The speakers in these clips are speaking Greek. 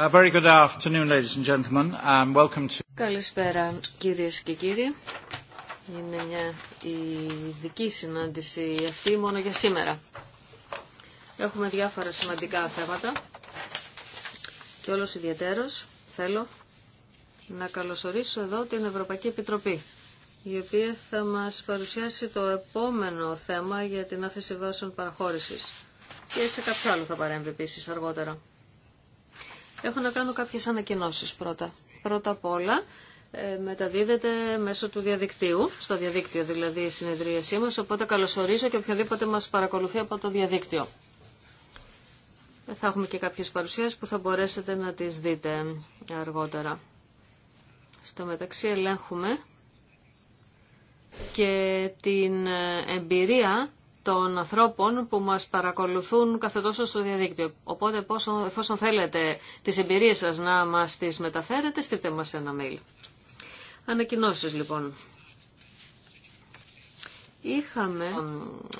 Uh, Καλησπέρα κυρίες και κύριοι. Είναι μια ειδική συνάντηση αυτή μόνο για σήμερα. Έχουμε διάφορα σημαντικά θέματα και όλος ιδιαίτερος θέλω να καλωσορίσω εδώ την Ευρωπαϊκή Επιτροπή η οποία θα μας παρουσιάσει το επόμενο θέμα για την άθεση βάσεων παραχώρησης και σε κάποιο άλλο θα παρέμβει επίσης αργότερα. Έχω να κάνω κάποιες ανακοινώσεις πρώτα. Πρώτα απ' όλα ε, μεταδίδεται μέσω του διαδικτύου, στο διαδίκτυο δηλαδή η συνεδρίασή μας, οπότε καλωσορίζω και οποιοδήποτε μας παρακολουθεί από το διαδίκτυο. Ε, θα έχουμε και κάποιες παρουσίες που θα μπορέσετε να τις δείτε αργότερα. Στο μεταξύ ελέγχουμε και την ε, εμπειρία των ανθρώπων που μας παρακολουθούν κάθε στο διαδίκτυο. Οπότε πόσο, εφόσον θέλετε τις εμπειρίες σας να μας τις μεταφέρετε, στείλτε μας ένα mail. Ανακοινώσεις λοιπόν. Είχαμε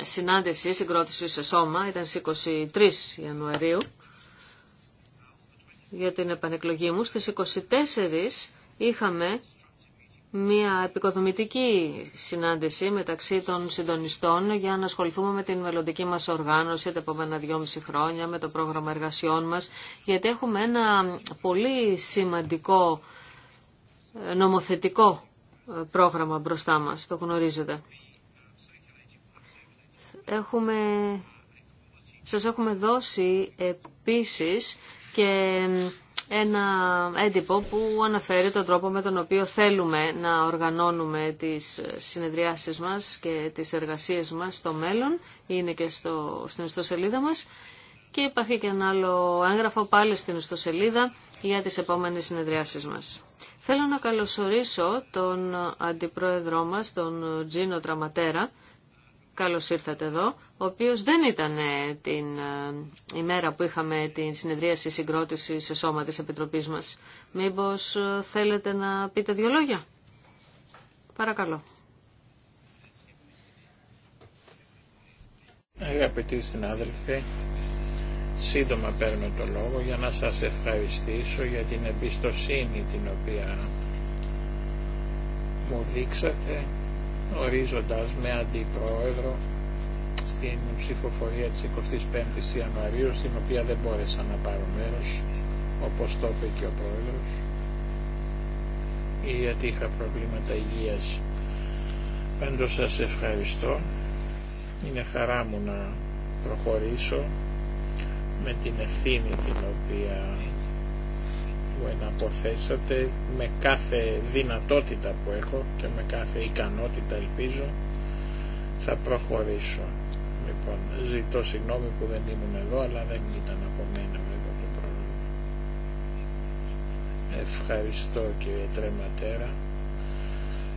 συνάντηση, συγκρότηση σε σώμα, ήταν στις 23 Ιανουαρίου για την επανεκλογή μου. Στις 24 είχαμε μια επικοδομητική συνάντηση μεταξύ των συντονιστών για να ασχοληθούμε με την μελλοντική μας οργάνωση τα επόμενα δυόμιση χρόνια, με το πρόγραμμα εργασιών μας, γιατί έχουμε ένα πολύ σημαντικό ε, νομοθετικό ε, πρόγραμμα μπροστά μας, το γνωρίζετε. Έχουμε... Σας έχουμε δώσει επίσης και ένα έντυπο που αναφέρει τον τρόπο με τον οποίο θέλουμε να οργανώνουμε τις συνεδριάσεις μας και τις εργασίες μας στο μέλλον, είναι και στο, στην ιστοσελίδα μας και υπάρχει και ένα άλλο έγγραφο πάλι στην ιστοσελίδα για τις επόμενες συνεδριάσεις μας. Θέλω να καλωσορίσω τον αντιπρόεδρό μας, τον Τζίνο Τραματέρα, καλώς ήρθατε εδώ, ο οποίος δεν ήταν ε, την ε, ημέρα που είχαμε την συνεδρίαση συγκρότηση σε σώμα της Επιτροπής μας. Μήπως ε, θέλετε να πείτε δύο λόγια. Παρακαλώ. Αγαπητοί συνάδελφοι, σύντομα παίρνω το λόγο για να σας ευχαριστήσω για την εμπιστοσύνη την οποία μου δείξατε ορίζοντας με αντιπρόεδρο στην ψηφοφορία της 25ης Ιανουαρίου στην οποία δεν μπόρεσα να πάρω μέρος όπως το είπε και ο πρόεδρος γιατί είχα προβλήματα υγείας. Πάντως σας ευχαριστώ. Είναι χαρά μου να προχωρήσω με την ευθύνη την οποία που εναποθέσατε με κάθε δυνατότητα που έχω και με κάθε ικανότητα ελπίζω θα προχωρήσω. Λοιπόν, ζητώ συγγνώμη που δεν ήμουν εδώ αλλά δεν ήταν από μένα εγώ το πρόβλημα. Ευχαριστώ κύριε Τρεματέρα.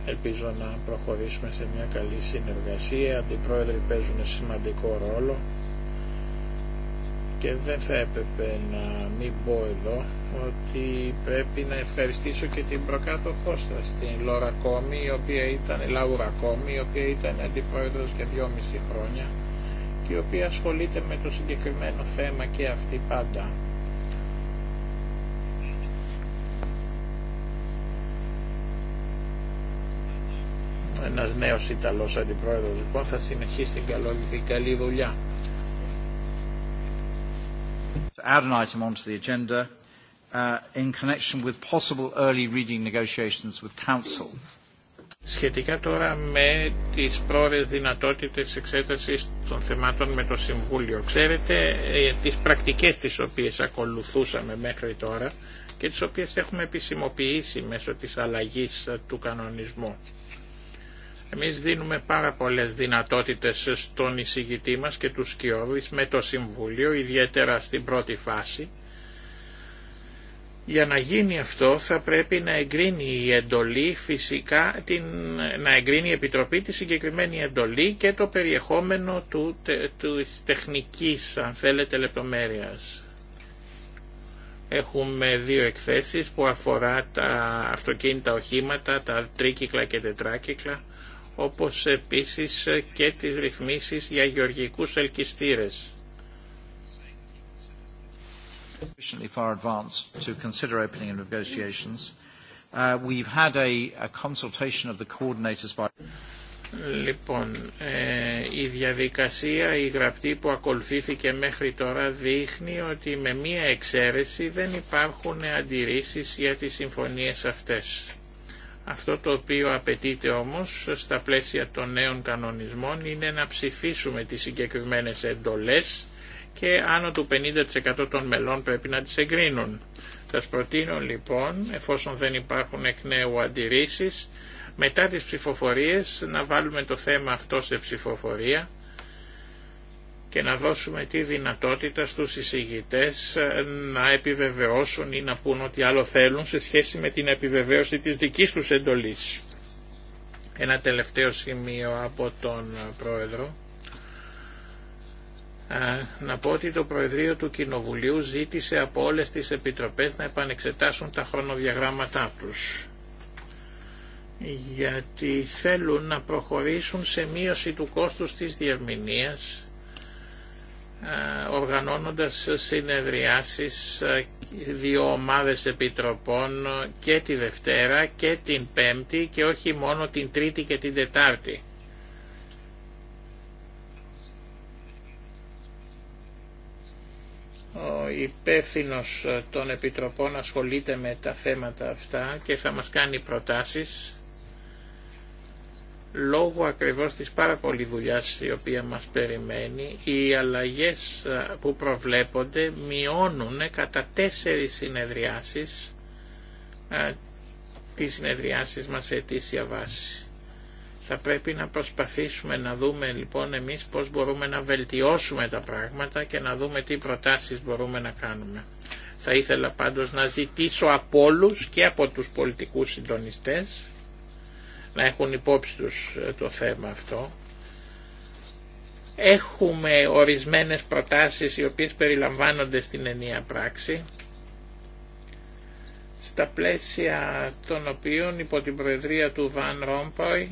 Ελπίζω να προχωρήσουμε σε μια καλή συνεργασία. Οι αντιπρόεδροι παίζουν σημαντικό ρόλο και δεν θα έπρεπε να μην πω εδώ ότι πρέπει να ευχαριστήσω και την Προκάτω σα, την Λόρα Κόμη, η οποία ήταν, η Λάουρα η οποία ήταν αντιπρόεδρος και δυόμιση χρόνια και η οποία ασχολείται με το συγκεκριμένο θέμα και αυτή πάντα. Ένας νέος Ιταλός αντιπρόεδρος λοιπόν θα συνεχίσει την καλή δουλειά. To Σχετικά τώρα με τις πρόορες δυνατότητες εξέτασης των θεμάτων με το Συμβούλιο. Ξέρετε ε, τις πρακτικές τις οποίες ακολουθούσαμε μέχρι τώρα και τις οποίες έχουμε επισημοποιήσει μέσω της αλλαγής ε, του κανονισμού. Εμείς δίνουμε πάρα πολλές δυνατότητες στον εισηγητή μας και τους σκιώδης με το Συμβούλιο, ιδιαίτερα στην πρώτη φάση. Για να γίνει αυτό θα πρέπει να εγκρίνει η εντολή φυσικά, την, να εγκρίνει η Επιτροπή τη συγκεκριμένη εντολή και το περιεχόμενο του, τε, του τεχνικής αν θέλετε λεπτομέρειας. Έχουμε δύο εκθέσεις που αφορά τα αυτοκίνητα οχήματα, τα τρίκυκλα και τετράκυκλα όπως επίσης και τις ρυθμίσεις για γεωργικούς ελκυστήρες. Λοιπόν, η διαδικασία, η γραπτή που ακολουθήθηκε μέχρι τώρα δείχνει ότι με μία εξαίρεση δεν υπάρχουν αντιρρήσεις για τις συμφωνίες αυτές. Αυτό το οποίο απαιτείται όμως στα πλαίσια των νέων κανονισμών είναι να ψηφίσουμε τις συγκεκριμένες εντολές και άνω του 50% των μελών πρέπει να τις εγκρίνουν. Σας προτείνω λοιπόν, εφόσον δεν υπάρχουν εκ νέου αντιρρήσεις, μετά τις ψηφοφορίες να βάλουμε το θέμα αυτό σε ψηφοφορία και να δώσουμε τη δυνατότητα στους εισηγητές ε, να επιβεβαιώσουν ή να πούν ότι άλλο θέλουν σε σχέση με την επιβεβαίωση της δικής τους εντολής. Ένα τελευταίο σημείο από τον Πρόεδρο. Ε, να πω ότι το Προεδρείο του Κοινοβουλίου ζήτησε από όλες τις επιτροπές να επανεξετάσουν τα χρονοδιαγράμματά τους γιατί θέλουν να προχωρήσουν σε μείωση του κόστους της διερμηνίας. Ε, οργανώνοντας συνεδριάσεις ε, δύο ομάδες επιτροπών ε, και τη Δευτέρα και την Πέμπτη και όχι μόνο την Τρίτη και την Τετάρτη. Ο υπεύθυνο των επιτροπών ασχολείται με τα θέματα αυτά και θα μας κάνει προτάσεις λόγω ακριβώς της πάρα πολλή δουλειά η οποία μας περιμένει, οι αλλαγές που προβλέπονται μειώνουν κατά τέσσερις συνεδριάσεις τις συνεδριάσεις μας σε αιτήσια βάση. Θα πρέπει να προσπαθήσουμε να δούμε λοιπόν εμείς πώς μπορούμε να βελτιώσουμε τα πράγματα και να δούμε τι προτάσεις μπορούμε να κάνουμε. Θα ήθελα πάντως να ζητήσω από όλους και από τους πολιτικούς συντονιστές να έχουν υπόψη τους ε, το θέμα αυτό. Έχουμε ορισμένες προτάσεις οι οποίες περιλαμβάνονται στην ενία πράξη στα πλαίσια των οποίων υπό την Προεδρία του Βαν Ρόμποϊ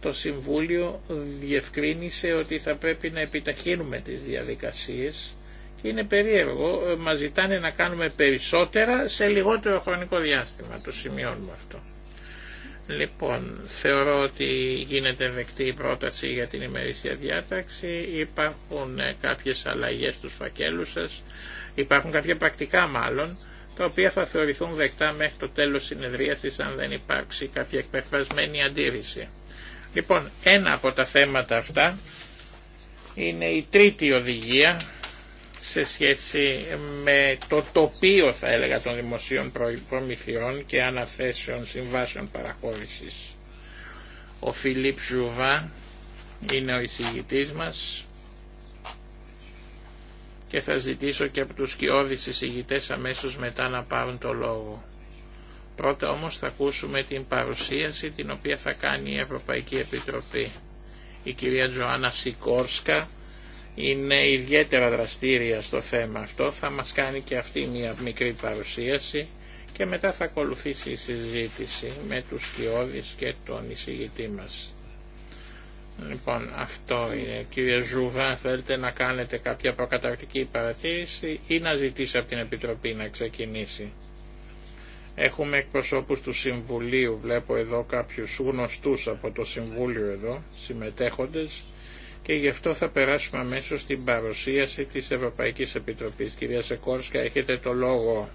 το Συμβούλιο διευκρίνησε ότι θα πρέπει να επιταχύνουμε τις διαδικασίες και είναι περίεργο, ε, μας ζητάνε να κάνουμε περισσότερα σε λιγότερο χρονικό διάστημα, το σημειώνουμε αυτό. Λοιπόν, θεωρώ ότι γίνεται δεκτή η πρόταση για την ημερήσια διάταξη. Υπάρχουν ε, κάποιες αλλαγές στους φακέλους σας. Υπάρχουν κάποια πρακτικά μάλλον, τα οποία θα θεωρηθούν δεκτά μέχρι το τέλος συνεδρίασης αν δεν υπάρξει κάποια εκπεφρασμένη αντίρρηση. Λοιπόν, ένα από τα θέματα αυτά είναι η τρίτη οδηγία σε σχέση με το τοπίο θα έλεγα των δημοσίων προμηθειών και αναθέσεων συμβάσεων παραχώρησης. Ο Φιλίπ Ζουβά είναι ο εισηγητής μας και θα ζητήσω και από τους κοιόδης εισηγητές αμέσως μετά να πάρουν το λόγο. Πρώτα όμως θα ακούσουμε την παρουσίαση την οποία θα κάνει η Ευρωπαϊκή Επιτροπή. Η κυρία Τζοάννα Σικόρσκα είναι ιδιαίτερα δραστήρια στο θέμα αυτό. Θα μας κάνει και αυτή μια μικρή παρουσίαση και μετά θα ακολουθήσει η συζήτηση με τους Σκιώδης και τον εισηγητή μας. Λοιπόν, αυτό είναι. Κύριε Ζούβα, θέλετε να κάνετε κάποια προκαταρκτική παρατήρηση ή να ζητήσει από την Επιτροπή να ξεκινήσει. Έχουμε εκπροσώπους του Συμβουλίου, βλέπω εδώ κάποιους γνωστούς από το Συμβούλιο εδώ, συμμετέχοντες και γι' αυτό θα περάσουμε αμέσως στην παρουσίαση της Ευρωπαϊκής Επιτροπής. Κυρία Σεκόρσκα, έχετε το λόγο.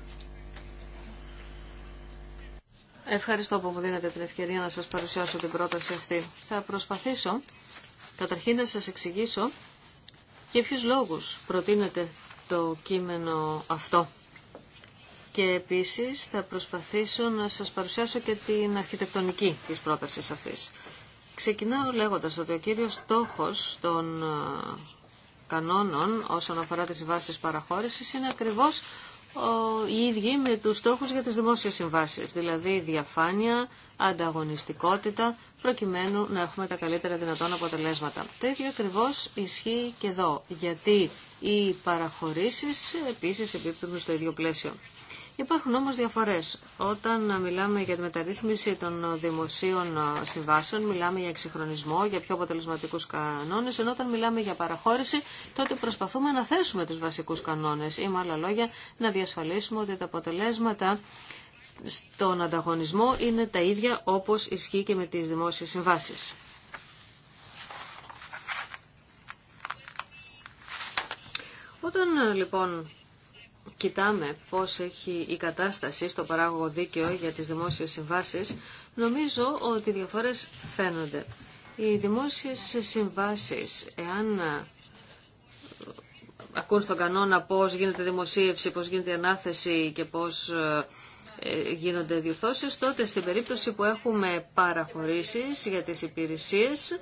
Ευχαριστώ που μου δίνετε την ευκαιρία να σας παρουσιάσω την πρόταση αυτή. Θα προσπαθήσω καταρχήν να σας εξηγήσω για ποιους λόγους προτείνεται το κείμενο αυτό. Και επίσης θα προσπαθήσω να σας παρουσιάσω και την αρχιτεκτονική της πρότασης αυτής. Ξεκινάω λέγοντας ότι ο κύριος στόχος των ε, κανόνων όσον αφορά τις συμβάσεις παραχώρησης είναι ακριβώς οι ίδιοι με τους στόχους για τις δημόσιες συμβάσεις, δηλαδή διαφάνεια, ανταγωνιστικότητα, προκειμένου να έχουμε τα καλύτερα δυνατόν αποτελέσματα. Τέτοιο ίδιο ακριβώ ισχύει και εδώ, γιατί οι παραχωρήσεις επίσης επίπτουν στο ίδιο πλαίσιο. Υπάρχουν όμως διαφορές. Όταν μιλάμε για τη μεταρρύθμιση των δημοσίων συμβάσεων, μιλάμε για εξυγχρονισμό, για πιο αποτελεσματικούς κανόνες, ενώ όταν μιλάμε για παραχώρηση, τότε προσπαθούμε να θέσουμε τους βασικούς κανόνες ή με άλλα λόγια να διασφαλίσουμε ότι τα αποτελέσματα στον ανταγωνισμό είναι τα ίδια όπως ισχύει και με τις δημόσιες συμβάσεις. Όταν λοιπόν κοιτάμε πώς έχει η κατάσταση στο παράγωγο δίκαιο για τις δημόσιες συμβάσεις, νομίζω ότι οι διαφορές φαίνονται. Οι δημόσιες συμβάσεις, εάν ε, ακούν στον κανόνα πώς γίνεται δημοσίευση, πώς γίνεται ανάθεση και πώς ε, ε, γίνονται διορθώσεις, τότε στην περίπτωση που έχουμε παραχωρήσεις για τις υπηρεσίες,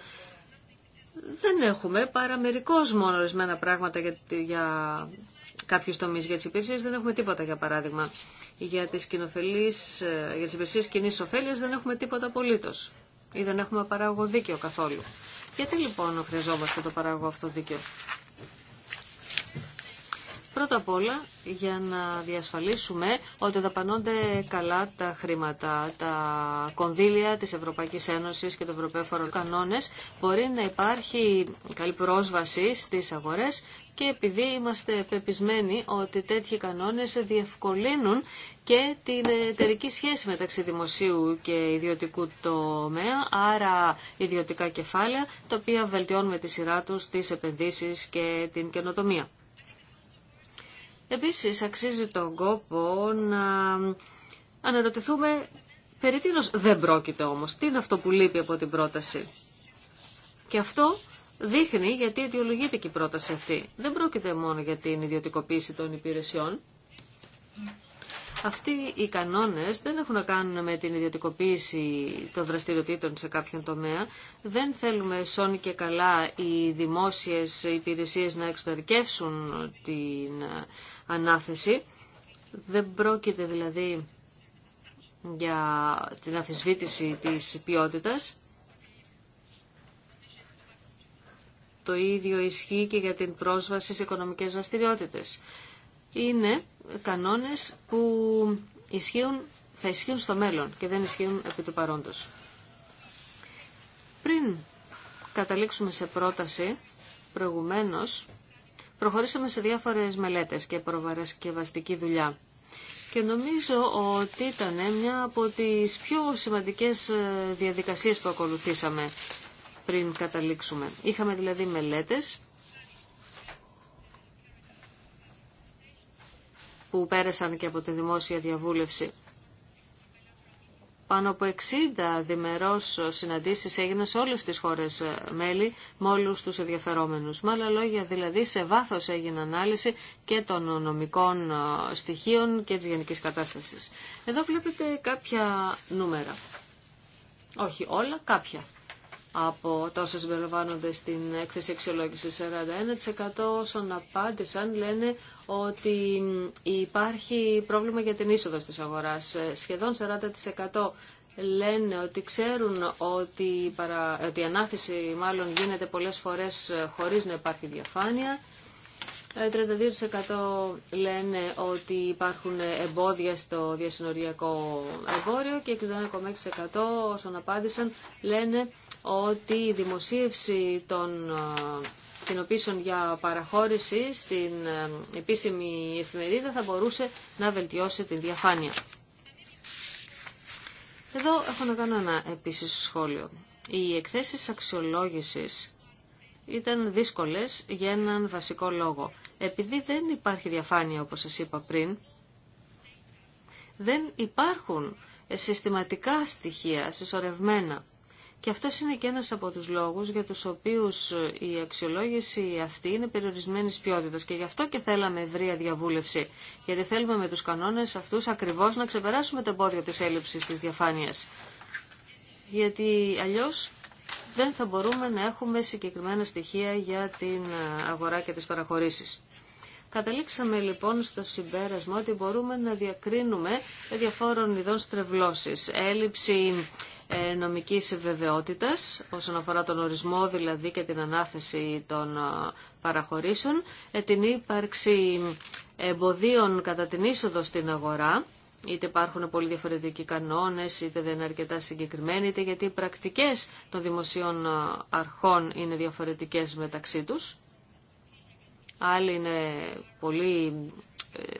δεν έχουμε παρά μερικώς μόνο ορισμένα πράγματα για κάποιου τομεί για τι υπηρεσίε δεν έχουμε τίποτα για παράδειγμα. Για τι ε, για τις υπηρεσίες κοινή ωφέλεια. δεν έχουμε τίποτα απολύτω. ή δεν έχουμε παράγω δίκαιο καθόλου. Γιατί λοιπόν χρειαζόμαστε το παραγωγό αυτό δίκαιο. Πρώτα απ' όλα για να διασφαλίσουμε ότι δαπανώνται καλά τα χρήματα, τα κονδύλια της Ευρωπαϊκής Ένωσης και των Ευρωπαίων μπορεί να υπάρχει καλή πρόσβαση στις αγορές και επειδή είμαστε πεπισμένοι ότι τέτοιοι κανόνες διευκολύνουν και την εταιρική σχέση μεταξύ δημοσίου και ιδιωτικού τομέα, άρα ιδιωτικά κεφάλαια, τα οποία βελτιώνουν με τη σειρά τους τις επενδύσεις και την καινοτομία. Επίσης, αξίζει τον κόπο να αναρωτηθούμε περί τίνος δεν πρόκειται όμως. Τι είναι αυτό που λείπει από την πρόταση. Και αυτό δείχνει γιατί αιτιολογείται και η πρόταση αυτή. Δεν πρόκειται μόνο για την ιδιωτικοποίηση των υπηρεσιών. Αυτοί οι κανόνες δεν έχουν να κάνουν με την ιδιωτικοποίηση των δραστηριοτήτων σε κάποιον τομέα. Δεν θέλουμε σώνει και καλά οι δημόσιες υπηρεσίες να εξωτερικεύσουν την ανάθεση. Δεν πρόκειται δηλαδή για την αφισβήτηση της ποιότητας. Το ίδιο ισχύει και για την πρόσβαση σε οικονομικές δραστηριότητε. Είναι κανόνες που ισχύουν, θα ισχύουν στο μέλλον και δεν ισχύουν επί του παρόντος. Πριν καταλήξουμε σε πρόταση, προηγουμένως, προχωρήσαμε σε διάφορες μελέτες και προβαρασκευαστική δουλειά. Και νομίζω ότι ήταν μια από τις πιο σημαντικές ε, διαδικασίες που ακολουθήσαμε πριν καταλήξουμε. Είχαμε δηλαδή μελέτες που πέρασαν και από τη δημόσια διαβούλευση. Πάνω από 60 διμερώς συναντήσεις έγιναν σε όλες τις χώρες ε, μέλη με όλους τους ενδιαφερόμενους. Με άλλα λόγια δηλαδή σε βάθος έγινε ανάλυση και των νομικών ε, στοιχείων και της γενικής κατάστασης. Εδώ βλέπετε κάποια νούμερα. Όχι όλα, κάποια από τόσες συμπεριλαμβάνονται στην έκθεση αξιολόγηση. 41% όσων απάντησαν λένε ότι υπάρχει πρόβλημα για την είσοδο στις αγοράς. Ε, σχεδόν 40% λένε ότι ξέρουν ότι, παρα... ότι η ανάθεση μάλλον γίνεται πολλές φορές ε, χωρίς να υπάρχει διαφάνεια 32% ε, λένε ότι υπάρχουν εμπόδια στο διασυνοριακό εμπόριο και 61,6% όσων απάντησαν λένε ότι η δημοσίευση των ε, κοινοποίησεων για παραχώρηση στην ε, επίσημη εφημερίδα θα μπορούσε να βελτιώσει τη διαφάνεια. Εδώ έχω να κάνω ένα επίσης σχόλιο. Οι εκθέσεις αξιολόγησης ήταν δύσκολες για έναν βασικό λόγο επειδή δεν υπάρχει διαφάνεια, όπως σας είπα πριν, δεν υπάρχουν συστηματικά στοιχεία, συσσωρευμένα. Και αυτό είναι και ένας από τους λόγους για τους οποίους η αξιολόγηση αυτή είναι περιορισμένης ποιότητας και γι' αυτό και θέλαμε ευρεία διαβούλευση, γιατί θέλουμε με τους κανόνες αυτούς ακριβώς να ξεπεράσουμε το εμπόδιο της έλλειψης της διαφάνειας. Γιατί αλλιώς δεν θα μπορούμε να έχουμε συγκεκριμένα στοιχεία για την αγορά και τις παραχωρήσεις. Καταλήξαμε λοιπόν στο συμπέρασμα ότι μπορούμε να διακρίνουμε διαφόρων ειδών στρεβλώσεις. Έλλειψη ε, νομικής βεβαιότητας όσον αφορά τον ορισμό δηλαδή και την ανάθεση των ε, παραχωρήσεων, ε, την ύπαρξη εμποδίων κατά την είσοδο στην αγορά, είτε υπάρχουν πολύ διαφορετικοί κανόνες, είτε δεν είναι αρκετά συγκεκριμένοι, είτε γιατί οι πρακτικές των δημοσίων αρχών είναι διαφορετικές μεταξύ τους άλλοι είναι πολύ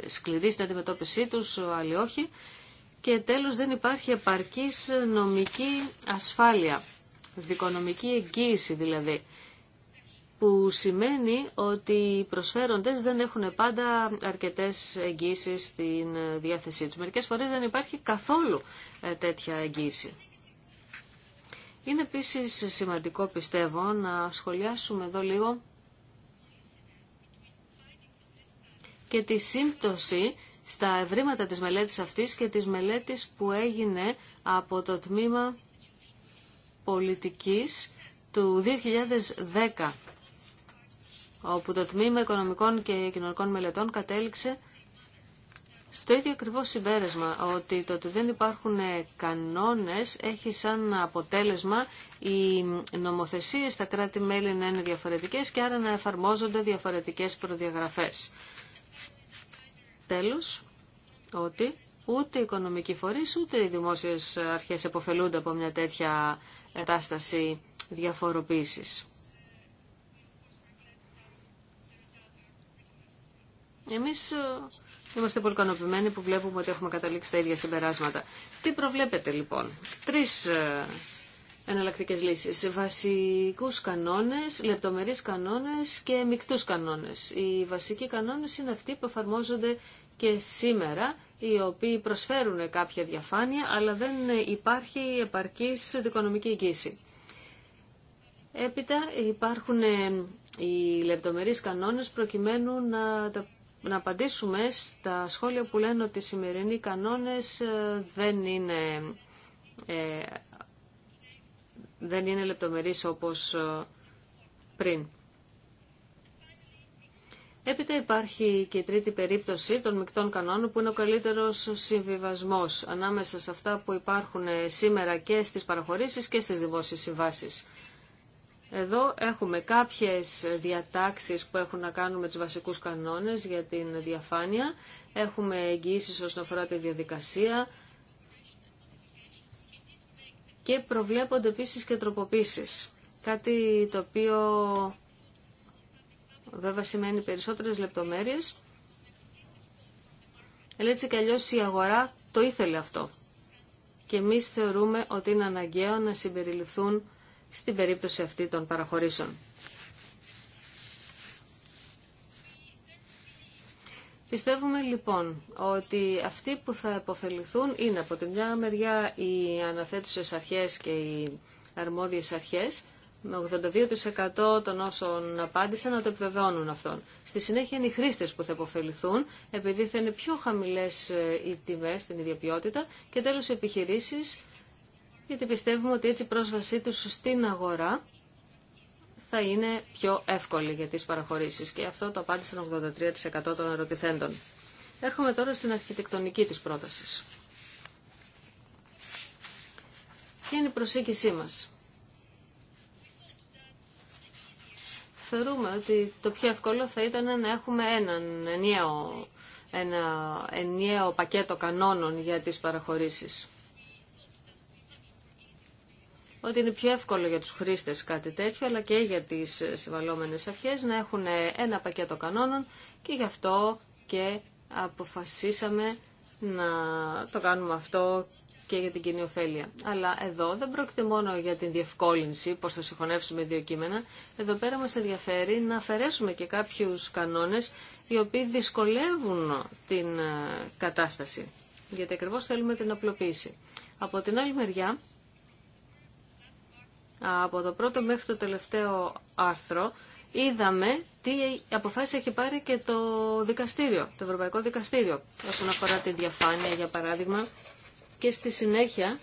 ε, σκληροί στην αντιμετώπιση τους, άλλοι όχι. Και τέλος δεν υπάρχει επαρκής νομική ασφάλεια, δικονομική εγγύηση δηλαδή, που σημαίνει ότι οι προσφέροντες δεν έχουν πάντα αρκετές εγγύσεις στην διάθεσή τους. Μερικές φορές δεν υπάρχει καθόλου ε, τέτοια εγγύηση. Είναι επίσης σημαντικό πιστεύω να σχολιάσουμε εδώ λίγο και τη σύμπτωση στα ευρήματα της μελέτης αυτής και της μελέτης που έγινε από το τμήμα πολιτικής του 2010 όπου το Τμήμα Οικονομικών και Κοινωνικών Μελετών κατέληξε στο ίδιο ακριβώ συμπέρασμα, ότι το ότι δεν υπάρχουν κανόνες έχει σαν αποτέλεσμα οι νομοθεσίες στα κράτη-μέλη να είναι διαφορετικές και άρα να εφαρμόζονται διαφορετικές προδιαγραφές τέλος ότι ούτε οι οικονομικοί φορείς ούτε οι δημόσιες αρχές επωφελούνται από μια τέτοια κατάσταση διαφοροποίησης. Εμείς ε, είμαστε πολύ ικανοποιημένοι που βλέπουμε ότι έχουμε καταλήξει τα ίδια συμπεράσματα. Τι προβλέπετε λοιπόν. Τρεις ε, εναλλακτικές λύσεις. Βασικούς κανόνες, λεπτομερείς κανόνες και μικτούς κανόνες. Οι βασικοί κανόνες είναι αυτοί που εφαρμόζονται και σήμερα, οι οποίοι προσφέρουν κάποια διαφάνεια, αλλά δεν υπάρχει επαρκής δικονομική εγγύηση. Έπειτα υπάρχουν οι λεπτομερείς κανόνες προκειμένου να, να απαντήσουμε στα σχόλια που λένε ότι οι σημερινοί κανόνες ε, δεν είναι ε, δεν είναι λεπτομερής όπως ε, πριν. Έπειτα υπάρχει και η τρίτη περίπτωση των μεικτών κανόνων που είναι ο καλύτερος συμβιβασμός ανάμεσα σε αυτά που υπάρχουν ε, σήμερα και στις παραχωρήσεις και στις δημόσιες συμβάσεις. Εδώ έχουμε κάποιες διατάξεις που έχουν να κάνουν με τους βασικούς κανόνες για την διαφάνεια. Έχουμε εγγυήσεις όσον αφορά τη διαδικασία, και προβλέπονται επίσης και τροποποίησεις. Κάτι το οποίο βέβαια σημαίνει περισσότερες λεπτομέρειες. Έτσι κι αλλιώς η αγορά το ήθελε αυτό. Και εμείς θεωρούμε ότι είναι αναγκαίο να συμπεριληφθούν στην περίπτωση αυτή των παραχωρήσεων. Πιστεύουμε λοιπόν ότι αυτοί που θα υποφεληθούν είναι από τη μια μεριά οι αναθέτουσες αρχές και οι αρμόδιες αρχές με 82% των όσων απάντησαν να το επιβεβαιώνουν αυτόν. Στη συνέχεια είναι οι χρήστες που θα υποφεληθούν, επειδή θα είναι πιο χαμηλές ε, οι τιμές στην ίδια και τέλος οι επιχειρήσεις, γιατί πιστεύουμε ότι έτσι η πρόσβασή τους στην αγορά θα είναι πιο εύκολη για τις παραχωρήσεις και αυτό το απάντησαν 83% των ερωτηθέντων. Έρχομαι τώρα στην αρχιτεκτονική της πρότασης. Ποια είναι η προσήκησή μας. Θεωρούμε ότι το πιο εύκολο θα ήταν να έχουμε έναν ενιαίο, ένα ενιαίο πακέτο κανόνων για τις παραχωρήσεις ότι είναι πιο εύκολο για τους χρήστες κάτι τέτοιο, αλλά και για τις συμβαλόμενες αρχές να έχουν ένα πακέτο κανόνων και γι' αυτό και αποφασίσαμε να το κάνουμε αυτό και για την κοινή ωφέλεια. Αλλά εδώ δεν πρόκειται μόνο για την διευκόλυνση, πώς θα συγχωνεύσουμε δύο κείμενα. Εδώ πέρα μας ενδιαφέρει να αφαιρέσουμε και κάποιους κανόνες οι οποίοι δυσκολεύουν την ε, κατάσταση. Γιατί ακριβώς θέλουμε την απλοποίηση. Από την άλλη μεριά από το πρώτο μέχρι το τελευταίο άρθρο είδαμε τι αποφάσει έχει πάρει και το δικαστήριο, το Ευρωπαϊκό Δικαστήριο, όσον αφορά τη διαφάνεια, για παράδειγμα, και στη συνέχεια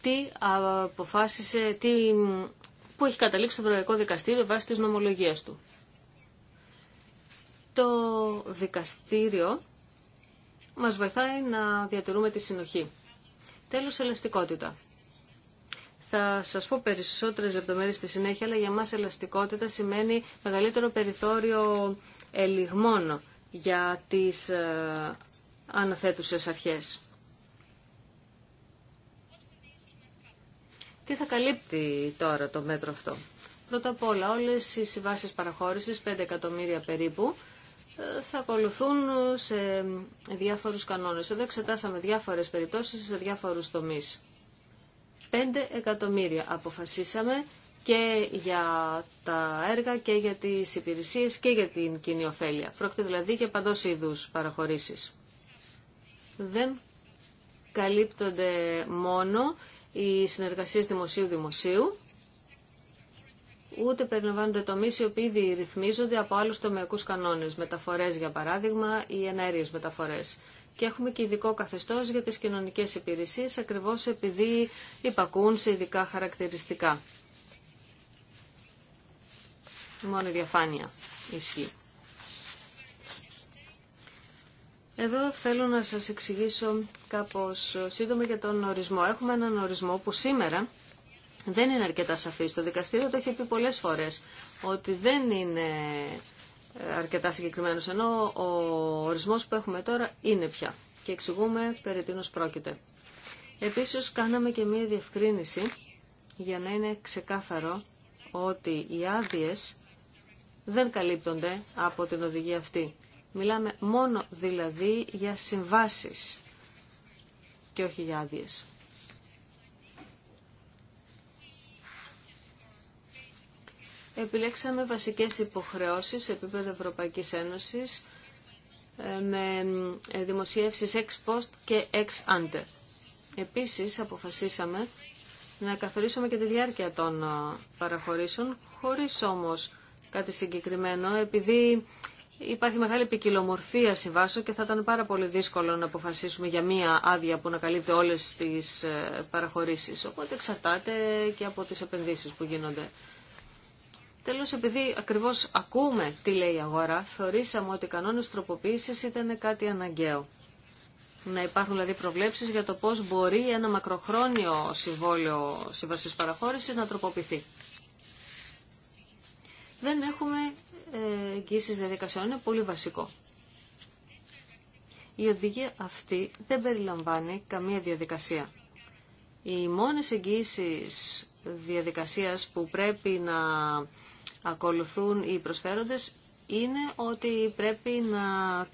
τι αποφάσισε, τι, που έχει καταλήξει το Ευρωπαϊκό Δικαστήριο βάσει της νομολογίας του. Το δικαστήριο μας βοηθάει να διατηρούμε τη συνοχή. Τέλος, ελαστικότητα. Θα σας πω περισσότερες λεπτομέρειες στη συνέχεια, αλλά για μας ελαστικότητα σημαίνει μεγαλύτερο περιθώριο ελιγμών για τις ε, αναθέτουσες αρχές. Τι θα καλύπτει τώρα το μέτρο αυτό. Πρώτα απ' όλα όλες οι συμβάσεις παραχώρησης, 5 εκατομμύρια περίπου, θα ακολουθούν σε διάφορους κανόνες. Εδώ εξετάσαμε διάφορες περιπτώσεις σε διάφορους τομείς. 5 εκατομμύρια αποφασίσαμε και για τα έργα και για τις υπηρεσίες και για την κοινή ωφέλεια. Πρόκειται δηλαδή για παντός είδους παραχωρήσεις. Δεν καλύπτονται μόνο οι συνεργασίες δημοσίου-δημοσίου, ούτε περιλαμβάνονται τομεί οι οποίοι ήδη ρυθμίζονται από άλλου τομεακού κανόνε, μεταφορέ για παράδειγμα ή ενέργειε μεταφορέ. Και έχουμε και ειδικό καθεστώ για τι κοινωνικέ υπηρεσίε, ακριβώ επειδή υπακούν σε ειδικά χαρακτηριστικά. Μόνο η διαφάνεια ισχύει. Εδώ θέλω να σας εξηγήσω κάπως σύντομα για τον ορισμό. Έχουμε έναν ορισμό που σήμερα δεν είναι αρκετά σαφή. Το δικαστήριο το έχει πει πολλές φορές ότι δεν είναι αρκετά συγκεκριμένο ενώ ο ορισμός που έχουμε τώρα είναι πια και εξηγούμε περί τίνος πρόκειται. Επίσης κάναμε και μία διευκρίνηση για να είναι ξεκάθαρο ότι οι άδειε δεν καλύπτονται από την οδηγία αυτή. Μιλάμε μόνο δηλαδή για συμβάσεις και όχι για άδειες. επιλέξαμε βασικές υποχρεώσεις σε επίπεδο Ευρωπαϊκής Ένωσης ε, με ε, δημοσιεύσεις ex post και ex ante. Επίσης αποφασίσαμε να καθορίσουμε και τη διάρκεια των ε, παραχωρήσεων, χωρίς όμως κάτι συγκεκριμένο, επειδή υπάρχει μεγάλη ποικιλομορφία βάσο και θα ήταν πάρα πολύ δύσκολο να αποφασίσουμε για μία άδεια που να καλύπτει όλες τις παραχωρήσεις. Οπότε εξαρτάται και από τις επενδύσεις που γίνονται. Τέλος, επειδή ακριβώς ακούμε τι λέει η αγορά, θεωρήσαμε ότι οι κανόνες τροποποίησης ήταν κάτι αναγκαίο. Να υπάρχουν δηλαδή προβλέψεις για το πώς μπορεί ένα μακροχρόνιο συμβόλαιο σύμβασης παραχώρησης να τροποποιηθεί. Δεν έχουμε ε, εγγύσεις διαδικασιών, είναι πολύ βασικό. Η οδηγία αυτή δεν περιλαμβάνει καμία διαδικασία. Οι μόνες εγγύησεις διαδικασίας που πρέπει να ακολουθούν οι προσφέροντες είναι ότι πρέπει να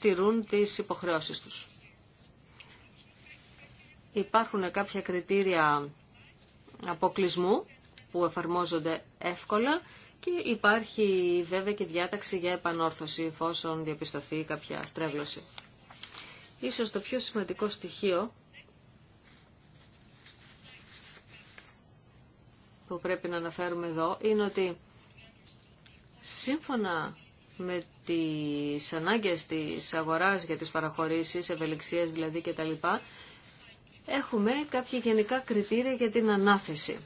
τηρούν τις υποχρεώσεις τους. Υπάρχουν κάποια κριτήρια αποκλεισμού που εφαρμόζονται εύκολα και υπάρχει βέβαια και διάταξη για επανόρθωση εφόσον διαπιστωθεί κάποια στρέβλωση. Ίσως το πιο σημαντικό στοιχείο που πρέπει να αναφέρουμε εδώ είναι ότι Σύμφωνα με τις ανάγκες της αγοράς για τις παραχωρήσεις, ευελιξίες δηλαδή λοιπά, Έχουμε κάποια γενικά κριτήρια για την ανάθεση.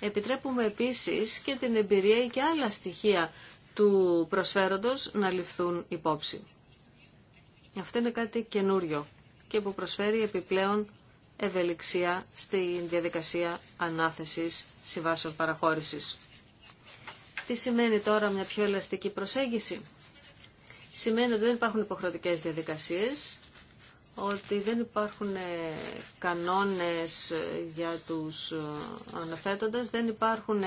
Επιτρέπουμε επίσης και την εμπειρία και άλλα στοιχεία του προσφέροντος να ληφθούν υπόψη. Αυτό είναι κάτι καινούριο και που προσφέρει επιπλέον ευελιξία στη διαδικασία ανάθεσης συμβάσεων παραχώρησης. Τι σημαίνει τώρα μια πιο ελαστική προσέγγιση. Σημαίνει ότι δεν υπάρχουν υποχρεωτικές διαδικασίες, ότι δεν υπάρχουν ε, κανόνες ε, για τους ε, αναθέτοντας, δεν υπάρχουν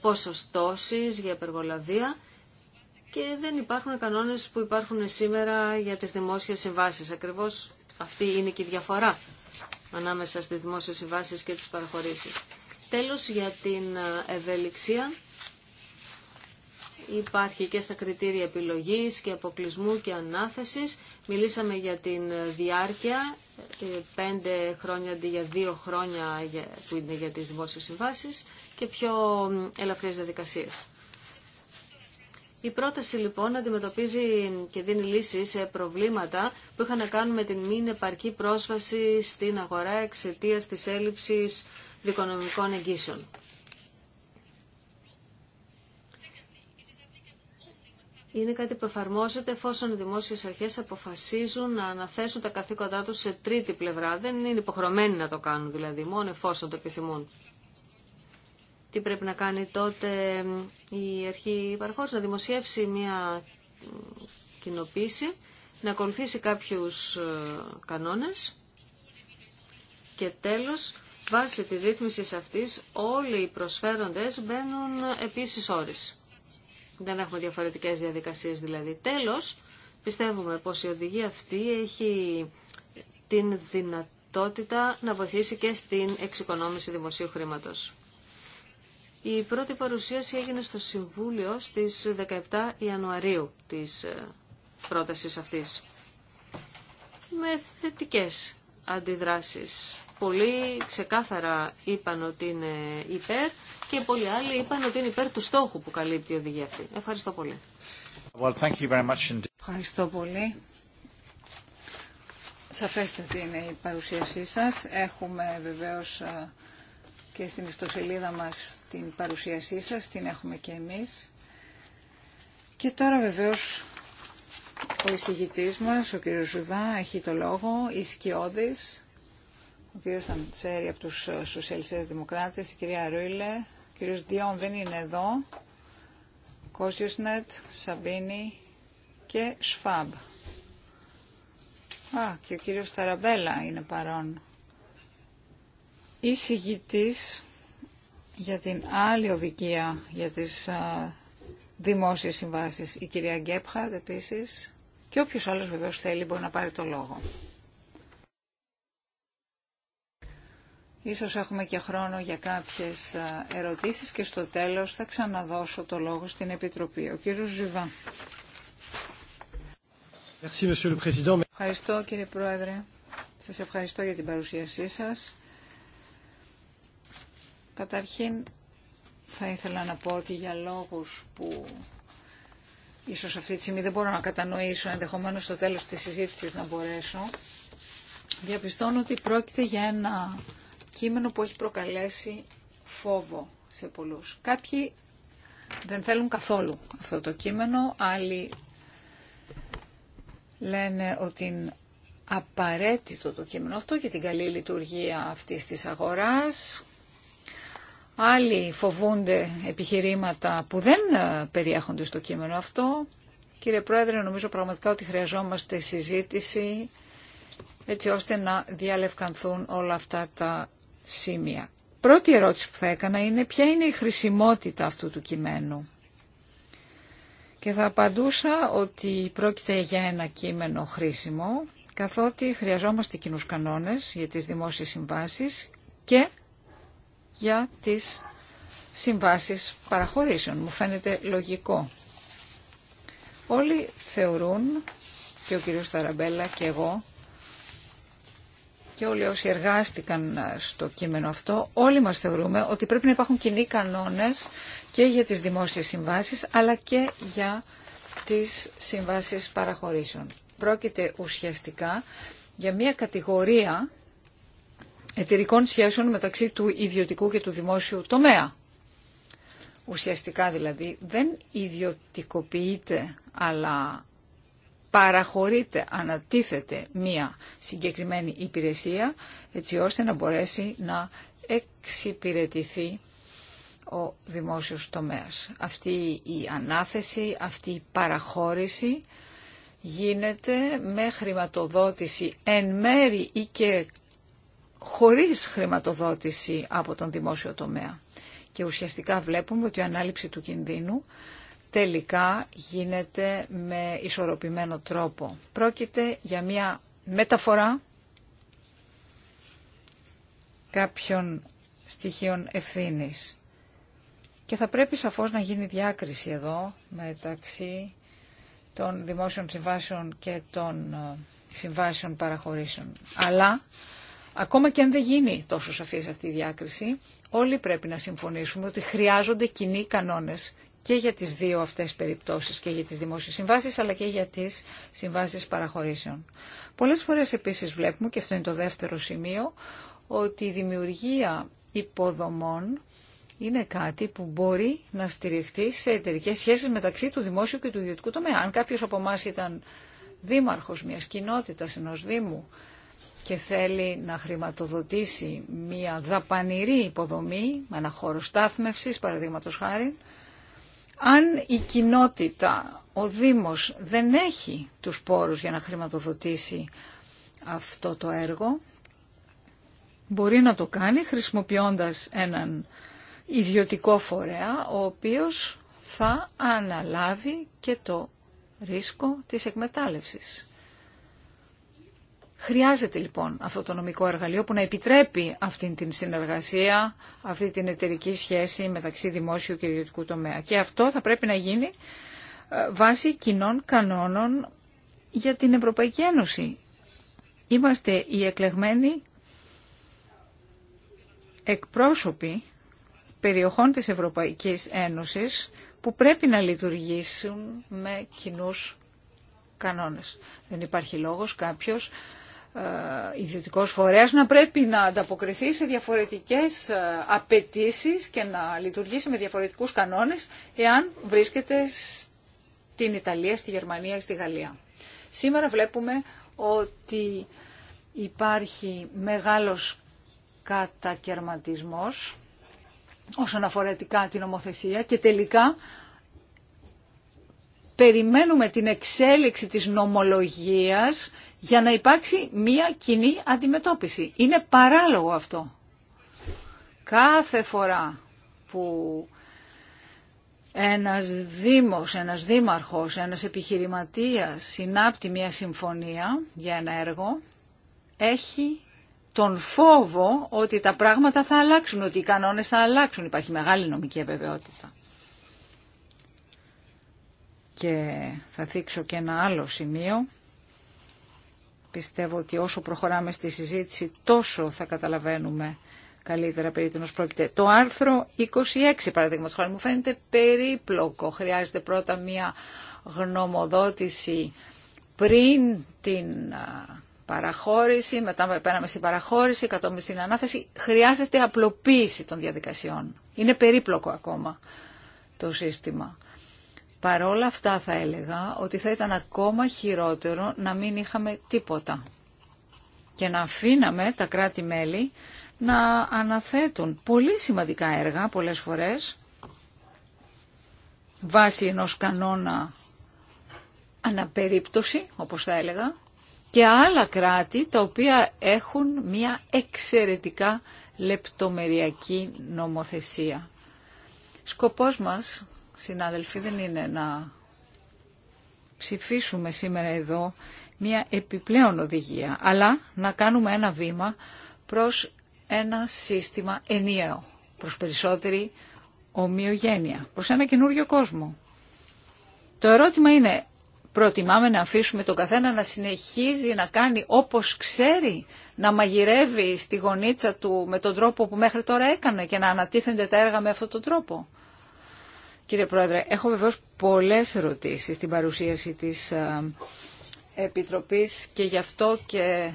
ποσοστώσεις για υπεργολαβία και δεν υπάρχουν κανόνες που υπάρχουν σήμερα για τις δημόσιες συμβάσεις. Ακριβώς αυτή είναι και η διαφορά ανάμεσα στις δημόσιες συμβάσεις και τις παραχωρήσεις. Τέλος για την ευελιξία υπάρχει και στα κριτήρια επιλογής και αποκλεισμού και ανάθεσης. Μιλήσαμε για την διάρκεια, ε, πέντε χρόνια αντί για δύο χρόνια που είναι για τις δημόσιες συμβάσεις και πιο ελαφριές διαδικασίες. Η πρόταση λοιπόν αντιμετωπίζει και δίνει λύσει σε προβλήματα που είχαν να κάνουν με την μη επαρκή πρόσβαση στην αγορά εξαιτία τη έλλειψη δικονομικών εγγύσεων. είναι κάτι που εφαρμόζεται εφόσον οι δημόσιες αρχές αποφασίζουν να αναθέσουν τα καθήκοντά τους σε τρίτη πλευρά. Δεν είναι υποχρεωμένοι να το κάνουν δηλαδή, μόνο εφόσον το επιθυμούν. Τι πρέπει να κάνει τότε η αρχή υπαρχώς, να δημοσιεύσει μια κοινοποίηση, να ακολουθήσει κάποιους ε, κανόνες και τέλος, βάσει τη ρύθμιση αυτής, όλοι οι προσφέροντες μπαίνουν επίσης όρις. Δεν έχουμε διαφορετικές διαδικασίες δηλαδή. Τέλος, πιστεύουμε πως η οδηγία αυτή έχει την δυνατότητα να βοηθήσει και στην εξοικονόμηση δημοσίου χρήματο. Η πρώτη παρουσίαση έγινε στο Συμβούλιο στις 17 Ιανουαρίου της ε, πρότασης αυτής. Με θετικές αντιδράσεις. Πολλοί ξεκάθαρα είπαν ότι είναι υπέρ και πολλοί άλλοι είπαν ότι είναι υπέρ του στόχου που καλύπτει η οδηγία αυτή. Ευχαριστώ πολύ. Ευχαριστώ πολύ. Σαφέστατη είναι η παρουσίασή σας. Έχουμε βεβαίως και στην ιστοσελίδα μας την παρουσίασή σας, την έχουμε και εμείς. Και τώρα βεβαίως ο εισηγητής μας, ο κύριος Ζουβά, έχει το λόγο, η Σκιώδης, ο κύριος Αντσέρη από τους Σοσιαλιστές Δημοκράτες, η κυρία Ρούιλε, κύριος Διόν δεν είναι εδώ, Κόσιουσνετ, Σαμπίνη και Σφάμπ. Α, και ο κύριος Ταραμπέλα είναι παρόν. Εισηγητής για την άλλη οδικία για τις α, δημόσιες συμβάσεις, η κυρία Γκέπχατ επίσης και όποιος άλλος βεβαίως θέλει μπορεί να πάρει το λόγο. Ίσως έχουμε και χρόνο για κάποιες ερωτήσεις και στο τέλος θα ξαναδώσω το λόγο στην Επιτροπή. Ο κύριος Ζιβά. Ευχαριστώ κύριε Πρόεδρε. Σας ευχαριστώ για την παρουσίασή σας. Καταρχήν θα ήθελα να πω ότι για λόγους που ίσως αυτή τη στιγμή δεν μπορώ να κατανοήσω, ενδεχομένως στο τέλος της συζήτησης να μπορέσω, διαπιστώνω ότι πρόκειται για ένα κείμενο που έχει προκαλέσει φόβο σε πολλούς. Κάποιοι δεν θέλουν καθόλου αυτό το κείμενο, άλλοι λένε ότι είναι απαραίτητο το κείμενο αυτό για την καλή λειτουργία αυτή της αγοράς. Άλλοι φοβούνται επιχειρήματα που δεν ε, περιέχονται στο κείμενο αυτό. Κύριε Πρόεδρε, νομίζω πραγματικά ότι χρειαζόμαστε συζήτηση έτσι ώστε να διαλευκανθούν όλα αυτά τα σημεία. Πρώτη ερώτηση που θα έκανα είναι ποια είναι η χρησιμότητα αυτού του κειμένου. Και θα απαντούσα ότι πρόκειται για ένα κείμενο χρήσιμο, καθότι χρειαζόμαστε κοινού κανόνες για τις δημόσιες συμβάσεις και για τις συμβάσεις παραχωρήσεων. Μου φαίνεται λογικό. Όλοι θεωρούν, και ο κ. Ταραμπέλα και εγώ, και όλοι όσοι εργάστηκαν στο κείμενο αυτό, όλοι μας θεωρούμε ότι πρέπει να υπάρχουν κοινοί κανόνες και για τις δημόσιες συμβάσεις, αλλά και για τις συμβάσεις παραχωρήσεων. Πρόκειται ουσιαστικά για μια κατηγορία εταιρικών σχέσεων μεταξύ του ιδιωτικού και του δημόσιου τομέα. Ουσιαστικά δηλαδή δεν ιδιωτικοποιείται, αλλά παραχωρείται, ανατίθεται μία συγκεκριμένη υπηρεσία έτσι ώστε να μπορέσει να εξυπηρετηθεί ο δημόσιος τομέας. Αυτή η ανάθεση, αυτή η παραχώρηση γίνεται με χρηματοδότηση εν μέρη ή και χωρίς χρηματοδότηση από τον δημόσιο τομέα. Και ουσιαστικά βλέπουμε ότι η ανάληψη του κινδύνου τελικά γίνεται με ισορροπημένο τρόπο. Πρόκειται για μια μεταφορά κάποιων στοιχείων ευθύνης. Και θα πρέπει σαφώς να γίνει διάκριση εδώ μεταξύ των δημόσιων συμβάσεων και των ε, συμβάσεων παραχωρήσεων. Αλλά, ακόμα και αν δεν γίνει τόσο σαφή αυτή η διάκριση, όλοι πρέπει να συμφωνήσουμε ότι χρειάζονται κοινοί κανόνες και για τις δύο αυτές περιπτώσεις και για τις δημόσιες συμβάσεις αλλά και για τις συμβάσεις παραχωρήσεων. Πολλές φορές επίσης βλέπουμε, και αυτό είναι το δεύτερο σημείο, ότι η δημιουργία υποδομών είναι κάτι που μπορεί να στηριχτεί σε εταιρικέ σχέσεις μεταξύ του δημόσιου και του ιδιωτικού τομέα. Αν κάποιος από εμά ήταν δήμαρχος μιας κοινότητας, ενός δήμου, και θέλει να χρηματοδοτήσει μια δαπανηρή υποδομή με ένα χώρο στάθμευσης, παραδείγματο χάρη, αν η κοινότητα, ο Δήμος δεν έχει τους πόρους για να χρηματοδοτήσει αυτό το έργο, μπορεί να το κάνει χρησιμοποιώντας έναν ιδιωτικό φορέα, ο οποίος θα αναλάβει και το ρίσκο της εκμετάλλευσης. Χρειάζεται λοιπόν αυτό το νομικό εργαλείο που να επιτρέπει αυτή την συνεργασία, αυτή την εταιρική σχέση μεταξύ δημόσιου και ιδιωτικού τομέα. Και αυτό θα πρέπει να γίνει ε, βάσει κοινών κανόνων για την Ευρωπαϊκή Ένωση. Είμαστε οι εκλεγμένοι εκπρόσωποι περιοχών της Ευρωπαϊκής Ένωσης που πρέπει να λειτουργήσουν με κοινούς κανόνες. Δεν υπάρχει λόγος κάποιος ε, ιδιωτικός φορέας να πρέπει να ανταποκριθεί σε διαφορετικές ε, απαιτήσει και να λειτουργήσει με διαφορετικούς κανόνες εάν βρίσκεται στην Ιταλία, στη Γερμανία ή στη Γαλλία. Σήμερα βλέπουμε ότι υπάρχει μεγάλος κατακαιρματισμός όσον αφορά την ομοθεσία και τελικά περιμένουμε την εξέλιξη της νομολογίας για να υπάρξει μία κοινή αντιμετώπιση. Είναι παράλογο αυτό. Κάθε φορά που ένας δήμος, ένας δήμαρχος, ένας επιχειρηματίας συνάπτει μία συμφωνία για ένα έργο, έχει τον φόβο ότι τα πράγματα θα αλλάξουν, ότι οι κανόνες θα αλλάξουν. Υπάρχει μεγάλη νομική αβεβαιότητα. Και θα δείξω και ένα άλλο σημείο. Πιστεύω ότι όσο προχωράμε στη συζήτηση τόσο θα καταλαβαίνουμε καλύτερα περί τίνος πρόκειται. Το άρθρο 26 παραδείγματος χάρη μου φαίνεται περίπλοκο. Χρειάζεται πρώτα μία γνωμοδότηση πριν την παραχώρηση, μετά πέραμε στην παραχώρηση, κατόπιν στην ανάθεση. Χρειάζεται απλοποίηση των διαδικασιών. Είναι περίπλοκο ακόμα το σύστημα. Παρόλα αυτά θα έλεγα ότι θα ήταν ακόμα χειρότερο να μην είχαμε τίποτα και να αφήναμε τα κράτη-μέλη να αναθέτουν πολύ σημαντικά έργα πολλές φορές βάσει ενός κανόνα αναπερίπτωση, όπως θα έλεγα, και άλλα κράτη τα οποία έχουν μια εξαιρετικά λεπτομεριακή νομοθεσία. Σκοπός μας συνάδελφοι, δεν είναι να ψηφίσουμε σήμερα εδώ μια επιπλέον οδηγία, αλλά να κάνουμε ένα βήμα προς ένα σύστημα ενιαίο, προς περισσότερη ομοιογένεια, προς ένα καινούριο κόσμο. Το ερώτημα είναι, προτιμάμε να αφήσουμε τον καθένα να συνεχίζει να κάνει όπως ξέρει, να μαγειρεύει στη γωνίτσα του με τον τρόπο που μέχρι τώρα έκανε και να ανατίθενται τα έργα με αυτόν τον τρόπο. Κύριε Πρόεδρε, έχω βεβαίως πολλές ερωτήσει στην παρουσίαση της ε, Επιτροπής και γι' αυτό και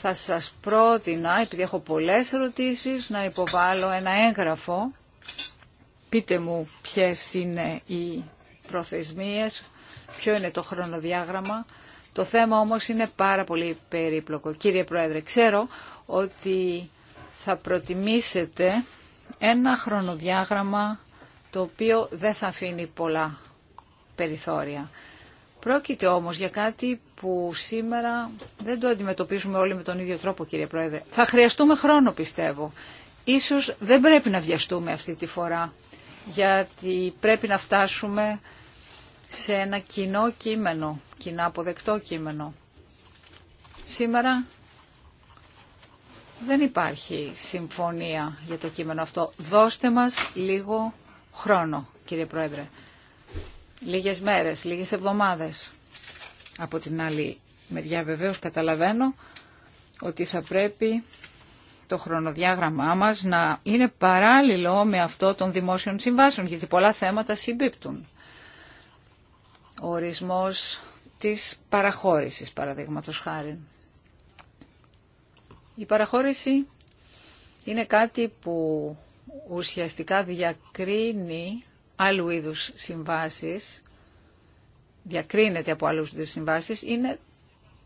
θα σας πρότεινα, επειδή έχω πολλές ερωτήσει να υποβάλω ένα έγγραφο. Πείτε μου ποιε είναι οι προθεσμίε, ποιο είναι το χρονοδιάγραμμα. Το θέμα όμως είναι πάρα πολύ περίπλοκο. Κύριε Πρόεδρε, ξέρω ότι θα προτιμήσετε ένα χρονοδιάγραμμα το οποίο δεν θα αφήνει πολλά περιθώρια. Πρόκειται όμως για κάτι που σήμερα δεν το αντιμετωπίζουμε όλοι με τον ίδιο τρόπο, κύριε Πρόεδρε. Θα χρειαστούμε χρόνο, πιστεύω. Ίσως δεν πρέπει να βιαστούμε αυτή τη φορά, γιατί πρέπει να φτάσουμε σε ένα κοινό κείμενο, κοινά αποδεκτό κείμενο. Σήμερα δεν υπάρχει συμφωνία για το κείμενο αυτό. Δώστε μας λίγο χρόνο, κύριε Πρόεδρε. Λίγες μέρες, λίγες εβδομάδες. Από την άλλη μεριά βεβαίως καταλαβαίνω ότι θα πρέπει το χρονοδιάγραμμά μας να είναι παράλληλο με αυτό των δημόσιων συμβάσεων, γιατί πολλά θέματα συμπίπτουν. Ο ορισμός της παραχώρησης, παραδείγματος χάρη. Η παραχώρηση είναι κάτι που ουσιαστικά διακρίνει άλλου είδους συμβάσεις, διακρίνεται από άλλους είδους συμβάσεις, είναι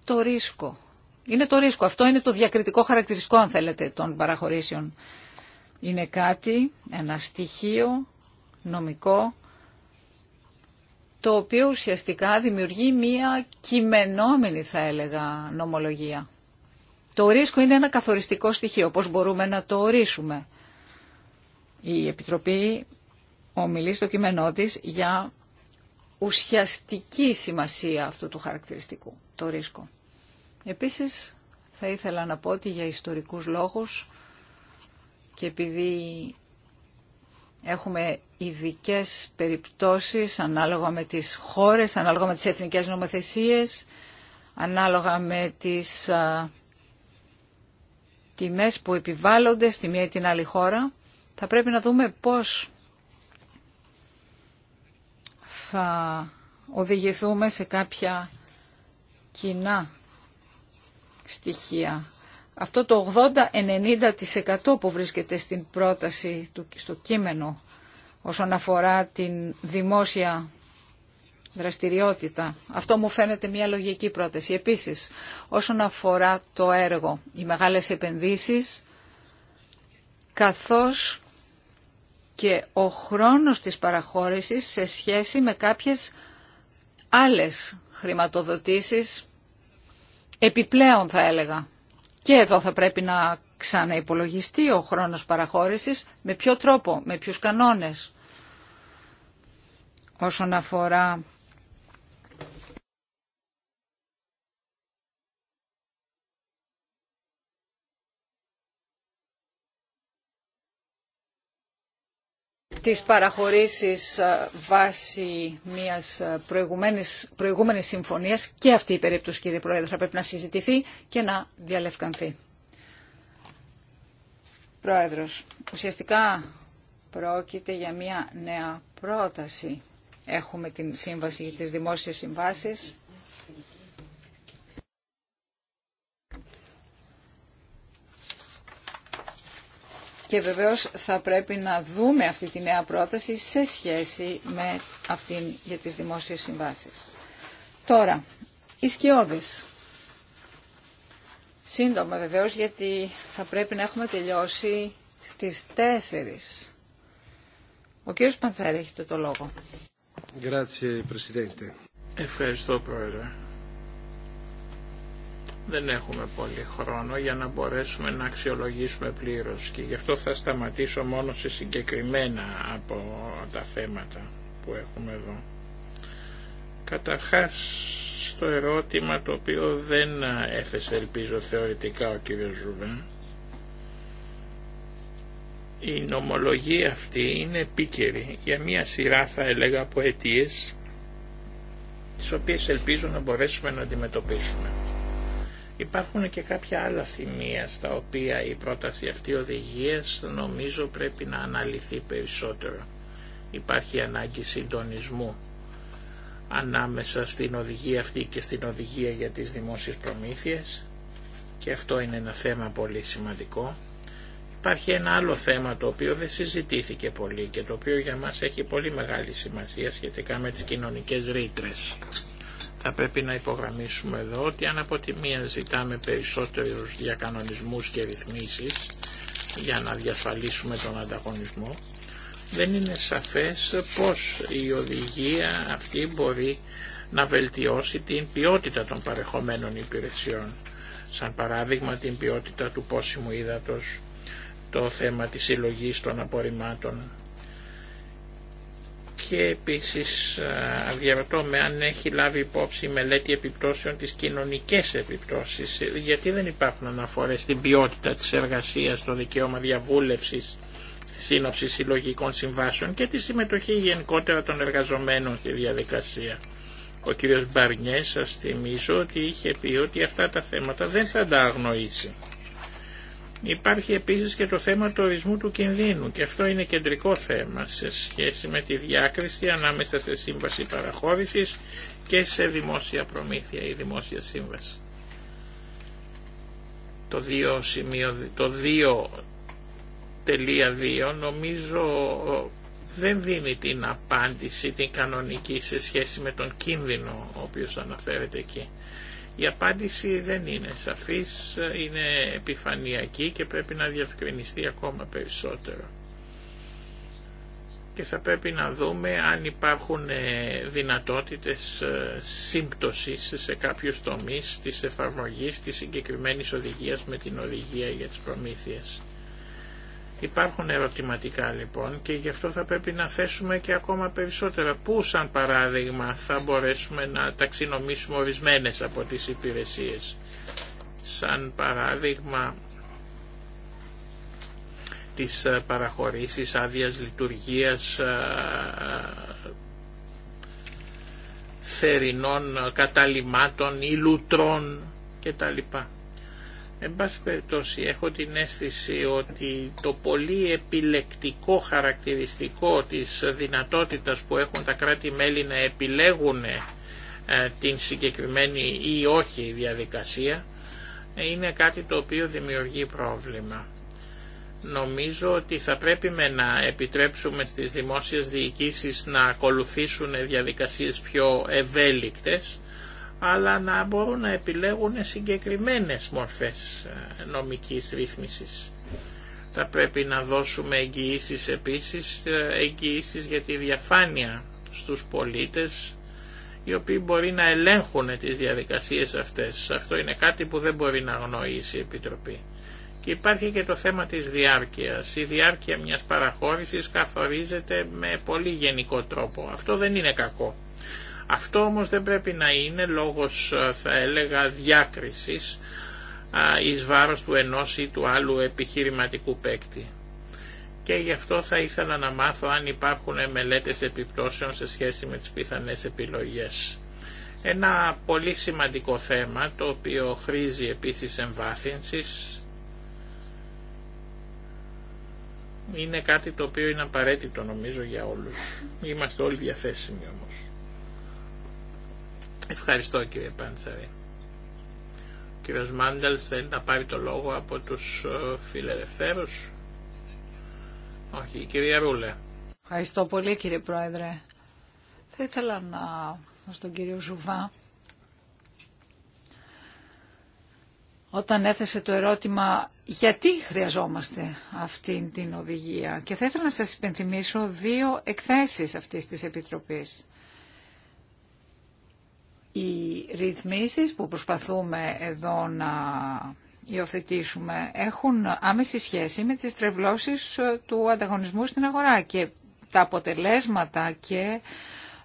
το ρίσκο. Είναι το ρίσκο. Αυτό είναι το διακριτικό χαρακτηριστικό, αν θέλετε, των παραχωρήσεων. Είναι κάτι, ένα στοιχείο νομικό, το οποίο ουσιαστικά δημιουργεί μία κειμενόμενη, θα έλεγα, νομολογία. Το ρίσκο είναι ένα καθοριστικό στοιχείο, πώς μπορούμε να το ορίσουμε. Η Επιτροπή ομιλεί στο κείμενό της για ουσιαστική σημασία αυτού του χαρακτηριστικού, το ρίσκο. Επίσης, θα ήθελα να πω ότι για ιστορικούς λόγους και επειδή έχουμε ειδικέ περιπτώσεις ανάλογα με τις χώρες, ανάλογα με τις εθνικές νομοθεσίες, ανάλογα με τις τιμές που επιβάλλονται στη μία ή την άλλη χώρα, θα πρέπει να δούμε πώς θα οδηγηθούμε σε κάποια κοινά στοιχεία. Αυτό το 80-90% που βρίσκεται στην πρόταση, στο κείμενο, όσον αφορά την δημόσια δραστηριότητα. Αυτό μου φαίνεται μια λογική πρόταση. Επίσης, όσον αφορά το έργο, οι μεγάλες επενδύσεις, καθώς και ο χρόνος της παραχώρησης σε σχέση με κάποιες άλλες χρηματοδοτήσεις επιπλέον θα έλεγα. Και εδώ θα πρέπει να ξαναυπολογιστεί ο χρόνος παραχώρησης με ποιο τρόπο, με ποιους κανόνες. Όσον αφορά τις παραχωρήσεις ε, βάσει μιας ε, προηγούμενης, προηγούμενης συμφωνίας και αυτή η περίπτωση κύριε Πρόεδρε θα πρέπει να συζητηθεί και να διαλευκανθεί. Πρόεδρος, ουσιαστικά πρόκειται για μια νέα πρόταση. Έχουμε την σύμβαση για τις δημόσιες συμβάσεις και βεβαίως θα πρέπει να δούμε αυτή τη νέα πρόταση σε σχέση με αυτήν για τις δημόσιες συμβάσεις. Τώρα, οι σκιώδες. Σύντομα βεβαίως γιατί θα πρέπει να έχουμε τελειώσει στις 4. Ο κύριος Παντσάρη έχετε το λόγο. Ευχαριστώ πρόεδρε δεν έχουμε πολύ χρόνο για να μπορέσουμε να αξιολογήσουμε πλήρως και γι' αυτό θα σταματήσω μόνο σε συγκεκριμένα από τα θέματα που έχουμε εδώ. Καταρχάς στο ερώτημα το οποίο δεν έθεσε ελπίζω θεωρητικά ο κ. Ζουβέν η νομολογία αυτή είναι επίκαιρη για μια σειρά θα έλεγα από αιτίες τις οποίες ελπίζω να μπορέσουμε να αντιμετωπίσουμε. Υπάρχουν και κάποια άλλα θυμία στα οποία η πρόταση αυτή οδηγίας νομίζω πρέπει να αναλυθεί περισσότερο. Υπάρχει ανάγκη συντονισμού ανάμεσα στην οδηγία αυτή και στην οδηγία για τις δημόσιες προμήθειες και αυτό είναι ένα θέμα πολύ σημαντικό. Υπάρχει ένα άλλο θέμα το οποίο δεν συζητήθηκε πολύ και το οποίο για μας έχει πολύ μεγάλη σημασία σχετικά με τις κοινωνικές ρήτρες. Θα πρέπει να υπογραμμίσουμε εδώ ότι αν από τη μία ζητάμε περισσότερους διακανονισμούς και ρυθμίσεις για να διασφαλίσουμε τον ανταγωνισμό, δεν είναι σαφές πώς η οδηγία αυτή μπορεί να βελτιώσει την ποιότητα των παρεχομένων υπηρεσιών. Σαν παράδειγμα την ποιότητα του πόσιμου ύδατος, το θέμα της συλλογή των απορριμμάτων και επίσης, διαρωτώ με αν έχει λάβει υπόψη η μελέτη επιπτώσεων τις κοινωνικές επιπτώσεις, γιατί δεν υπάρχουν αναφορές στην ποιότητα της εργασίας, στο δικαίωμα διαβούλευσης, στη σύνοψη συλλογικών συμβάσεων και τη συμμετοχή γενικότερα των εργαζομένων στη διαδικασία. Ο κύριος Μπαρνιέ σας θυμίζω ότι είχε πει ότι αυτά τα θέματα δεν θα τα αγνοήσει. Υπάρχει επίσης και το θέμα του ορισμού του κινδύνου και αυτό είναι κεντρικό θέμα σε σχέση με τη διάκριση ανάμεσα σε σύμβαση παραχώρησης και σε δημόσια προμήθεια ή δημόσια σύμβαση. Το 2.2 το νομίζω δεν δίνει την απάντηση την κανονική σε σχέση με τον κίνδυνο ο οποίος αναφέρεται εκεί. Η απάντηση δεν είναι σαφής, είναι επιφανειακή και πρέπει να διευκρινιστεί ακόμα περισσότερο. Και θα πρέπει να δούμε αν υπάρχουν ε, δυνατότητες ε, σύμπτωσης σε κάποιους τομείς της εφαρμογής της συγκεκριμένης οδηγίας με την οδηγία για τις προμήθειες. Υπάρχουν ερωτηματικά λοιπόν και γι' αυτό θα πρέπει να θέσουμε και ακόμα περισσότερα. Πού σαν παράδειγμα θα μπορέσουμε να ταξινομήσουμε ορισμένε από τις υπηρεσίες. Σαν παράδειγμα τις ε, παραχωρήσεις άδεια λειτουργίας ε, θερινών ε, καταλημάτων ή λουτρών κτλ. Εν πάση περιπτώσει έχω την αίσθηση ότι το πολύ επιλεκτικό χαρακτηριστικό της δυνατότητας που έχουν τα κράτη-μέλη να επιλέγουν ε, την συγκεκριμένη ή όχι διαδικασία είναι κάτι το οποίο δημιουργεί πρόβλημα. Νομίζω ότι θα πρέπει με να επιτρέψουμε στις δημόσιες διοικήσεις να ακολουθήσουν διαδικασίες πιο ευέλικτες αλλά να μπορούν να επιλέγουν συγκεκριμένες μορφές ε, νομικής ρύθμισης. Θα πρέπει να δώσουμε εγγυήσεις επίσης, ε, εγγυήσεις για τη διαφάνεια στους πολίτες, οι οποίοι μπορεί να ελέγχουν τις διαδικασίες αυτές. Αυτό είναι κάτι που δεν μπορεί να αγνοήσει η Επιτροπή. Και υπάρχει και το θέμα της διάρκειας. Η διάρκεια μιας παραχώρησης καθορίζεται με πολύ γενικό τρόπο. Αυτό δεν είναι κακό. Αυτό όμως δεν πρέπει να είναι λόγος ε, θα έλεγα διάκρισης ε, εις βάρος του ενός ή του άλλου επιχειρηματικού παίκτη. Και γι' αυτό θα ήθελα να μάθω αν υπάρχουν μελέτες επιπτώσεων σε σχέση με τις πιθανές επιλογές. Ένα πολύ σημαντικό θέμα το οποίο χρήζει επίσης εμβάθυνσης είναι κάτι το οποίο είναι απαραίτητο νομίζω για όλους. Είμαστε όλοι διαθέσιμοι όμως. Ευχαριστώ κύριε Παντσαρή. Ο κύριος Μάντελς θέλει να πάρει το λόγο από τους ε, φιλελευθέρους. Όχι, η κυρία Ρούλε. Ευχαριστώ πολύ κύριε Πρόεδρε. Θα ήθελα να στον κύριο Ζουβά όταν έθεσε το ερώτημα γιατί χρειαζόμαστε αυτή την οδηγία. Και θα ήθελα να σας υπενθυμίσω δύο εκθέσεις αυτής της Επιτροπής. Οι ρυθμίσεις που προσπαθούμε εδώ να υιοθετήσουμε έχουν άμεση σχέση με τις τρευλώσεις ε, του ανταγωνισμού στην αγορά και τα αποτελέσματα και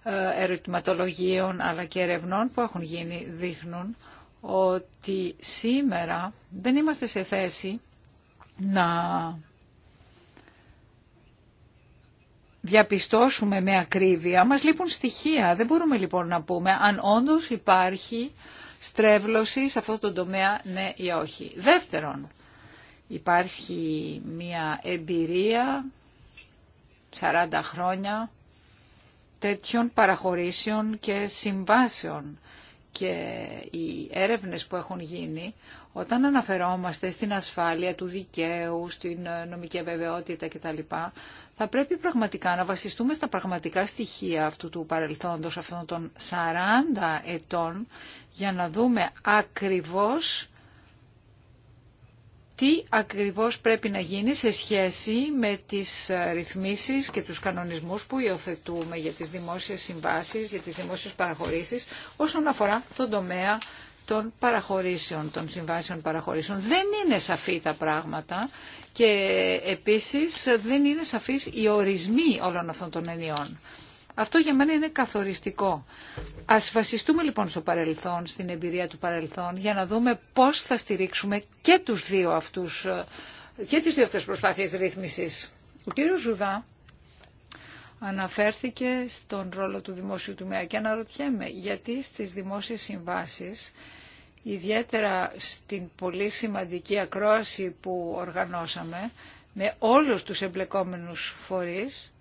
ε, ερωτηματολογίων αλλά και ερευνών που έχουν γίνει δείχνουν ότι σήμερα δεν είμαστε σε θέση να διαπιστώσουμε με ακρίβεια. Μας λείπουν στοιχεία. Δεν μπορούμε λοιπόν να πούμε αν όντως υπάρχει στρέβλωση σε αυτό το τομέα ναι ή όχι. Δεύτερον, υπάρχει μια εμπειρία 40 χρόνια τέτοιων παραχωρήσεων και συμβάσεων και οι έρευνες που έχουν γίνει όταν αναφερόμαστε στην ασφάλεια του δικαίου, στην ε, νομική βεβαιότητα κτλ, θα πρέπει πραγματικά να βασιστούμε στα πραγματικά στοιχεία αυτού του παρελθόντος, αυτών των 40 ετών, για να δούμε ακριβώς τι ακριβώς πρέπει να γίνει σε σχέση με τις ε, ρυθμίσεις και τους κανονισμούς που υιοθετούμε για τις δημόσιες συμβάσεις, για τις δημόσιες παραχωρήσεις όσον αφορά τον τομέα των παραχωρήσεων, των συμβάσεων παραχωρήσεων. Δεν είναι σαφή τα πράγματα και επίσης δεν είναι σαφής οι ορισμοί όλων αυτών των ενιών. Αυτό για μένα είναι καθοριστικό. Ας βασιστούμε λοιπόν στο παρελθόν, στην εμπειρία του παρελθόν, για να δούμε πώς θα στηρίξουμε και, τους δύο αυτούς, και τις δύο αυτές προσπάθειες ρύθμισης. Ο κύριος Ζουβά αναφέρθηκε στον ρόλο του δημόσιου τομέα και αναρωτιέμαι γιατί στις δημόσιες συμβάσεις ιδιαίτερα στην πολύ σημαντική ακρόαση που οργανώσαμε με όλους τους εμπλεκόμενους φορείς,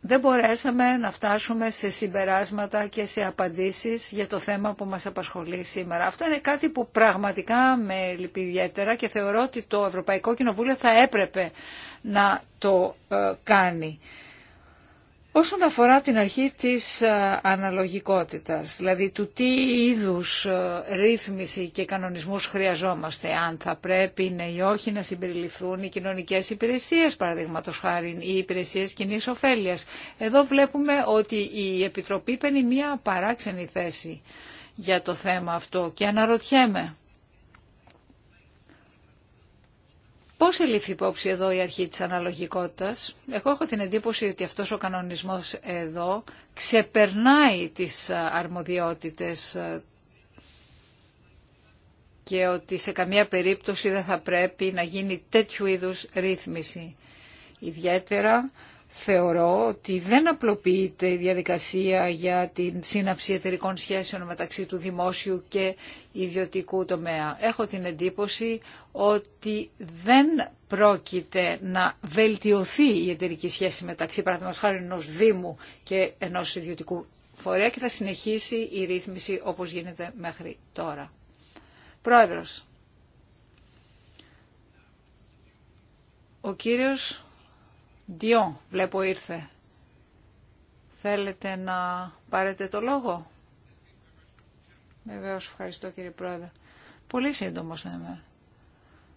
δεν μπορέσαμε να φτάσουμε σε συμπεράσματα και σε απαντήσεις για το θέμα που μας απασχολεί σήμερα. Αυτό είναι κάτι που πραγματικά με λυπεί ιδιαίτερα και θεωρώ ότι το Ευρωπαϊκό Κοινοβούλιο θα έπρεπε να το ε, κάνει. Όσον αφορά την αρχή της ε, αναλογικότητας, δηλαδή του τι είδους ε, ρύθμιση και κανονισμούς χρειαζόμαστε, αν θα πρέπει να η Επιτροπή παίρνει μια παράξενη θέση για το θέμα αυτό και αναρωτιέμαι. Πώς ελήφθη υπόψη εδώ η αρχή της αναλογικότητας. Εγώ έχω την εντύπωση ότι αυτός ο κανονισμός εδώ ξεπερνάει τι αρμοδιότητες και ότι σε καμία περίπτωση δεν θα πρέπει να γίνει τέτοιου είδους ρύθμιση. Ιδιαίτερα θεωρώ ότι δεν απλοποιείται η διαδικασία για την σύναψη εταιρικών σχέσεων μεταξύ του δημόσιου και ιδιωτικού τομέα. Έχω την εντύπωση ότι δεν πρόκειται να βελτιωθεί η εταιρική σχέση μεταξύ παραδείγματος χάρη ενός Δήμου και ενός ιδιωτικού φορέα και θα συνεχίσει η ρύθμιση όπως γίνεται μέχρι τώρα. Πρόεδρος. Ο κύριος Διό, βλέπω ήρθε. Θέλετε να πάρετε το λόγο. Βεβαίω, ευχαριστώ κύριε Πρόεδρε. Πολύ σύντομο θα είμαι.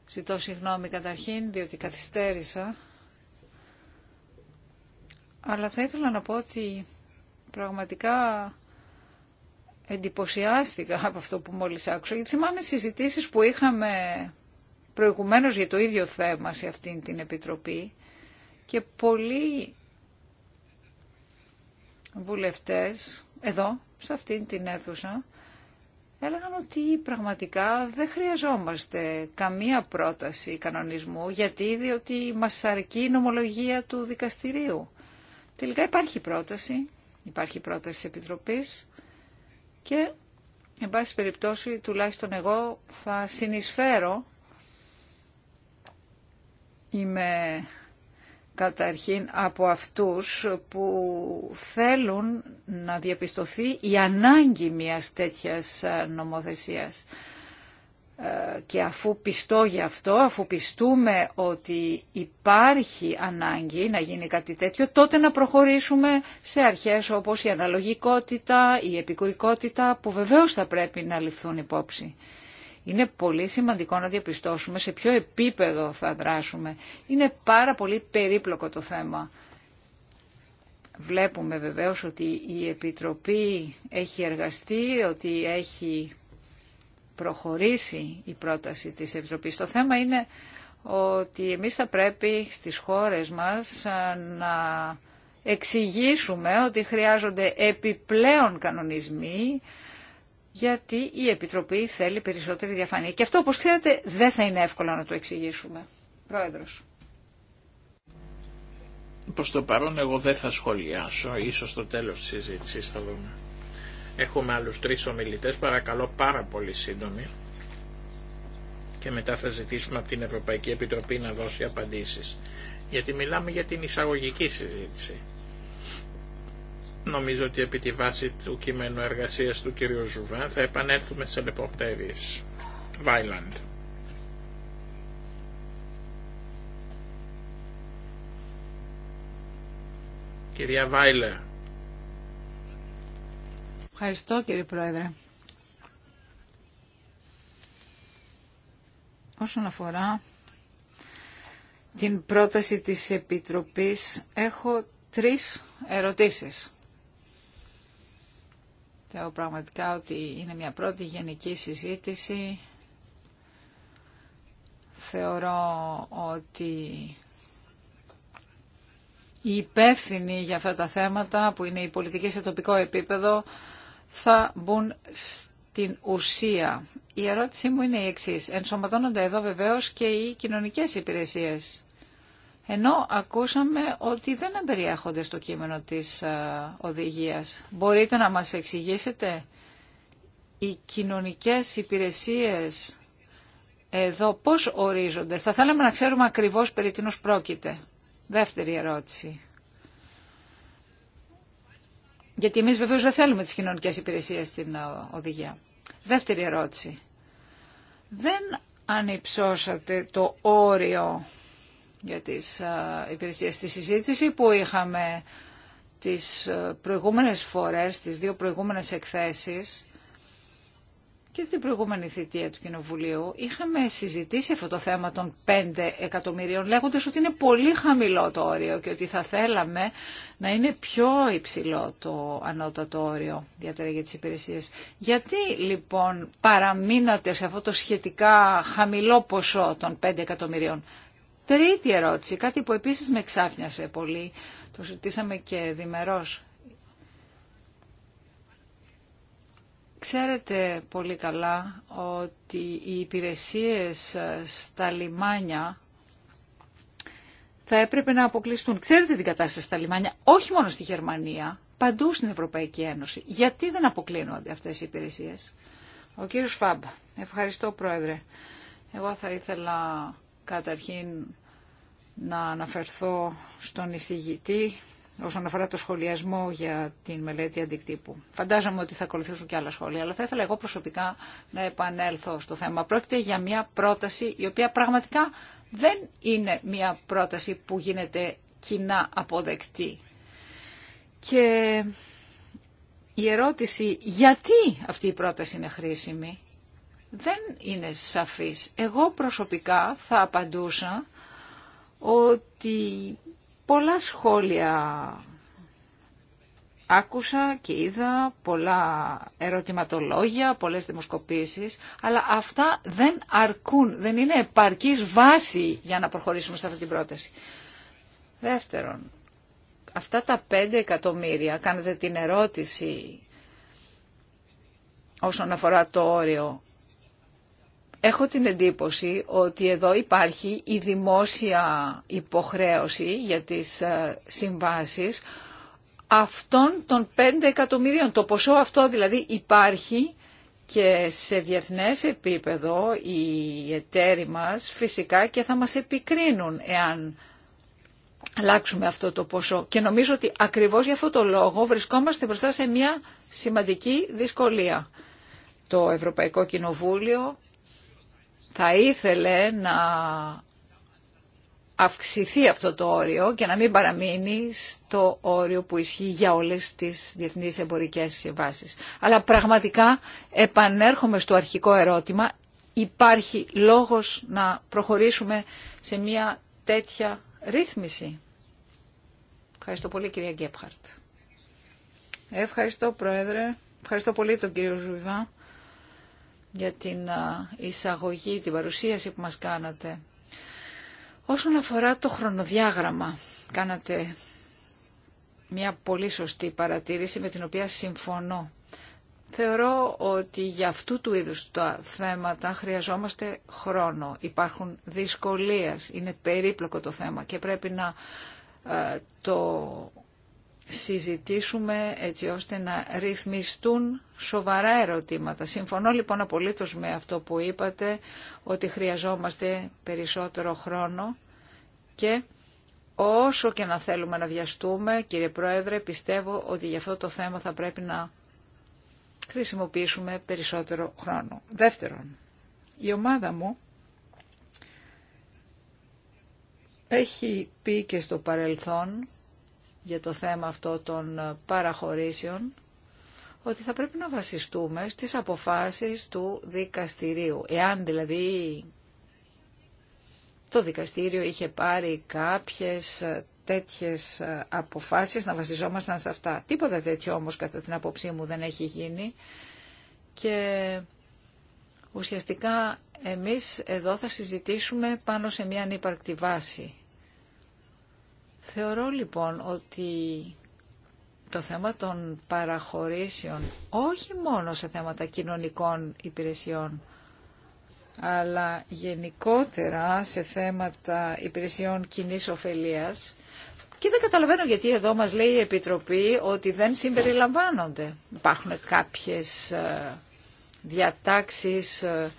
Ζητώ συγγνώμη καταρχήν, διότι καθυστέρησα. Αλλά θα ήθελα να πω ότι πραγματικά εντυπωσιάστηκα από αυτό που μόλις άκουσα. Γιατί θυμάμαι συζητήσεις που είχαμε προηγουμένως για το ίδιο θέμα σε αυτήν την Επιτροπή και πολλοί βουλευτές εδώ, σε αυτήν την αίθουσα, έλεγαν ότι πραγματικά δεν χρειαζόμαστε καμία πρόταση κανονισμού, γιατί διότι μας αρκεί η νομολογία του δικαστηρίου. Τελικά υπάρχει πρόταση, υπάρχει πρόταση Επιτροπής και, εν πάση περιπτώσει, τουλάχιστον εγώ θα συνεισφέρω, είμαι καταρχήν από αυτούς που θέλουν να διαπιστωθεί η ανάγκη μιας τέτοιας ε, νομοθεσίας. Ε, και αφού πιστώ γι' αυτό, αφού πιστούμε ότι υπάρχει ανάγκη να γίνει κάτι τέτοιο, τότε να προχωρήσουμε σε αρχές όπως η αναλογικότητα, η επικουρικότητα, που βεβαίως θα πρέπει να ληφθούν υπόψη. Είναι πολύ σημαντικό να διαπιστώσουμε σε ποιο επίπεδο θα δράσουμε. Είναι πάρα πολύ περίπλοκο το θέμα. Βλέπουμε βεβαίως ότι η Επιτροπή έχει εργαστεί, ότι έχει προχωρήσει η πρόταση της Επιτροπής. Το θέμα είναι ότι εμείς θα πρέπει στις χώρες μας να εξηγήσουμε ότι χρειάζονται επιπλέον κανονισμοί γιατί η Επιτροπή θέλει περισσότερη διαφάνεια. Και αυτό, όπως ξέρετε, δεν θα είναι εύκολο να το εξηγήσουμε. Πρόεδρος. Προς το παρόν εγώ δεν θα σχολιάσω, ίσως στο τέλος της συζήτησης θα δούμε. Έχουμε άλλους τρεις ομιλητές, παρακαλώ πάρα πολύ σύντομοι. Και μετά θα ζητήσουμε από την Ευρωπαϊκή Επιτροπή να δώσει απαντήσεις. Γιατί μιλάμε για την εισαγωγική συζήτηση νομίζω ότι επί τη βάση του κειμένου εργασίας του κ. Ζουβά θα επανέλθουμε σε λεποπτέρειες. Βάιλαντ. Κυρία Βάιλε. Ευχαριστώ κύριε Πρόεδρε. Όσον αφορά την πρόταση της Επιτροπής, έχω τρεις ερωτήσεις. Θεωρώ πραγματικά ότι είναι μια πρώτη γενική συζήτηση. Θεωρώ ότι οι υπεύθυνοι για αυτά τα θέματα που είναι οι πολιτικοί σε τοπικό επίπεδο θα μπουν στην ουσία. Η ερώτησή μου είναι η εξής. Ενσωματώνονται εδώ βεβαίως και οι κοινωνικές υπηρεσίες. Ενώ ακούσαμε ότι δεν εμπεριέχονται στο κείμενο της ε, οδηγίας. Μπορείτε να μας εξηγήσετε οι κοινωνικές υπηρεσίες εδώ πώς ορίζονται. Θα θέλαμε να ξέρουμε ακριβώς περί τίνος πρόκειται. Δεύτερη ερώτηση. Γιατί εμείς βεβαίως δεν θέλουμε τις κοινωνικές υπηρεσίες στην ε, οδηγία. Δεύτερη ερώτηση. Δεν ανυψώσατε το όριο για τις υπηρεσίες στη συζήτηση που είχαμε τις προηγούμενες φορές, τις δύο προηγούμενες εκθέσεις και στην προηγούμενη θητεία του Κοινοβουλίου είχαμε συζητήσει αυτό το θέμα των 5 εκατομμυρίων λέγοντας ότι είναι πολύ χαμηλό το όριο και ότι θα θέλαμε να είναι πιο υψηλό το ανώτατο όριο για για τις υπηρεσίες. Γιατί λοιπόν παραμείνατε σε αυτό το σχετικά χαμηλό ποσό των 5 εκατομμυρίων. Τρίτη ερώτηση, κάτι που επίσης με ξάφνιασε πολύ, το ζητήσαμε και διμερός. Ξέρετε πολύ καλά ότι οι υπηρεσίες στα λιμάνια θα έπρεπε να αποκλειστούν. Ξέρετε την κατάσταση στα λιμάνια, όχι μόνο στη Γερμανία, παντού στην Ευρωπαϊκή Ένωση. Γιατί δεν αποκλίνονται αυτές οι υπηρεσίες. Ο κύριος Φάμπ, ευχαριστώ Πρόεδρε. Εγώ θα ήθελα καταρχήν να αναφερθώ στον εισηγητή όσον αφορά το σχολιασμό για την μελέτη αντικτύπου. Φαντάζομαι ότι θα ακολουθήσουν και άλλα σχόλια, αλλά θα ήθελα εγώ προσωπικά να επανέλθω στο θέμα. Πρόκειται για μια πρόταση η οποία πραγματικά δεν είναι μια πρόταση που γίνεται κοινά αποδεκτή. Και η ερώτηση γιατί αυτή η πρόταση είναι χρήσιμη δεν είναι σαφής. Εγώ προσωπικά θα απαντούσα ότι πολλά σχόλια άκουσα και είδα, πολλά ερωτηματολόγια, πολλές δημοσκοπήσεις, αλλά αυτά δεν αρκούν, δεν είναι επαρκής βάση για να προχωρήσουμε σε αυτή την πρόταση. Δεύτερον, αυτά τα 5 εκατομμύρια, κάνετε την ερώτηση όσον αφορά το όριο, Έχω την εντύπωση ότι εδώ υπάρχει η δημόσια υποχρέωση για τις ε, συμβάσεις αυτών των 5 εκατομμυρίων. Το ποσό αυτό δηλαδή υπάρχει και σε διεθνές επίπεδο οι εταίροι μας φυσικά και θα μας επικρίνουν εάν αλλάξουμε αυτό το ποσό. Και νομίζω ότι ακριβώς για αυτό το λόγο βρισκόμαστε μπροστά σε μια σημαντική δυσκολία. Το Ευρωπαϊκό Κοινοβούλιο θα ήθελε να αυξηθεί αυτό το όριο και να μην παραμείνει στο όριο που ισχύει για όλες τις διεθνείς εμπορικές συμβάσεις. Αλλά πραγματικά επανέρχομαι στο αρχικό ερώτημα, υπάρχει λόγος να προχωρήσουμε σε μια τέτοια ρύθμιση. Ευχαριστώ πολύ κυρία Γκέπχαρτ. Ευχαριστώ Πρόεδρε. Ευχαριστώ πολύ τον κύριο Ζουβά για την εισαγωγή, την παρουσίαση που μας κάνατε. Όσον αφορά το χρονοδιάγραμμα, κάνατε μια πολύ σωστή παρατήρηση με την οποία συμφωνώ. Θεωρώ ότι για αυτού του είδους τα θέματα χρειαζόμαστε χρόνο. Υπάρχουν δυσκολίες, είναι περίπλοκο το θέμα και πρέπει να ε, το συζητήσουμε έτσι ώστε να ρυθμιστούν σοβαρά ερωτήματα. Συμφωνώ λοιπόν απολύτως με αυτό που είπατε, ότι χρειαζόμαστε περισσότερο χρόνο και όσο και να θέλουμε να βιαστούμε, κύριε Πρόεδρε, πιστεύω ότι για αυτό το θέμα θα πρέπει να χρησιμοποιήσουμε περισσότερο χρόνο. Δεύτερον, η ομάδα μου έχει πει και στο παρελθόν για το θέμα αυτό των παραχωρήσεων ότι θα πρέπει να βασιστούμε στις αποφάσεις του δικαστηρίου. Εάν δηλαδή το δικαστήριο είχε πάρει κάποιες τέτοιες αποφάσεις, να βασιζόμασταν σε αυτά. Τίποτα τέτοιο όμως κατά την απόψή μου δεν έχει γίνει και ουσιαστικά εμείς εδώ θα συζητήσουμε πάνω σε μια ανύπαρκτη βάση. Θεωρώ λοιπόν ότι το θέμα των παραχωρήσεων όχι μόνο σε θέματα κοινωνικών υπηρεσιών αλλά γενικότερα σε θέματα υπηρεσιών κοινή ωφελία. Και δεν καταλαβαίνω γιατί εδώ μας λέει η Επιτροπή ότι δεν συμπεριλαμβάνονται. Υπάρχουν κάποιες ε, διατάξεις ε,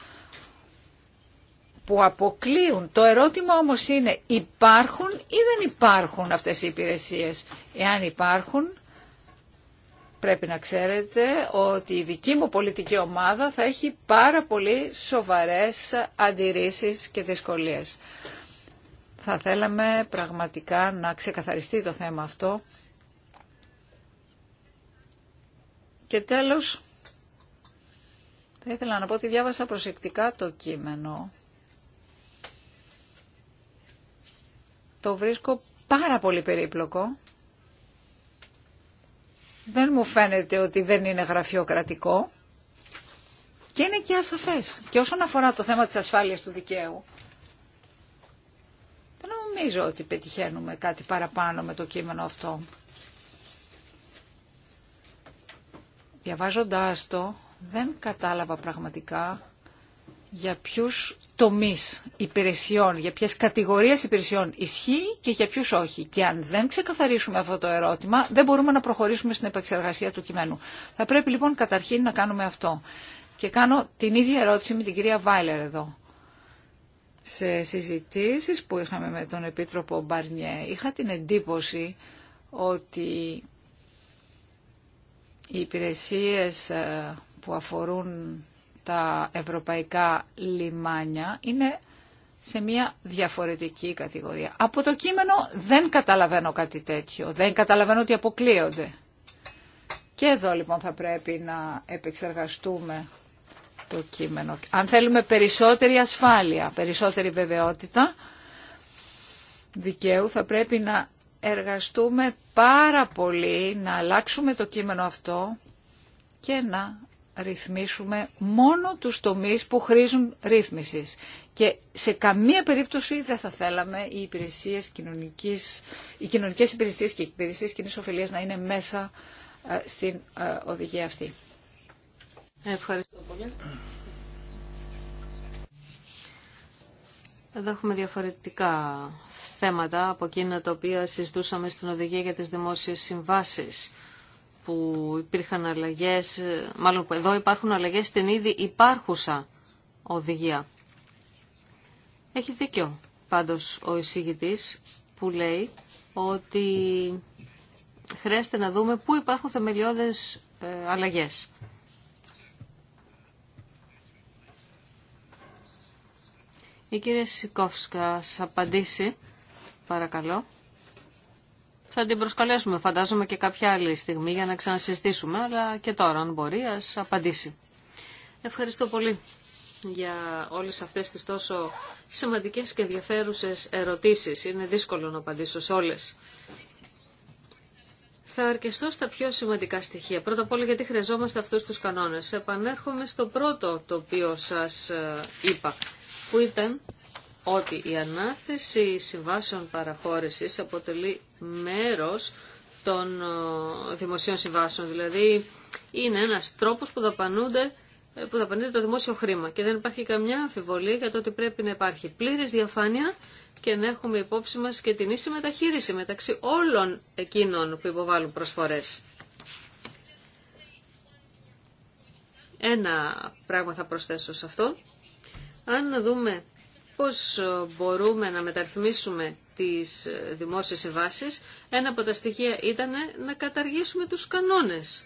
που αποκλείουν. Το ερώτημα όμως είναι υπάρχουν ή δεν υπάρχουν αυτές οι υπηρεσίες. Εάν υπάρχουν πρέπει να ξέρετε ότι η δική μου πολιτική ομάδα θα έχει πάρα πολύ σοβαρές αντιρρήσεις και δυσκολίες. Θα θέλαμε πραγματικά να ξεκαθαριστεί το θέμα αυτό. Και τέλος, θα ήθελα να πω ότι διάβασα προσεκτικά το κείμενο το βρίσκω πάρα πολύ περίπλοκο. Δεν μου φαίνεται ότι δεν είναι γραφειοκρατικό και είναι και ασαφές. Και όσον αφορά το θέμα της ασφάλειας του δικαίου, δεν νομίζω ότι πετυχαίνουμε κάτι παραπάνω με το κείμενο αυτό. Διαβάζοντάς το, δεν κατάλαβα πραγματικά για ποιους Τομεί υπηρεσιών, για ποιες κατηγορίες υπηρεσιών ισχύει και για ποιους όχι. Και αν δεν ξεκαθαρίσουμε αυτό το ερώτημα, δεν μπορούμε να προχωρήσουμε στην επεξεργασία του κειμένου. Θα πρέπει λοιπόν καταρχήν να κάνουμε αυτό. Και κάνω την ίδια ερώτηση με την κυρία Βάιλερ εδώ. Σε συζητήσεις που είχαμε με τον Επίτροπο Μπαρνιέ, είχα την εντύπωση ότι οι υπηρεσίες ε, που αφορούν τα ευρωπαϊκά λιμάνια είναι σε μια διαφορετική κατηγορία. Από το κείμενο δεν καταλαβαίνω κάτι τέτοιο. Δεν καταλαβαίνω ότι αποκλείονται. Και εδώ λοιπόν θα πρέπει να επεξεργαστούμε το κείμενο. Αν θέλουμε περισσότερη ασφάλεια, περισσότερη βεβαιότητα δικαίου, θα πρέπει να εργαστούμε πάρα πολύ, να αλλάξουμε το κείμενο αυτό και να ρυθμίσουμε μόνο τους τομείς που χρήζουν ρύθμισης. Και σε καμία περίπτωση δεν θα θέλαμε οι, υπηρεσίες κοινωνικής, οι κοινωνικές υπηρεσίες και οι υπηρεσίες κοινής ωφελίας να είναι μέσα ε, στην ε, οδηγία αυτή. Ευχαριστώ πολύ. Εδώ έχουμε διαφορετικά θέματα από εκείνα τα οποία συζητούσαμε στην οδηγία για τις δημόσιες συμβάσεις που υπήρχαν αλλαγές, μάλλον που εδώ υπάρχουν αλλαγές στην ήδη υπάρχουσα οδηγία. Έχει δίκιο πάντως ο εισηγητής που λέει ότι χρειάζεται να δούμε πού υπάρχουν θεμελιώδες ε, αλλαγές. Η κυρία Σικόφσκα, σας απαντήσει, παρακαλώ. Θα την προσκαλέσουμε φαντάζομαι και κάποια άλλη στιγμή για να ξανασυστήσουμε, αλλά και τώρα αν μπορεί ας απαντήσει. Ευχαριστώ πολύ για όλες αυτές τις τόσο σημαντικές και ενδιαφέρουσες ερωτήσεις. Είναι δύσκολο να απαντήσω σε όλες. Θα αρκεστώ στα πιο σημαντικά στοιχεία. Πρώτα απ' όλα γιατί χρειαζόμαστε αυτούς τους κανόνες. Επανέρχομαι στο πρώτο το οποίο σας ε, είπα, που ήταν ότι η ανάθεση συμβάσεων παραχώρησης αποτελεί μέρος των ε, δημοσίων συμβάσεων. Δηλαδή είναι ένας τρόπος που δαπανούνται ε, που το δημόσιο χρήμα και δεν υπάρχει καμιά αμφιβολία για το ότι πρέπει να υπάρχει πλήρης διαφάνεια και να έχουμε υπόψη μας και την ίση μεταχείριση μεταξύ όλων εκείνων που υποβάλλουν προσφορές. Ένα πράγμα θα προσθέσω σε αυτό. Αν δούμε πώς ε, μπορούμε να μεταρρυθμίσουμε τις ε, δημόσιες συμβάσεις, ένα από τα στοιχεία ήταν να καταργήσουμε τους κανόνες.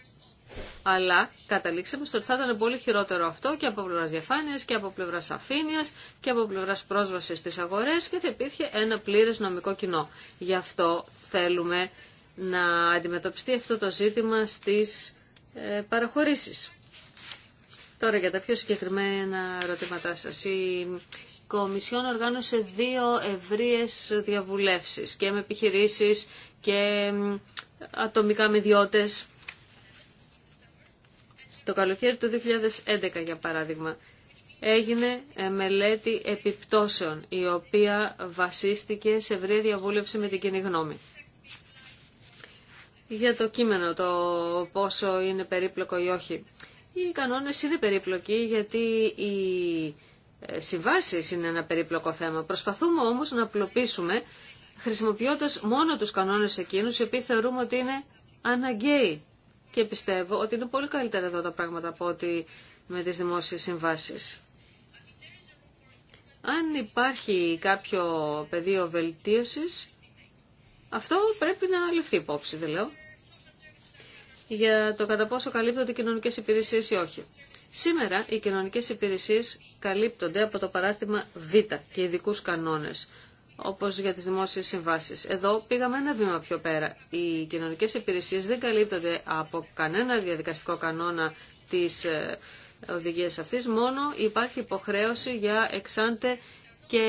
Αλλά καταλήξαμε στο ότι θα ήταν πολύ χειρότερο αυτό και από πλευρά διαφάνεια και από πλευρά αφήνεια και από πλευρά πρόσβαση στι αγορέ και θα υπήρχε ένα πλήρε νομικό κοινό. Γι' αυτό θέλουμε να αντιμετωπιστεί αυτό το ζήτημα στι ε, παραχωρήσει. Τώρα για τα πιο συγκεκριμένα ερωτήματά σα. Κομισιόν οργάνωσε δύο ευρείες διαβουλεύσεις και με επιχειρήσεις και ατομικά με Το καλοκαίρι του 2011 για παράδειγμα έγινε ε, μελέτη επιπτώσεων η οποία βασίστηκε σε ευρεία διαβούλευση με την κοινή γνώμη. Για το κείμενο το πόσο είναι περίπλοκο ή όχι. Οι κανόνες είναι περίπλοκοι γιατί η ε, συμβάσεις είναι ένα περίπλοκο θέμα. Προσπαθούμε όμως να απλοποιήσουμε χρησιμοποιώντας μόνο τους κανόνες εκείνους οι οποίοι θεωρούμε ότι είναι αναγκαίοι. Και πιστεύω ότι είναι πολύ καλύτερα εδώ τα πράγματα από ότι με τις δημόσιες συμβάσεις. Αν υπάρχει κάποιο πεδίο βελτίωσης, αυτό πρέπει να ληφθεί υπόψη, δεν Για το κατά πόσο καλύπτονται κοινωνικές υπηρεσίες ή όχι. Σήμερα οι κοινωνικές υπηρεσίες καλύπτονται από το παράρτημα Β και ειδικού κανόνες, όπως για τις δημόσιες συμβάσεις. Εδώ πήγαμε ένα βήμα πιο πέρα. Οι κοινωνικές υπηρεσίες δεν καλύπτονται από κανένα διαδικαστικό κανόνα της ε, οδηγίας αυτής, μόνο υπάρχει υποχρέωση για εξάντε και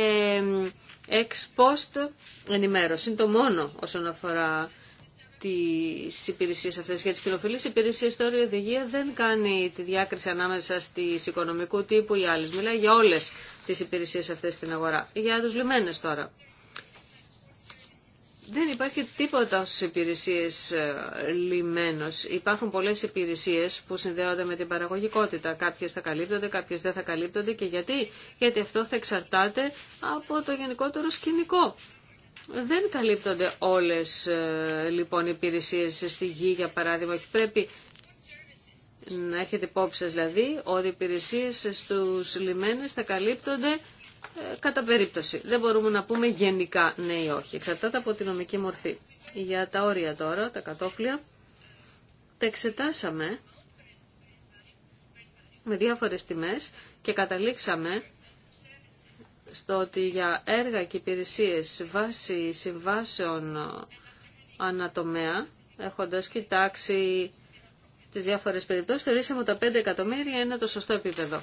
εξ post ενημέρωση. Είναι το μόνο όσον αφορά τις υπηρεσίες αυτές. Για τις κοινοφιλείς υπηρεσίες τώρα η οδηγία δεν κάνει τη διάκριση ανάμεσα στις οικονομικού τύπου ή άλλες. Μιλάει για όλες τις υπηρεσίες αυτές στην αγορά. Για τους λιμένες τώρα. Δεν υπάρχει τίποτα στις υπηρεσίες ε, λιμένος. Υπάρχουν πολλές υπηρεσίες που συνδέονται με την παραγωγικότητα. Κάποιες θα καλύπτονται, κάποιες δεν θα καλύπτονται. Και γιατί, γιατί αυτό θα εξαρτάται από το γενικότερο σκηνικό. Δεν καλύπτονται όλες ε, λοιπόν οι υπηρεσίες στη γη, για παράδειγμα. πρέπει να έχετε υπόψη σας, δηλαδή ότι οι υπηρεσίες στους λιμένες θα καλύπτονται ε, κατά περίπτωση. Δεν μπορούμε να πούμε γενικά ναι ή όχι. Εξαρτάται από τη νομική μορφή. Για τα όρια τώρα, τα κατόφλια, τα εξετάσαμε με διάφορες τιμές και καταλήξαμε στο ότι για έργα και υπηρεσίες βάσει συμβάσεων ε, ανατομέα, έχοντας κοιτάξει τις διάφορες περιπτώσεις, θεωρήσαμε ότι τα 5 εκατομμύρια είναι το σωστό επίπεδο.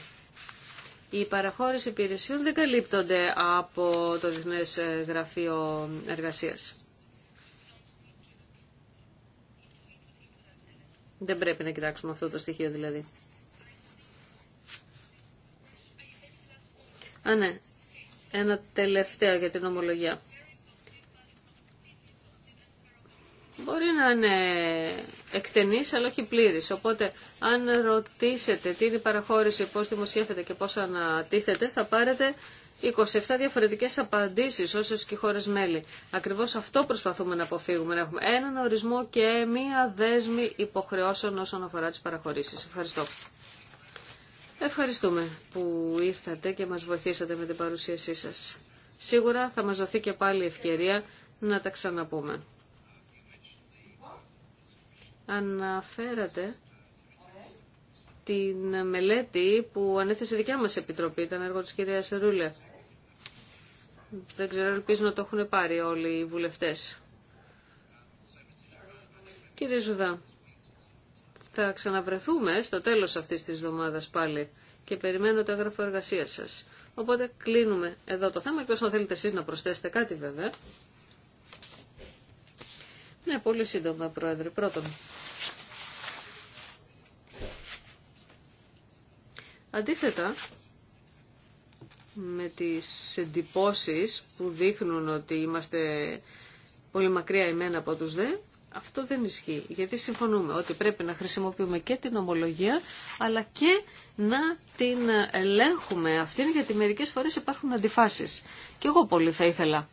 η παραχώρηση υπηρεσιών δεν καλύπτονται από το Διεθνές Γραφείο Εργασίας. Δεν πρέπει να κοιτάξουμε αυτό το στοιχείο δηλαδή. Α, ναι. Ένα τελευταίο για την ομολογία. Μπορεί να είναι εκτενής αλλά όχι πλήρης. Οπότε αν ρωτήσετε τι είναι η παραχώρηση, πώς δημοσιεύεται και πώς ανατίθεται, θα πάρετε 27 διαφορετικές απαντήσεις όσες και οι μέλη. Ακριβώς αυτό προσπαθούμε να αποφύγουμε, να έχουμε έναν ορισμό και μία δέσμη υποχρεώσεων όσον αφορά τις παραχωρήσεις. Ευχαριστώ. Ευχαριστούμε που ήρθατε και μας βοηθήσατε με την παρουσίασή σας. Σίγουρα θα μας δοθεί και πάλι ευκαιρία να τα ξαναπούμε. Αναφέρατε την μελέτη που ανέθεσε η δικιά μας επιτροπή, ήταν έργο της κυρίας Ρούλε. Δεν ξέρω, ελπίζω να το έχουν πάρει όλοι οι βουλευτές. Κύριε Ζουδά, θα ξαναβρεθούμε στο τέλος αυτής της εβδομάδας πάλι και περιμένω το έγγραφο εργασία σας. Οπότε κλείνουμε εδώ το θέμα, και αν θέλετε εσείς να προσθέσετε κάτι βέβαια. Ναι, πολύ σύντομα, Πρόεδρε. Πρώτον, αντίθετα με τις εντυπώσεις που δείχνουν ότι είμαστε πολύ μακριά εμένα από τους δε, αυτό δεν ισχύει, γιατί συμφωνούμε ότι πρέπει να χρησιμοποιούμε και την ομολογία, αλλά και να την ελέγχουμε αυτήν, γιατί μερικές φορές υπάρχουν αντιφάσεις. Και εγώ πολύ θα ήθελα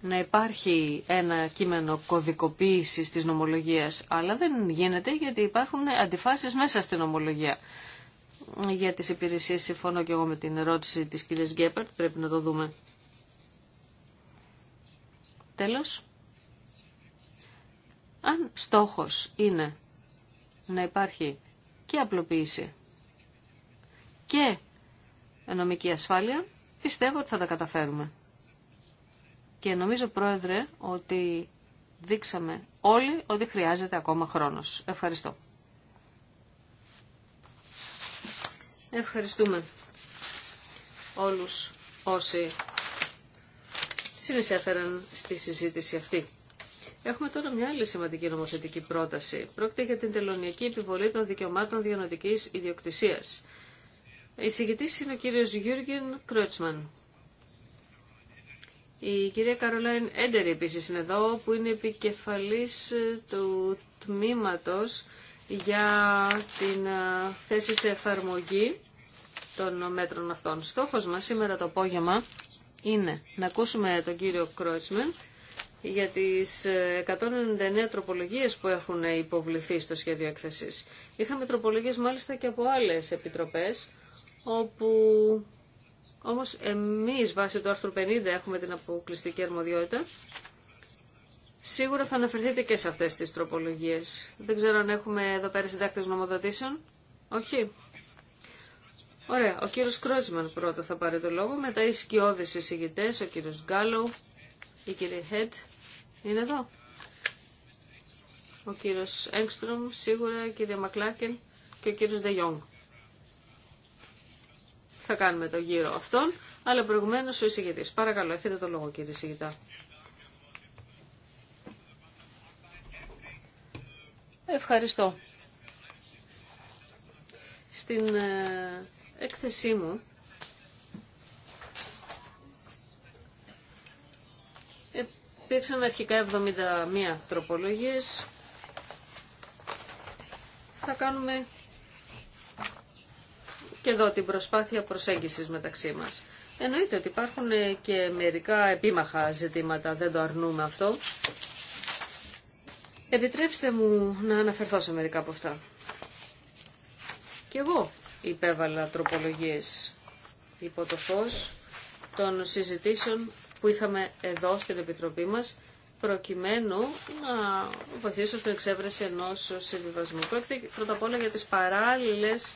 να υπάρχει ένα κείμενο κωδικοποίησης της νομολογίας, αλλά δεν γίνεται γιατί υπάρχουν αντιφάσεις μέσα στην ομολογία. Για τις υπηρεσίες συμφωνώ και εγώ με την ερώτηση της κυρίας Γκέπερτ, πρέπει να το δούμε. Τέλος. Αν στόχος είναι να υπάρχει και απλοποίηση και νομική ασφάλεια, πιστεύω ότι θα τα καταφέρουμε. Και νομίζω, Πρόεδρε, ότι δείξαμε όλοι ότι χρειάζεται ακόμα χρόνος. Ευχαριστώ. Ευχαριστούμε όλους όσοι συνεισέφεραν στη συζήτηση αυτή. Έχουμε τώρα μια άλλη σημαντική νομοθετική πρόταση. Πρόκειται για την τελωνιακή επιβολή των δικαιωμάτων διανοτική ιδιοκτησία. Εισηγητή είναι ο κύριο Γιούργεν Κρότσμαν. Η κυρία Καρολάιν Έντερη επίση είναι εδώ, που είναι επικεφαλή ε, του τμήματο για την ε, θέση σε εφαρμογή των μέτρων αυτών. Στόχος μας σήμερα το απόγευμα είναι να ακούσουμε τον κύριο Κρότσμαν για τις 199 ε, τροπολογίες που έχουν υποβληθεί στο σχέδιο έκθεσης. Είχαμε τροπολογίες μάλιστα και από άλλες επιτροπές, όπου όμως εμείς βάσει του άρθρου 50 έχουμε την αποκλειστική αρμοδιότητα. Σίγουρα θα αναφερθείτε και σε αυτές τις τροπολογίες. Δεν ξέρω αν έχουμε εδώ πέρα συντάκτες νομοδοτήσεων. Όχι. Ωραία. Ο κύριος Κρότσμαν πρώτα θα πάρει το λόγο, μετά οι σκιώδεις εισηγητές, ο κύριος Γκάλο, η κυρία Χέντ είναι εδώ. Ο κύριος Έγκστρομ σίγουρα, η κυρία Μακλάκεν και ο κύριος Δε Θα κάνουμε το γύρο αυτόν, αλλά προηγουμένως ο εισηγητής. Παρακαλώ, έχετε το λόγο κύριε εισηγητά. Ευχαριστώ. Στην ε, έκθεσή μου Υπήρξαν αρχικά 71 τροπολογίες. Θα κάνουμε και εδώ την προσπάθεια προσέγγισης μεταξύ μας. Εννοείται ότι υπάρχουν και μερικά επίμαχα ζητήματα, δεν το αρνούμε αυτό. Επιτρέψτε μου να αναφερθώ σε μερικά από αυτά. Και εγώ υπέβαλα τροπολογίες υπό το φως των συζητήσεων που είχαμε εδώ στην Επιτροπή μας προκειμένου να βοηθήσω στην εξέβρεση ενός συμβιβασμού. Πρόκειται πρώτα απ' όλα για τις παράλληλες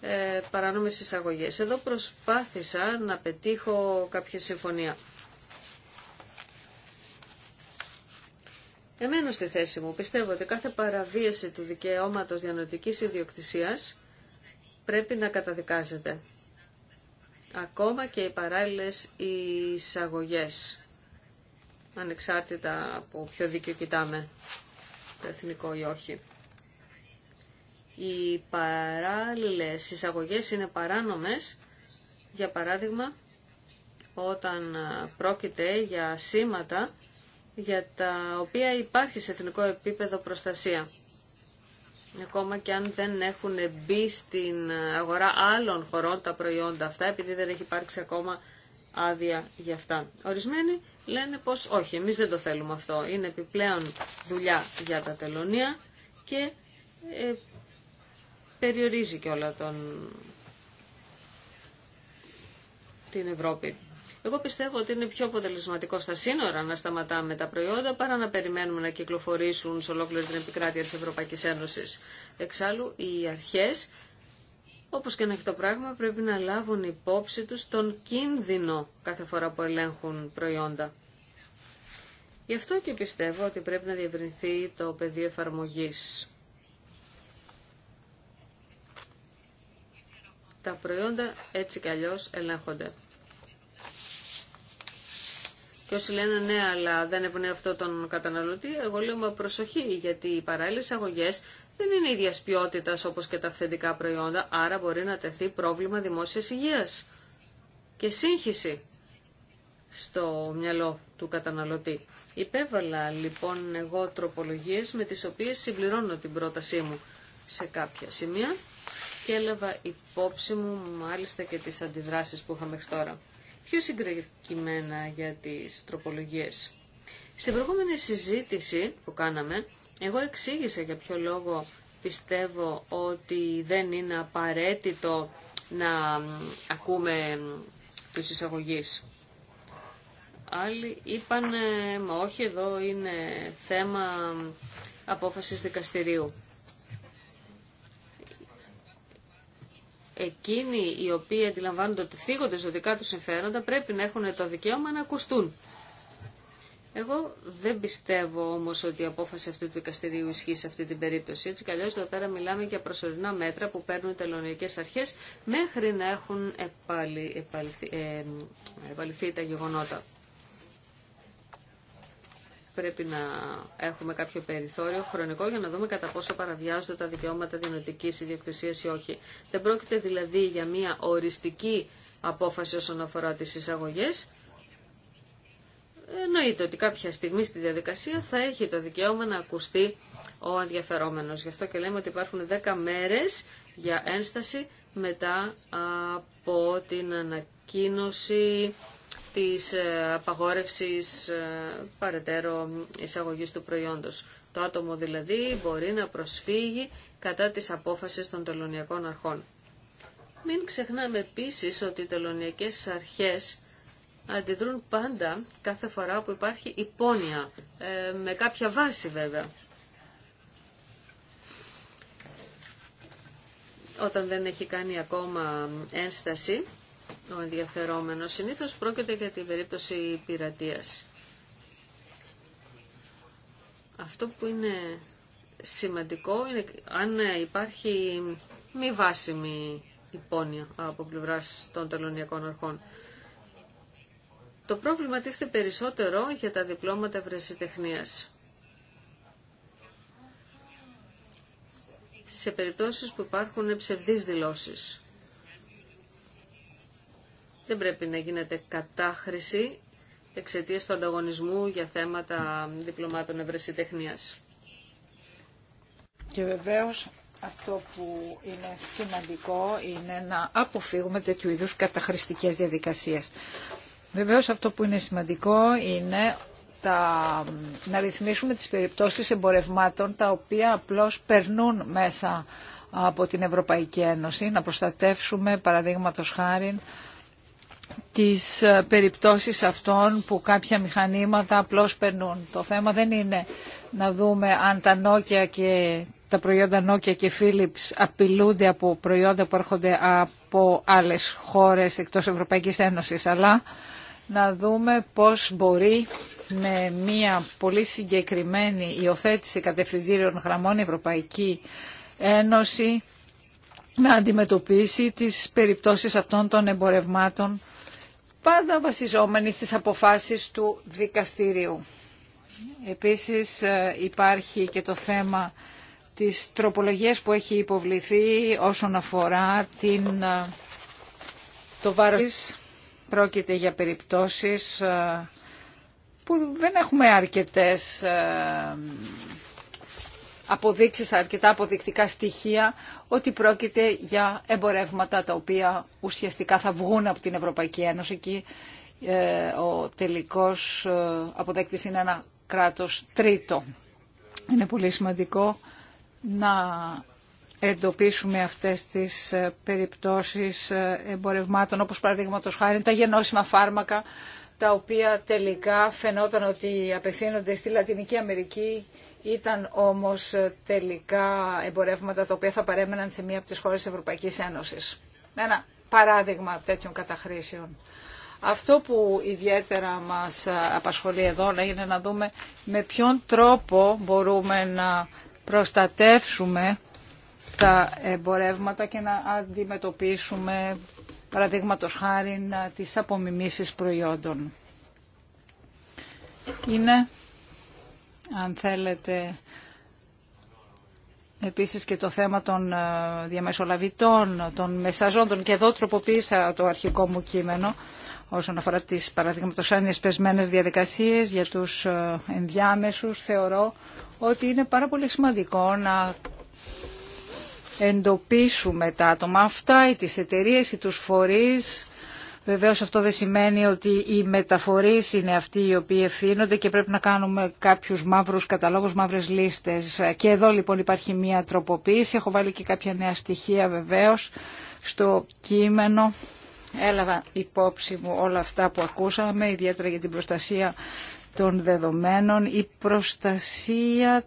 ε, παράνομες εισαγωγές. Εδώ προσπάθησα να πετύχω κάποια συμφωνία. Εμένω στη θέση μου πιστεύω ότι κάθε παραβίαση του δικαιώματος διανοητικής ιδιοκτησίας πρέπει να καταδικάζεται ακόμα και οι παράλληλες εισαγωγέ. ανεξάρτητα από ποιο δίκιο κοιτάμε, το εθνικό ή όχι. Οι παράλληλες εισαγωγές είναι παράνομες, για παράδειγμα, όταν πρόκειται για σήματα για τα οποία υπάρχει σε εθνικό επίπεδο προστασία ακόμα και αν δεν έχουν μπει στην αγορά άλλων χωρών τα προϊόντα αυτά, επειδή δεν έχει υπάρξει ακόμα άδεια για αυτά. Ορισμένοι λένε πως όχι, εμείς δεν το θέλουμε αυτό. Είναι επιπλέον δουλειά για τα τελωνία και ε, περιορίζει και όλα τον... την Ευρώπη. Εγώ πιστεύω ότι είναι πιο αποτελεσματικό στα σύνορα να σταματάμε τα προϊόντα παρά να περιμένουμε να κυκλοφορήσουν σε ολόκληρη την επικράτεια της Ευρωπαϊκής Ένωσης. Εξάλλου, οι αρχές, όπως και να έχει το πράγμα, πρέπει να λάβουν υπόψη τους τον κίνδυνο κάθε φορά που ελέγχουν προϊόντα. Γι' αυτό και πιστεύω ότι πρέπει να διευρυνθεί το πεδίο εφαρμογής. Τα προϊόντα έτσι κι αλλιώς ελέγχονται. Και όσοι λένε ναι, αλλά δεν ευνοεί αυτό τον καταναλωτή, εγώ λέω με προσοχή, γιατί οι παράλληλε αγωγέ δεν είναι ίδια ποιότητα όπω και τα αυθεντικά προϊόντα, άρα μπορεί να τεθεί πρόβλημα δημόσια υγεία και σύγχυση στο μυαλό του καταναλωτή. Υπέβαλα λοιπόν εγώ τροπολογίες με τις οποίες συμπληρώνω την πρότασή μου σε κάποια σημεία και έλαβα υπόψη μου μάλιστα και τις αντιδράσεις που είχα μέχρι τώρα πιο συγκεκριμένα για τις τροπολογίες. Στην προηγούμενη συζήτηση που κάναμε, εγώ εξήγησα για ποιο λόγο πιστεύω ότι δεν είναι απαραίτητο να ακούμε τους εισαγωγείς. Άλλοι είπαν, ε, μα όχι εδώ είναι θέμα απόφασης δικαστηρίου. εκείνοι οι οποίοι αντιλαμβάνονται ότι θίγονται ζωτικά του συμφέροντα πρέπει να έχουν το δικαίωμα να ακουστούν. Εγώ δεν πιστεύω όμω ότι η απόφαση αυτού του δικαστηρίου ισχύει σε αυτή την περίπτωση. Έτσι κι αλλιώ εδώ πέρα μιλάμε για προσωρινά μέτρα που παίρνουν οι τελωνιακέ αρχέ μέχρι να έχουν επαληθεί ε, επαλυθεί τα γεγονότα πρέπει να έχουμε κάποιο περιθώριο χρονικό για να δούμε κατά πόσο παραβιάζονται τα δικαιώματα δυνατικής ιδιοκτησία ή όχι. Δεν πρόκειται δηλαδή για μια οριστική απόφαση όσον αφορά τι εισαγωγέ. Εννοείται ότι κάποια στιγμή στη διαδικασία θα έχει το δικαίωμα να ακουστεί ο ενδιαφερόμενο. Γι' αυτό και λέμε ότι υπάρχουν 10 μέρε για ένσταση μετά από την ανακοίνωση της ε, απαγόρευσης ε, παρετέρω εισαγωγής του προϊόντος. Το άτομο δηλαδή μπορεί να προσφύγει κατά της απόφασης των τελωνιακών αρχών. Μην ξεχνάμε επίσης ότι οι τελωνιακές αρχές αντιδρούν πάντα κάθε φορά που υπάρχει υπόνοια, ε, με κάποια βάση βέβαια. Όταν δεν έχει κάνει ακόμα ένσταση, ο ενδιαφερόμενος. Συνήθως πρόκειται για την περίπτωση πειρατείας. Αυτό που είναι σημαντικό είναι αν υπάρχει μη βάσιμη υπόνοια από πλευράς των τελωνιακών αρχών. Το πρόβλημα τίθεται περισσότερο για τα διπλώματα βρεσιτεχνίας. Σε περιπτώσεις που υπάρχουν ψευδείς δηλώσεις δεν πρέπει να γίνεται κατάχρηση εξαιτίας του ανταγωνισμού για θέματα διπλωμάτων ευρεσιτεχνίας. Και βεβαίως αυτό που είναι σημαντικό είναι να αποφύγουμε τέτοιου είδους καταχρηστικές διαδικασίες. Βεβαίως αυτό που είναι σημαντικό είναι τα, να ρυθμίσουμε τις περιπτώσεις εμπορευμάτων τα οποία απλώς περνούν μέσα από την Ευρωπαϊκή Ένωση, να προστατεύσουμε παραδείγματος χάρη τις ε, περιπτώσεις αυτών που κάποια μηχανήματα απλώς περνούν. Το θέμα δεν είναι να δούμε αν τα και τα προϊόντα Nokia και Philips απειλούνται από προϊόντα που έρχονται από άλλες χώρες εκτός Ευρωπαϊκής Ένωσης, αλλά να δούμε πώς μπορεί με μια πολύ συγκεκριμένη υιοθέτηση κατευθυντήριων γραμμών η Ευρωπαϊκή Ένωση να αντιμετωπίσει τις περιπτώσεις αυτών των εμπορευμάτων πάντα βασιζόμενοι στις αποφάσεις του δικαστηρίου. Επίσης ε, υπάρχει και το θέμα της τροπολογίας που έχει υποβληθεί όσον αφορά την, ε, το βάρος Πρόκειται για περιπτώσεις ε, που δεν έχουμε αρκετές αποδείξεις, αρκετά αποδεικτικά στοιχεία ότι πρόκειται για εμπορεύματα τα οποία ουσιαστικά θα βγουν από την Ευρωπαϊκή Ένωση και ε, ο τελικός ε, αποδέκτης είναι ένα κράτος τρίτο. Είναι πολύ σημαντικό να εντοπίσουμε αυτές τις ε, περιπτώσεις εμπορευμάτων, όπως παραδείγματος χάρη τα γενώσιμα φάρμακα, τα οποία τελικά φαινόταν ότι απευθύνονται στη Λατινική Αμερική ήταν όμως τελικά εμπορεύματα τα οποία θα παρέμεναν σε μία από τις χώρες της Ευρωπαϊκής Ένωσης. Ένα παράδειγμα τέτοιων καταχρήσεων. Αυτό που ιδιαίτερα μας απασχολεί εδώ είναι να δούμε με ποιον τρόπο μπορούμε να προστατεύσουμε τα εμπορεύματα και να αντιμετωπίσουμε παραδείγματο χάρη τις απομιμήσεις προϊόντων. Είναι αν θέλετε επίσης και το θέμα των ε, διαμεσολαβητών, των μεσαζόντων και εδώ τροποποίησα το αρχικό μου κείμενο όσον αφορά τις παραδείγματος άνοιες πεσμένες διαδικασίες για τους ε, ενδιάμεσους θεωρώ ότι είναι πάρα πολύ σημαντικό να εντοπίσουμε τα άτομα αυτά ή τις εταιρείες ή τους φορείς Βεβαίω αυτό δεν σημαίνει ότι οι μεταφορεί είναι αυτοί οι οποίοι ευθύνονται και πρέπει να κάνουμε κάποιου μαύρους καταλόγους, μαύρες λίστες. Και εδώ λοιπόν υπάρχει μια τροποποίηση. Έχω βάλει και κάποια νέα στοιχεία βεβαίως στο κείμενο. Έλαβα υπόψη μου όλα αυτά που ακούσαμε, ιδιαίτερα για την προστασία των δεδομένων, η προστασία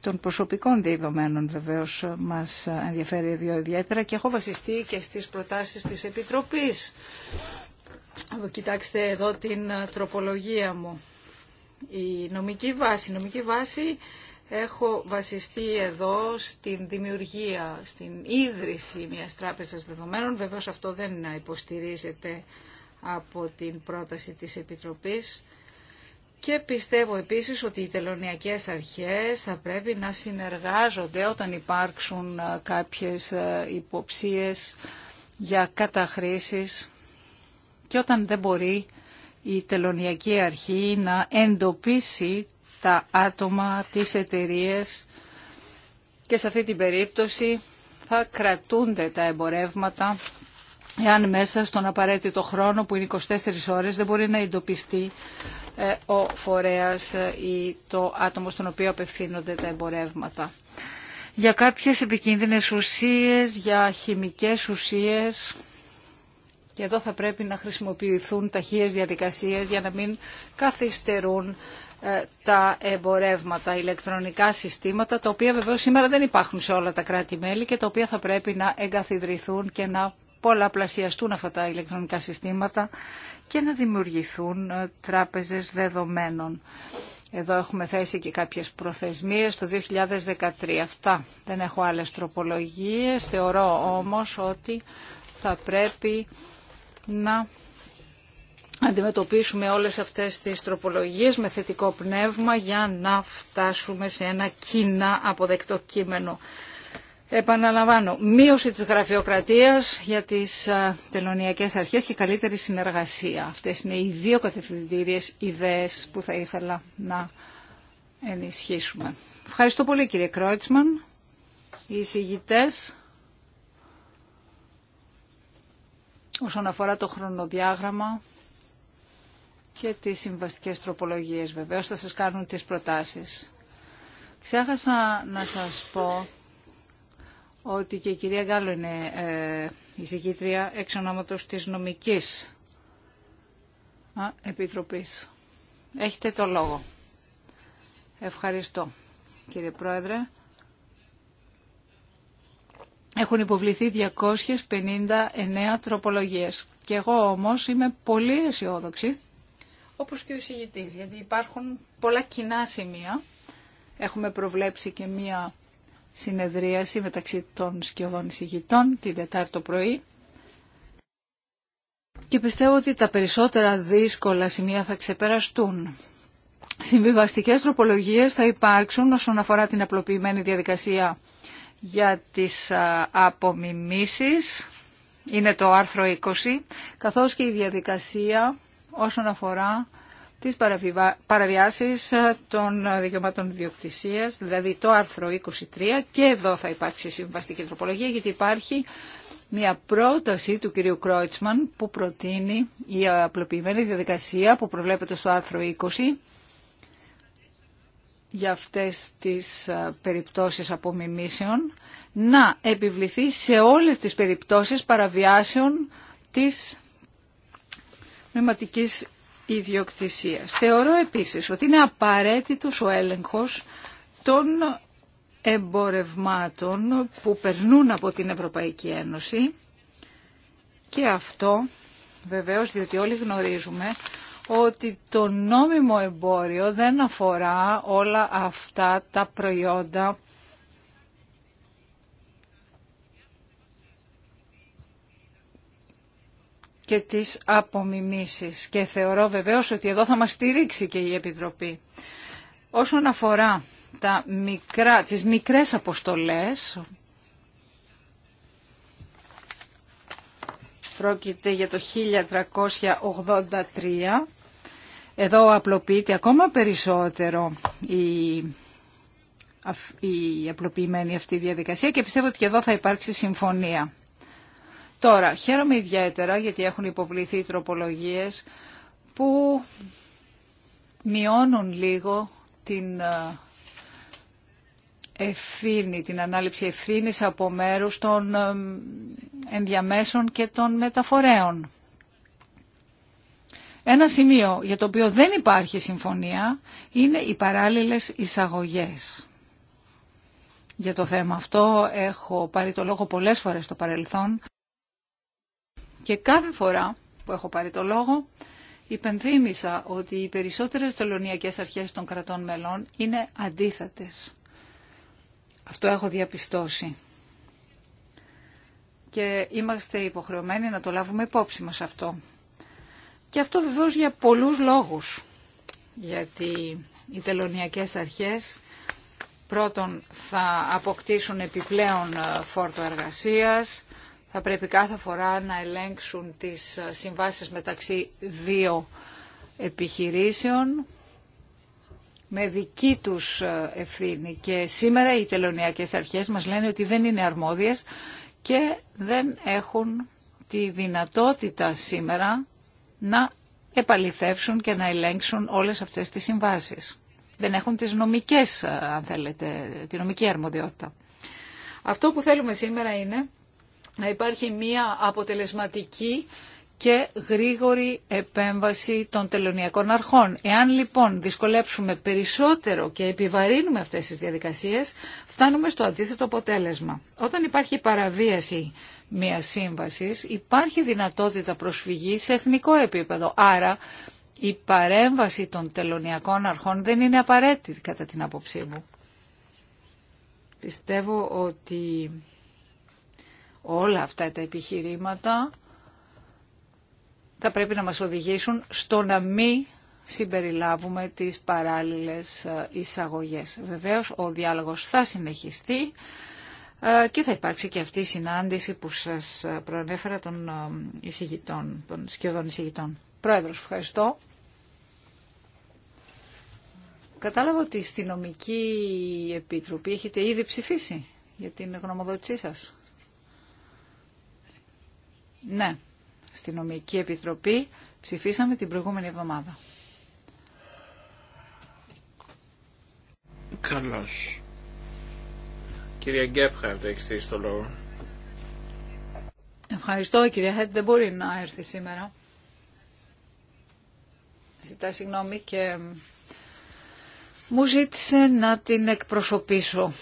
των προσωπικών δεδομένων βεβαίω μα ενδιαφέρει ιδιαίτερα και έχω βασιστεί και στις προτάσεις της Επιτροπής. Κοιτάξτε εδώ την τροπολογία μου. Η νομική βάση. Η νομική βάση έχω βασιστεί εδώ στην δημιουργία, στην ίδρυση μιας τράπεζας δεδομένων. Βεβαίως αυτό δεν υποστηρίζεται από την πρόταση της Επιτροπής. Και πιστεύω επίσης ότι οι τελωνιακές αρχές θα πρέπει να συνεργάζονται όταν υπάρξουν ε, κάποιες ε, υποψίες για καταχρήσεις και όταν δεν μπορεί η τελωνιακή αρχή να εντοπίσει τα άτομα, τις εταιρείες και σε αυτή την περίπτωση θα κρατούνται τα εμπορεύματα εάν μέσα στον απαραίτητο χρόνο που είναι 24 ώρες δεν μπορεί να εντοπιστεί ε, ο φορέας ε, ή το άτομο στον οποίο απευθύνονται τα εμπορεύματα. Για κάποιες επικίνδυνες ουσίες, για χημικές ουσίες, και εδώ θα πρέπει να χρησιμοποιηθούν ταχείες διαδικασίες για να μην καθυστερούν ε, τα εμπορεύματα, ηλεκτρονικά συστήματα, τα οποία βεβαίως σήμερα δεν υπάρχουν σε όλα τα κράτη-μέλη και τα οποία θα πρέπει να εγκαθιδρυθούν και να πολλαπλασιαστούν αυτά τα ηλεκτρονικά συστήματα και να δημιουργηθούν ε, τράπεζες δεδομένων. Εδώ έχουμε θέσει και κάποιες προθεσμίες το 2013. Αυτά δεν έχω άλλες τροπολογίες. Θεωρώ όμως ότι θα πρέπει να αντιμετωπίσουμε όλες αυτές τις τροπολογίες με θετικό πνεύμα για να φτάσουμε σε ένα κοινά αποδεκτό κείμενο. Επαναλαμβάνω, μείωση της γραφειοκρατίας για τις τελωνιακές αρχές και καλύτερη συνεργασία. Αυτές είναι οι δύο κατευθυντήριες ιδέες που θα ήθελα να ενισχύσουμε. Ευχαριστώ πολύ κύριε Κρόιτσμαν. Οι εισηγητές, όσον αφορά το χρονοδιάγραμμα και τις συμβαστικές τροπολογίες βεβαίως, θα σας κάνουν τις προτάσεις. Ξέχασα να σας πω ότι και η κυρία Γκάλο είναι ε, η εισηγήτρια εξ ονόματος της νομικής επιτροπής. Έχετε το λόγο. Ευχαριστώ κύριε Πρόεδρε. Έχουν υποβληθεί 259 τροπολογίες. Και εγώ όμως είμαι πολύ αισιόδοξη, όπως και ο εισηγητής, γιατί υπάρχουν πολλά κοινά σημεία. Έχουμε προβλέψει και μία συνεδρίαση μεταξύ των σκιωδών εισηγητών την το πρωί. Και πιστεύω ότι τα περισσότερα δύσκολα σημεία θα ξεπεραστούν. Συμβιβαστικές τροπολογίες θα υπάρξουν όσον αφορά την απλοποιημένη διαδικασία για τις απομιμήσεις, είναι το άρθρο 20, καθώς και η διαδικασία όσον αφορά τις παραβιάσεις ε, των ε, δικαιωμάτων ιδιοκτησία, δηλαδή το άρθρο 23 και εδώ θα υπάρξει συμβαστική τροπολογία γιατί υπάρχει μια πρόταση του κυρίου Κρόιτσμαν που προτείνει η απλοποιημένη διαδικασία που προβλέπεται στο άρθρο 20 για αυτές τις ε, περιπτώσεις απομιμήσεων να επιβληθεί σε όλες τις περιπτώσεις παραβιάσεων της νοηματικής ιδιοκτησίας. Θεωρώ επίσης ότι είναι απαραίτητος ο έλεγχος των εμπορευμάτων που περνούν από την Ευρωπαϊκή Ένωση και αυτό βεβαίως διότι όλοι γνωρίζουμε ότι το νόμιμο εμπόριο δεν αφορά όλα αυτά τα προϊόντα και τις απομιμήσεις. Και θεωρώ βεβαίως ότι εδώ θα μας στηρίξει και η Επιτροπή. Όσον αφορά τα μικρά, τις μικρές αποστολές, πρόκειται για το 1383, εδώ απλοποιείται ακόμα περισσότερο η, η απλοποιημένη αυτή διαδικασία και πιστεύω ότι και εδώ θα υπάρξει συμφωνία. Τώρα, χαίρομαι ιδιαίτερα γιατί έχουν υποβληθεί οι τροπολογίες που μειώνουν λίγο την ε, ευθύνη, την ανάληψη ευθύνης από μέρους των ε, ενδιαμέσων και των μεταφορέων. Ένα σημείο για το οποίο δεν υπάρχει συμφωνία είναι οι παράλληλες εισαγωγές. Για το θέμα αυτό έχω πάρει το λόγο πολλές φορές στο παρελθόν. Και κάθε φορά που έχω πάρει το λόγο, υπενθύμησα ότι οι περισσότερες τελωνιακές αρχές των κρατών μελών είναι αντίθετες. Αυτό έχω διαπιστώσει. Και είμαστε υποχρεωμένοι να το λάβουμε υπόψη μας αυτό. Και αυτό βεβαίως για πολλούς λόγους. Γιατί οι τελωνιακές αρχές πρώτον θα αποκτήσουν επιπλέον ε, φόρτο εργασίας, θα πρέπει κάθε φορά να ελέγξουν τις συμβάσεις μεταξύ δύο επιχειρήσεων με δική τους ευθύνη. Και σήμερα οι τελωνιακές αρχές μας λένε ότι δεν είναι αρμόδιες και δεν έχουν τη δυνατότητα σήμερα να επαληθεύσουν και να ελέγξουν όλες αυτές τις συμβάσεις. Δεν έχουν τις νομικές, αν θέλετε, τη νομική αρμοδιότητα. Αυτό που θέλουμε σήμερα είναι να υπάρχει μία αποτελεσματική και γρήγορη επέμβαση των τελωνιακών αρχών. Εάν λοιπόν δυσκολέψουμε περισσότερο και επιβαρύνουμε αυτές τις διαδικασίες, φτάνουμε στο αντίθετο αποτέλεσμα. Όταν υπάρχει παραβίαση μιας σύμβασης, υπάρχει δυνατότητα προσφυγής σε εθνικό επίπεδο. Άρα η παρέμβαση των τελωνιακών αρχών δεν είναι απαραίτητη κατά την άποψή μου. Πιστεύω ότι όλα αυτά τα επιχειρήματα θα πρέπει να μας οδηγήσουν στο να μην συμπεριλάβουμε τις παράλληλες ε, εισαγωγές. Βεβαίως ο διάλογος θα συνεχιστεί ε, και θα υπάρξει και αυτή η συνάντηση που σας ε, προανέφερα των εισηγητών, των σχεδόν εισηγητών. Πρόεδρος, ευχαριστώ. Κατάλαβα ότι στη νομική επιτροπή έχετε ήδη ψηφίσει για την γνωμοδότησή σας. Ναι, στη Νομική Επιτροπή ψηφίσαμε την προηγούμενη εβδομάδα. Καλώς. Κυρία Γκέπχαρτ, έχεις το λόγο. Ευχαριστώ, κυρία Χέτ δεν μπορεί να έρθει σήμερα. Ζητά συγγνώμη και μου ζήτησε να την εκπροσωπήσω.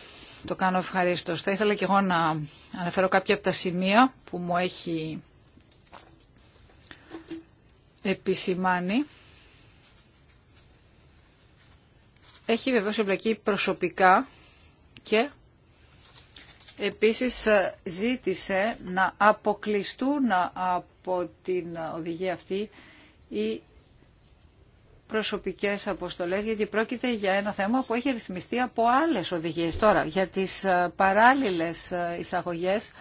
Το κάνω ευχαριστώ. Θα ήθελα και εγώ να αναφέρω κάποια από τα σημεία που μου έχει επισημάνει. Έχει βεβαίως εμπλακεί προσωπικά και επίσης ζήτησε να αποκλειστούν από την οδηγία αυτή οι προσωπικές αποστολές γιατί πρόκειται για ένα θέμα που έχει ρυθμιστεί από άλλες οδηγίες. Τώρα, για τις παράλληλες εισαγωγές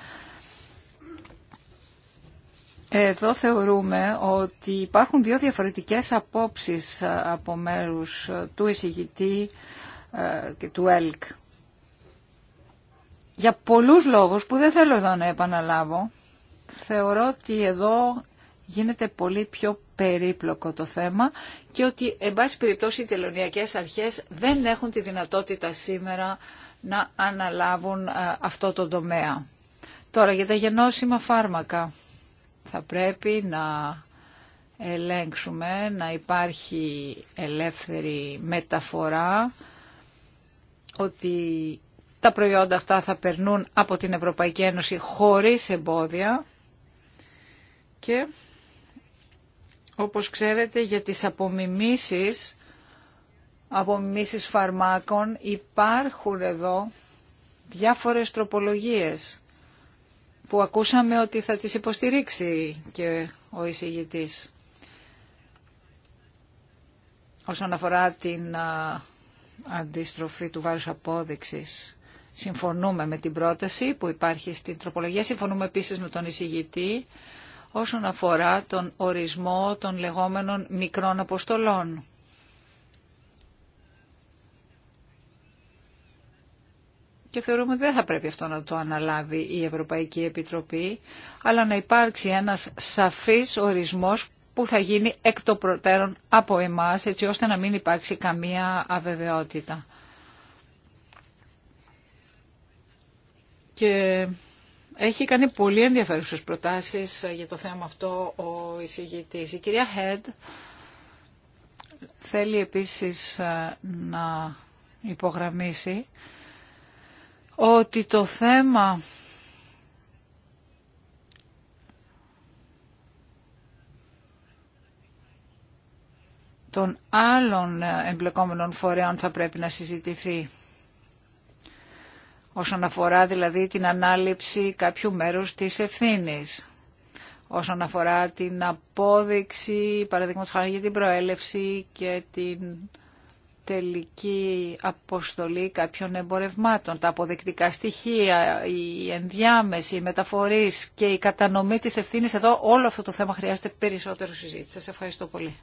εδώ θεωρούμε ότι υπάρχουν δύο διαφορετικές απόψεις ε, από μέρους ε, του εισηγητή ε, και του ΕΛΚ. Για πολλούς λόγους που δεν θέλω εδώ να επαναλάβω, θεωρώ ότι εδώ γίνεται πολύ πιο περίπλοκο το θέμα και ότι, εν πάση περιπτώσει, οι τελωνιακές αρχές δεν έχουν τη δυνατότητα σήμερα να αναλάβουν αυτό το τομέα. Τώρα, για τα γενώσιμα φάρμακα. Θα πρέπει να ελέγξουμε, να υπάρχει ελεύθερη μεταφορά, ότι τα προϊόντα αυτά θα περνούν από την Ευρωπαϊκή Ένωση χωρίς εμπόδια και όπως ξέρετε για τις απομιμήσεις, απομιμήσεις φαρμάκων υπάρχουν εδώ διάφορες τροπολογίες που ακούσαμε ότι θα τις υποστηρίξει και ο εισηγητής. Όσον αφορά την αντίστροφη του βάρους απόδειξης, συμφωνούμε με την πρόταση που υπάρχει στην τροπολογία. Συμφωνούμε επίσης με τον εισηγητή όσον αφορά τον ορισμό των λεγόμενων μικρών αποστολών. και θεωρούμε ότι δεν θα πρέπει αυτό να το αναλάβει η Ευρωπαϊκή Επιτροπή, αλλά να υπάρξει ένας σαφής ορισμός που θα γίνει εκ των προτέρων από εμάς, έτσι ώστε να μην υπάρξει καμία αβεβαιότητα. Και έχει κάνει πολύ ενδιαφέρουσες προτάσεις για το θέμα αυτό ο εισηγητής. Η κυρία Χέντ θέλει επίσης ε, να υπογραμμίσει ότι το θέμα των άλλων εμπλεκόμενων φορέων θα πρέπει να συζητηθεί. Όσον αφορά δηλαδή την ανάληψη κάποιου μέρους της ευθύνης. Όσον αφορά την απόδειξη, παραδείγματος χάρη για την προέλευση και την τελική αποστολή κάποιων εμπορευμάτων, τα αποδεκτικά στοιχεία, η ενδιάμεση, οι μεταφορείς και η κατανομή της ευθύνη Εδώ όλο αυτό το θέμα χρειάζεται περισσότερο συζήτηση. Σας ευχαριστώ πολύ.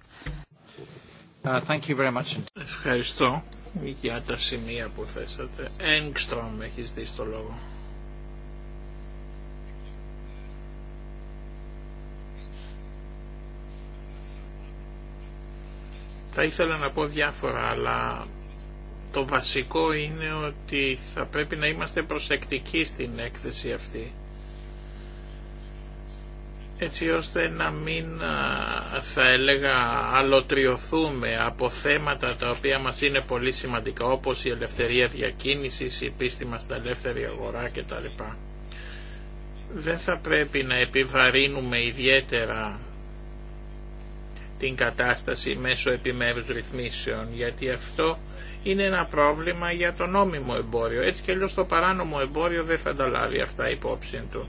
Uh, thank you very much. Ευχαριστώ για τα σημεία που θέσατε. Έγκστρομ έχεις δει στο λόγο. Θα ήθελα να πω διάφορα, αλλά το βασικό είναι ότι θα πρέπει να είμαστε προσεκτικοί στην έκθεση αυτή έτσι ώστε να μην θα έλεγα αλωτριωθούμε από θέματα τα οποία μας είναι πολύ σημαντικά όπως η ελευθερία διακίνησης, η πίστη μας στα ελεύθερη αγορά κτλ. Δεν θα πρέπει να επιβαρύνουμε ιδιαίτερα την κατάσταση μέσω επιμέρους ρυθμίσεων, γιατί αυτό είναι ένα πρόβλημα για το νόμιμο εμπόριο. Έτσι και αλλιώς το παράνομο εμπόριο δεν θα τα λάβει αυτά υπόψη του.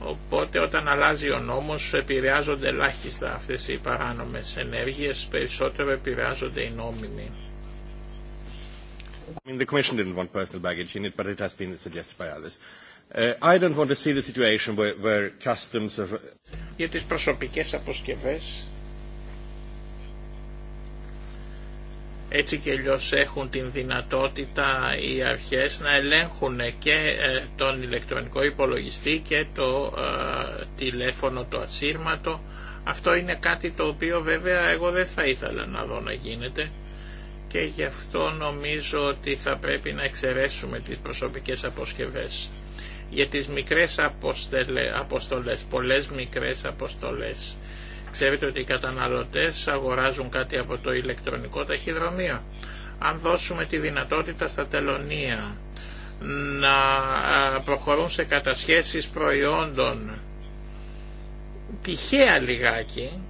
Οπότε όταν αλλάζει ο νόμος επηρεάζονται ελάχιστα αυτές οι παράνομες ενέργειες, περισσότερο επηρεάζονται οι νόμιμοι. Uh, I don't want Για τις προσωπικές αποσκευές έτσι και αλλιώ έχουν την δυνατότητα οι αρχές να ελέγχουν και ε, τον ηλεκτρονικό υπολογιστή και το ε, τηλέφωνο το ασύρματο. Αυτό είναι κάτι το οποίο βέβαια εγώ δεν θα ήθελα να δω να γίνεται και γι' αυτό νομίζω ότι θα πρέπει να εξαιρέσουμε τις προσωπικές αποσκευές για τις μικρές αποστολές, πολλές μικρές αποστολές. Ξέρετε ότι οι καταναλωτές αγοράζουν κάτι από το ηλεκτρονικό ταχυδρομείο. Αν δώσουμε τη δυνατότητα στα τελωνία να προχωρούν σε κατασχέσεις προϊόντων τυχαία λιγάκι,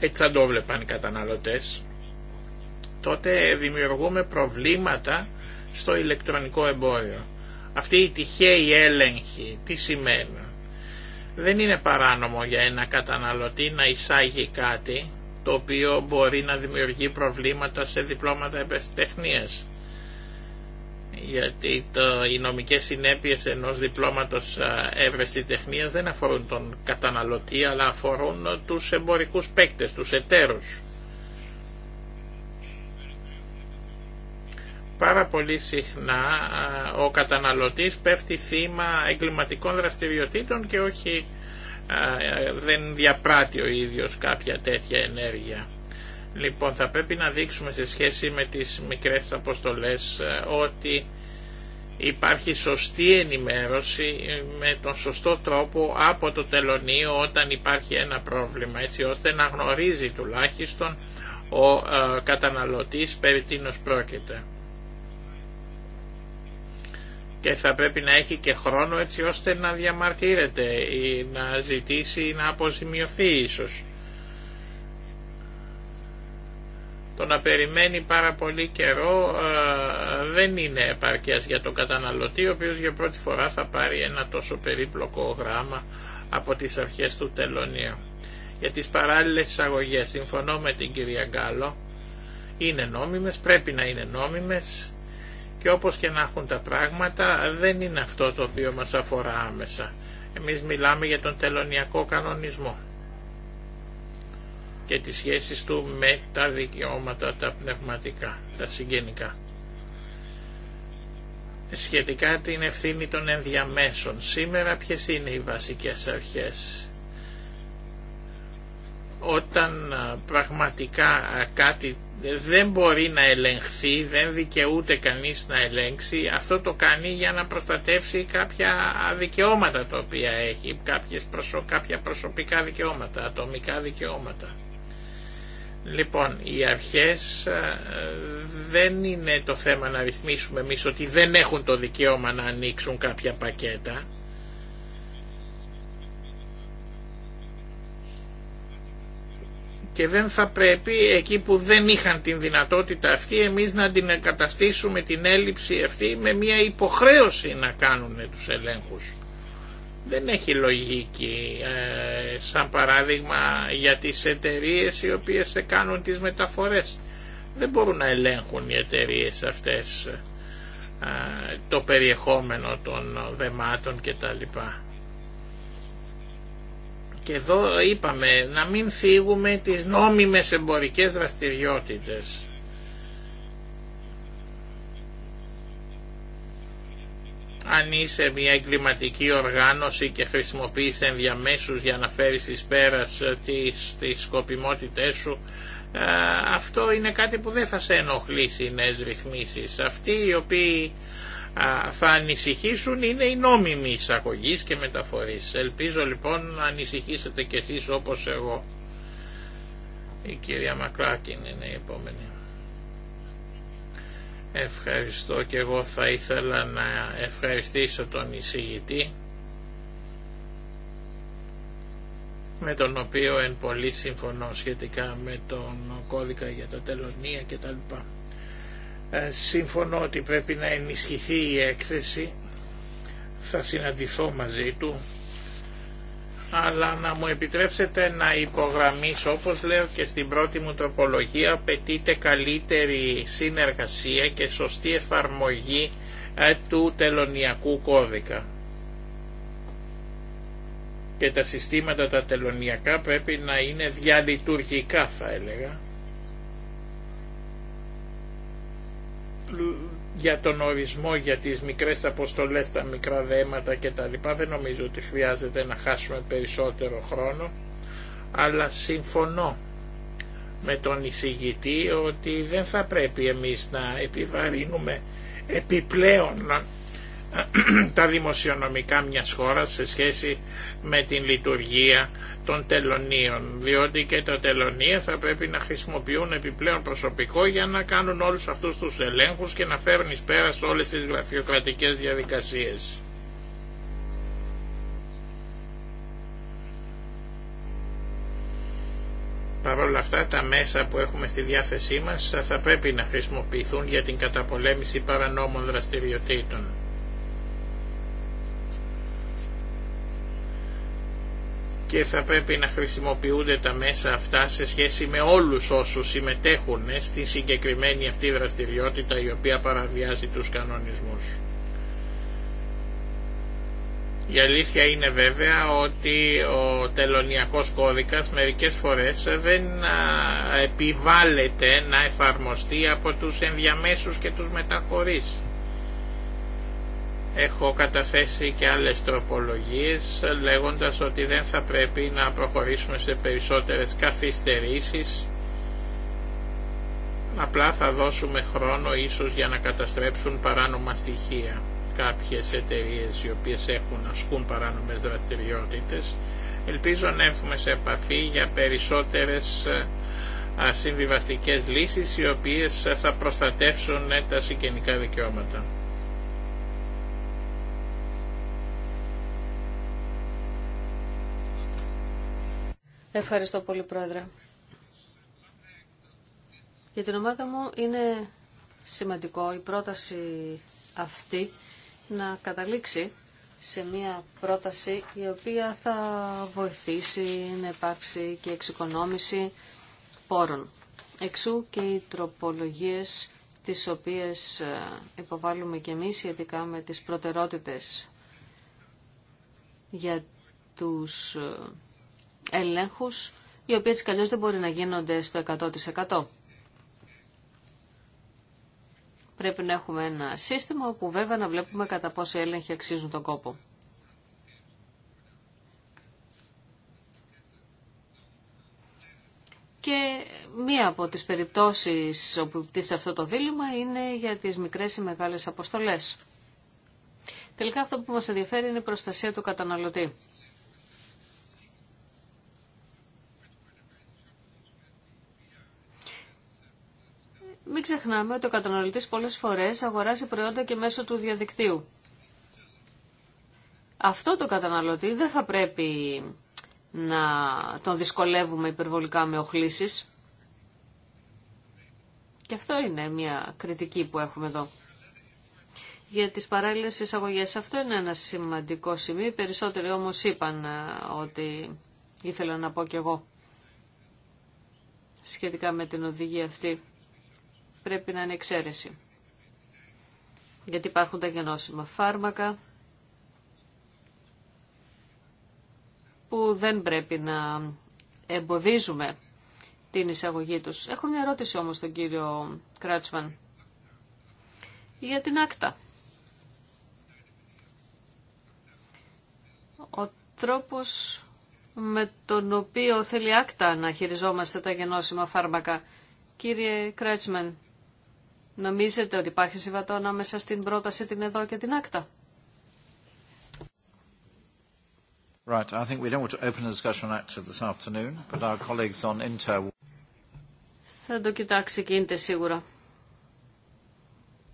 έτσι θα το βλέπαν οι καταναλωτές, τότε δημιουργούμε προβλήματα στο ηλεκτρονικό εμπόριο. Αυτή η τυχαία έλεγχη τι σημαίνει. Δεν είναι παράνομο για ένα καταναλωτή να εισάγει κάτι το οποίο μπορεί να δημιουργεί προβλήματα σε διπλώματα επιστεχνίας γιατί το, οι νομικές συνέπειες ενός διπλώματος έβρεση τεχνίας δεν αφορούν τον καταναλωτή αλλά αφορούν τους εμπορικούς παίκτες, τους εταίρους. πάρα πολύ συχνά ο καταναλωτής πέφτει θύμα εγκληματικών δραστηριοτήτων και όχι δεν διαπράττει ο ίδιος κάποια τέτοια ενέργεια. Λοιπόν, θα πρέπει να δείξουμε σε σχέση με τις μικρές αποστολές ότι υπάρχει σωστή ενημέρωση ε, με τον σωστό τρόπο από το τελωνίο όταν υπάρχει ένα πρόβλημα, έτσι ώστε να γνωρίζει τουλάχιστον ο καταναλωτής περί τίνος πρόκειται και θα πρέπει να έχει και χρόνο έτσι ώστε να διαμαρτύρεται ή να ζητήσει να αποζημιωθεί ίσως. Το να περιμένει πάρα πολύ καιρό ε, δεν είναι επαρκές για τον καταναλωτή ο οποίος για πρώτη φορά θα πάρει ένα τόσο περίπλοκο γράμμα από τις αρχές του τελωνίου. Για τις παράλληλες εισαγωγές συμφωνώ με την κυρία είναι νόμιμες, πρέπει να είναι νόμιμες και όπως και να έχουν τα πράγματα δεν είναι αυτό το οποίο μας αφορά άμεσα. Εμείς μιλάμε για τον τελωνιακό κανονισμό και τις σχέσεις του με τα δικαιώματα τα πνευματικά, τα συγγενικά. Σχετικά την ευθύνη των ενδιαμέσων, σήμερα ποιες είναι οι βασικές αρχές. Όταν πραγματικά κάτι δεν μπορεί να ελεγχθεί, δεν δικαιούται κανείς να ελέγξει. Αυτό το κάνει για να προστατεύσει κάποια δικαιώματα τα οποία έχει, κάποιες προσω... κάποια προσωπικά δικαιώματα, ατομικά δικαιώματα. Λοιπόν, οι αρχές ε, δεν είναι το θέμα να ρυθμίσουμε εμεί ότι δεν έχουν το δικαίωμα να ανοίξουν κάποια πακέτα και δεν θα πρέπει εκεί που δεν είχαν την δυνατότητα αυτή εμείς να την εγκαταστήσουμε την έλλειψη αυτή με μια υποχρέωση να κάνουν τους ελέγχους. Δεν έχει λογική ε, σαν παράδειγμα για τις εταιρείε οι οποίες κάνουν τις μεταφορές. Δεν μπορούν να ελέγχουν οι εταιρείε αυτές ε, το περιεχόμενο των δεμάτων κτλ. Και εδώ είπαμε να μην φύγουμε τις νόμιμες εμπορικές δραστηριότητες. αν είσαι μια εγκληματική οργάνωση και χρησιμοποιείς ενδιαμέσους για να φέρεις εις πέρας ε, τις, τις σκοπιμότητές σου, ε, αυτό είναι κάτι που δεν θα σε ενοχλήσει οι νέες ρυθμίσεις. Αυτοί οι οποίοι θα ανησυχήσουν είναι οι νόμιμοι εισαγωγή και μεταφορής. Ελπίζω λοιπόν να ανησυχήσετε κι εσείς όπως εγώ. Η κυρία Μακράκιν είναι η επόμενη. Ευχαριστώ και εγώ θα ήθελα να ευχαριστήσω τον εισηγητή με τον οποίο εν πολύ συμφωνώ σχετικά με τον κώδικα για τα τελωνία κτλ. Ε, σύμφωνο ότι πρέπει να ενισχυθεί η έκθεση, θα συναντηθώ μαζί του, αλλά να μου επιτρέψετε να υπογραμμίσω, όπως λέω και στην πρώτη μου τροπολογία, απαιτείται καλύτερη συνεργασία και σωστή εφαρμογή ε, του τελωνιακού κώδικα. Και τα συστήματα τα τελωνιακά πρέπει να είναι διαλειτουργικά θα έλεγα για τον ορισμό για τις μικρές αποστολές, τα μικρά δέματα και τα λοιπά Δεν νομίζω ότι χρειάζεται να χάσουμε περισσότερο χρόνο, αλλά συμφωνώ με τον εισηγητή ότι δεν θα πρέπει εμείς να επιβαρύνουμε επιπλέον τα δημοσιονομικά μιας χώρας σε σχέση με την λειτουργία των τελωνίων διότι και τα τελωνία θα πρέπει να χρησιμοποιούν επιπλέον προσωπικό για να κάνουν όλους αυτούς τους ελέγχους και να φέρνεις πέρα σε όλες τις γραφειοκρατικές διαδικασίες. Παρ' όλα αυτά τα μέσα που έχουμε στη διάθεσή μας θα πρέπει να χρησιμοποιηθούν για την καταπολέμηση παρανόμων δραστηριοτήτων. και θα πρέπει να χρησιμοποιούνται τα μέσα αυτά σε σχέση με όλους όσους συμμετέχουν στη συγκεκριμένη αυτή δραστηριότητα η οποία παραβιάζει τους κανονισμούς. Η αλήθεια είναι βέβαια ότι ο τελωνιακός κώδικας μερικές φορές δεν επιβάλλεται να εφαρμοστεί από τους ενδιαμέσους και τους μεταχωρείς. Έχω καταθέσει και άλλες τροπολογίες λέγοντας ότι δεν θα πρέπει να προχωρήσουμε σε περισσότερες καθυστερήσεις απλά θα δώσουμε χρόνο ίσως για να καταστρέψουν παράνομα στοιχεία κάποιες εταιρείε, οι οποίες έχουν ασκούν παράνομες δραστηριότητες ελπίζω να έρθουμε σε επαφή για περισσότερες συμβιβαστικές λύσεις οι οποίες θα προστατεύσουν τα συγγενικά δικαιώματα. Ευχαριστώ πολύ, Πρόεδρε. Για την ομάδα μου είναι σημαντικό η πρόταση αυτή να καταλήξει σε μια πρόταση η οποία θα βοηθήσει να υπάρξει και εξοικονόμηση πόρων. Εξού και οι τροπολογίες τις οποίες ε, υποβάλλουμε και εμείς σχετικά με τις προτερότητες για τους ε, ελέγχους οι οποίοι έτσι καλώς δεν μπορεί να γίνονται στο 100%. Πρέπει να έχουμε ένα σύστημα όπου βέβαια να βλέπουμε κατά πόσο έλεγχοι αξίζουν τον κόπο. Και μία από τις περιπτώσεις όπου τίθεται αυτό το δίλημα είναι για τις μικρές ή μεγάλες αποστολές. Τελικά αυτό που μας ενδιαφέρει είναι η προστασία του καταναλωτή. μην ξεχνάμε ότι ο καταναλωτής πολλές φορές αγοράζει προϊόντα και μέσω του διαδικτύου. Αυτό το καταναλωτή δεν θα πρέπει να τον δυσκολεύουμε υπερβολικά με οχλήσεις. Και αυτό είναι μια κριτική που έχουμε εδώ. Για τις παράλληλες εισαγωγές αυτό είναι ένα σημαντικό σημείο. περισσότεροι όμως είπαν ε, ότι ήθελα να πω κι εγώ σχετικά με την οδηγία αυτή πρέπει να είναι εξαίρεση. Γιατί υπάρχουν τα γενώσιμα φάρμακα που δεν πρέπει να εμποδίζουμε την εισαγωγή τους. Έχω μια ερώτηση όμως στον κύριο Κράτσμαν για την άκτα. Ο τρόπος με τον οποίο θέλει άκτα να χειριζόμαστε τα γενώσιμα φάρμακα. Κύριε Κράτσμαν, Νομίζετε ότι υπάρχει συμβατό ανάμεσα στην πρόταση την εδώ και την άκτα. Right, I think we don't want to open a discussion on ACTA this afternoon, but our colleagues on Inter... Θα το κοιτάξει και ίντε σίγουρα.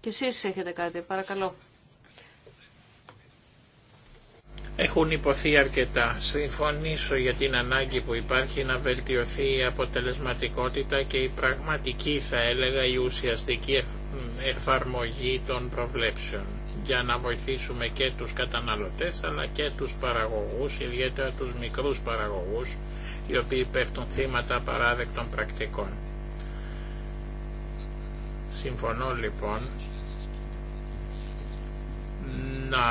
Και εσείς έχετε κάτι, παρακαλώ. Έχουν υποθεί αρκετά. Συμφωνήσω για την ανάγκη που υπάρχει να βελτιωθεί η αποτελεσματικότητα και η πραγματική, θα έλεγα, η ουσιαστική εφαρμογή των προβλέψεων για να βοηθήσουμε και τους καταναλωτές αλλά και τους παραγωγούς, ιδιαίτερα τους μικρούς παραγωγούς, οι οποίοι πέφτουν θύματα παράδεκτων πρακτικών. Συμφωνώ λοιπόν να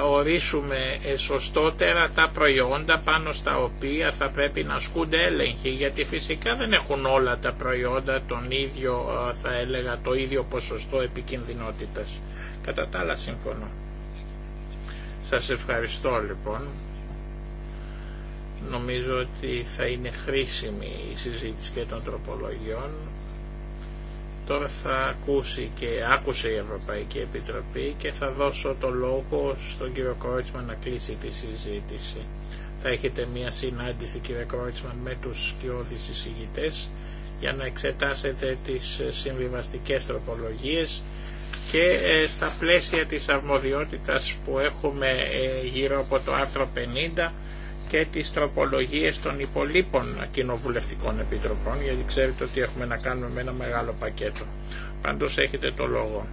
ορίσουμε σωστότερα τα προϊόντα πάνω στα οποία θα πρέπει να ασκούνται έλεγχοι γιατί φυσικά δεν έχουν όλα τα προϊόντα τον ίδιο θα έλεγα το ίδιο ποσοστό επικινδυνότητας κατά τα άλλα συμφωνώ σας ευχαριστώ λοιπόν νομίζω ότι θα είναι χρήσιμη η συζήτηση και των τροπολογιών Τώρα θα ακούσει και άκουσε η Ευρωπαϊκή Επιτροπή και θα δώσω το λόγο στον κύριο Κρότσμαν να κλείσει τη συζήτηση. Θα έχετε μία συνάντηση κύριε Κρότσμαν με τους σκιώδεις εισηγητές για να εξετάσετε τις συμβιβαστικές τροπολογίες και ε, στα πλαίσια της αρμοδιότητας που έχουμε ε, γύρω από το άρθρο 50 και τις τροπολογίες των υπολείπων κοινοβουλευτικών επιτροπών γιατί ξέρετε ότι έχουμε να κάνουμε με ένα μεγάλο πακέτο. Πάντως έχετε το λόγο.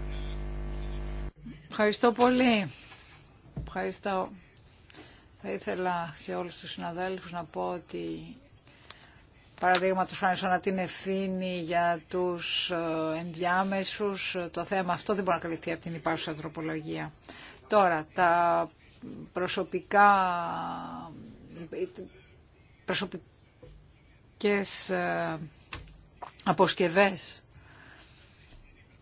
Ευχαριστώ πολύ. Ευχαριστώ. Θα ήθελα σε όλους τους συναδέλφους να πω ότι παραδείγματος χάρη σαν την ευθύνη για τους ε, ενδιάμεσους το θέμα αυτό δεν μπορεί να καλυφθεί από την υπάρχουσα τροπολογία. Τώρα, τα προσωπικά προσωπικές ε, αποσκευές.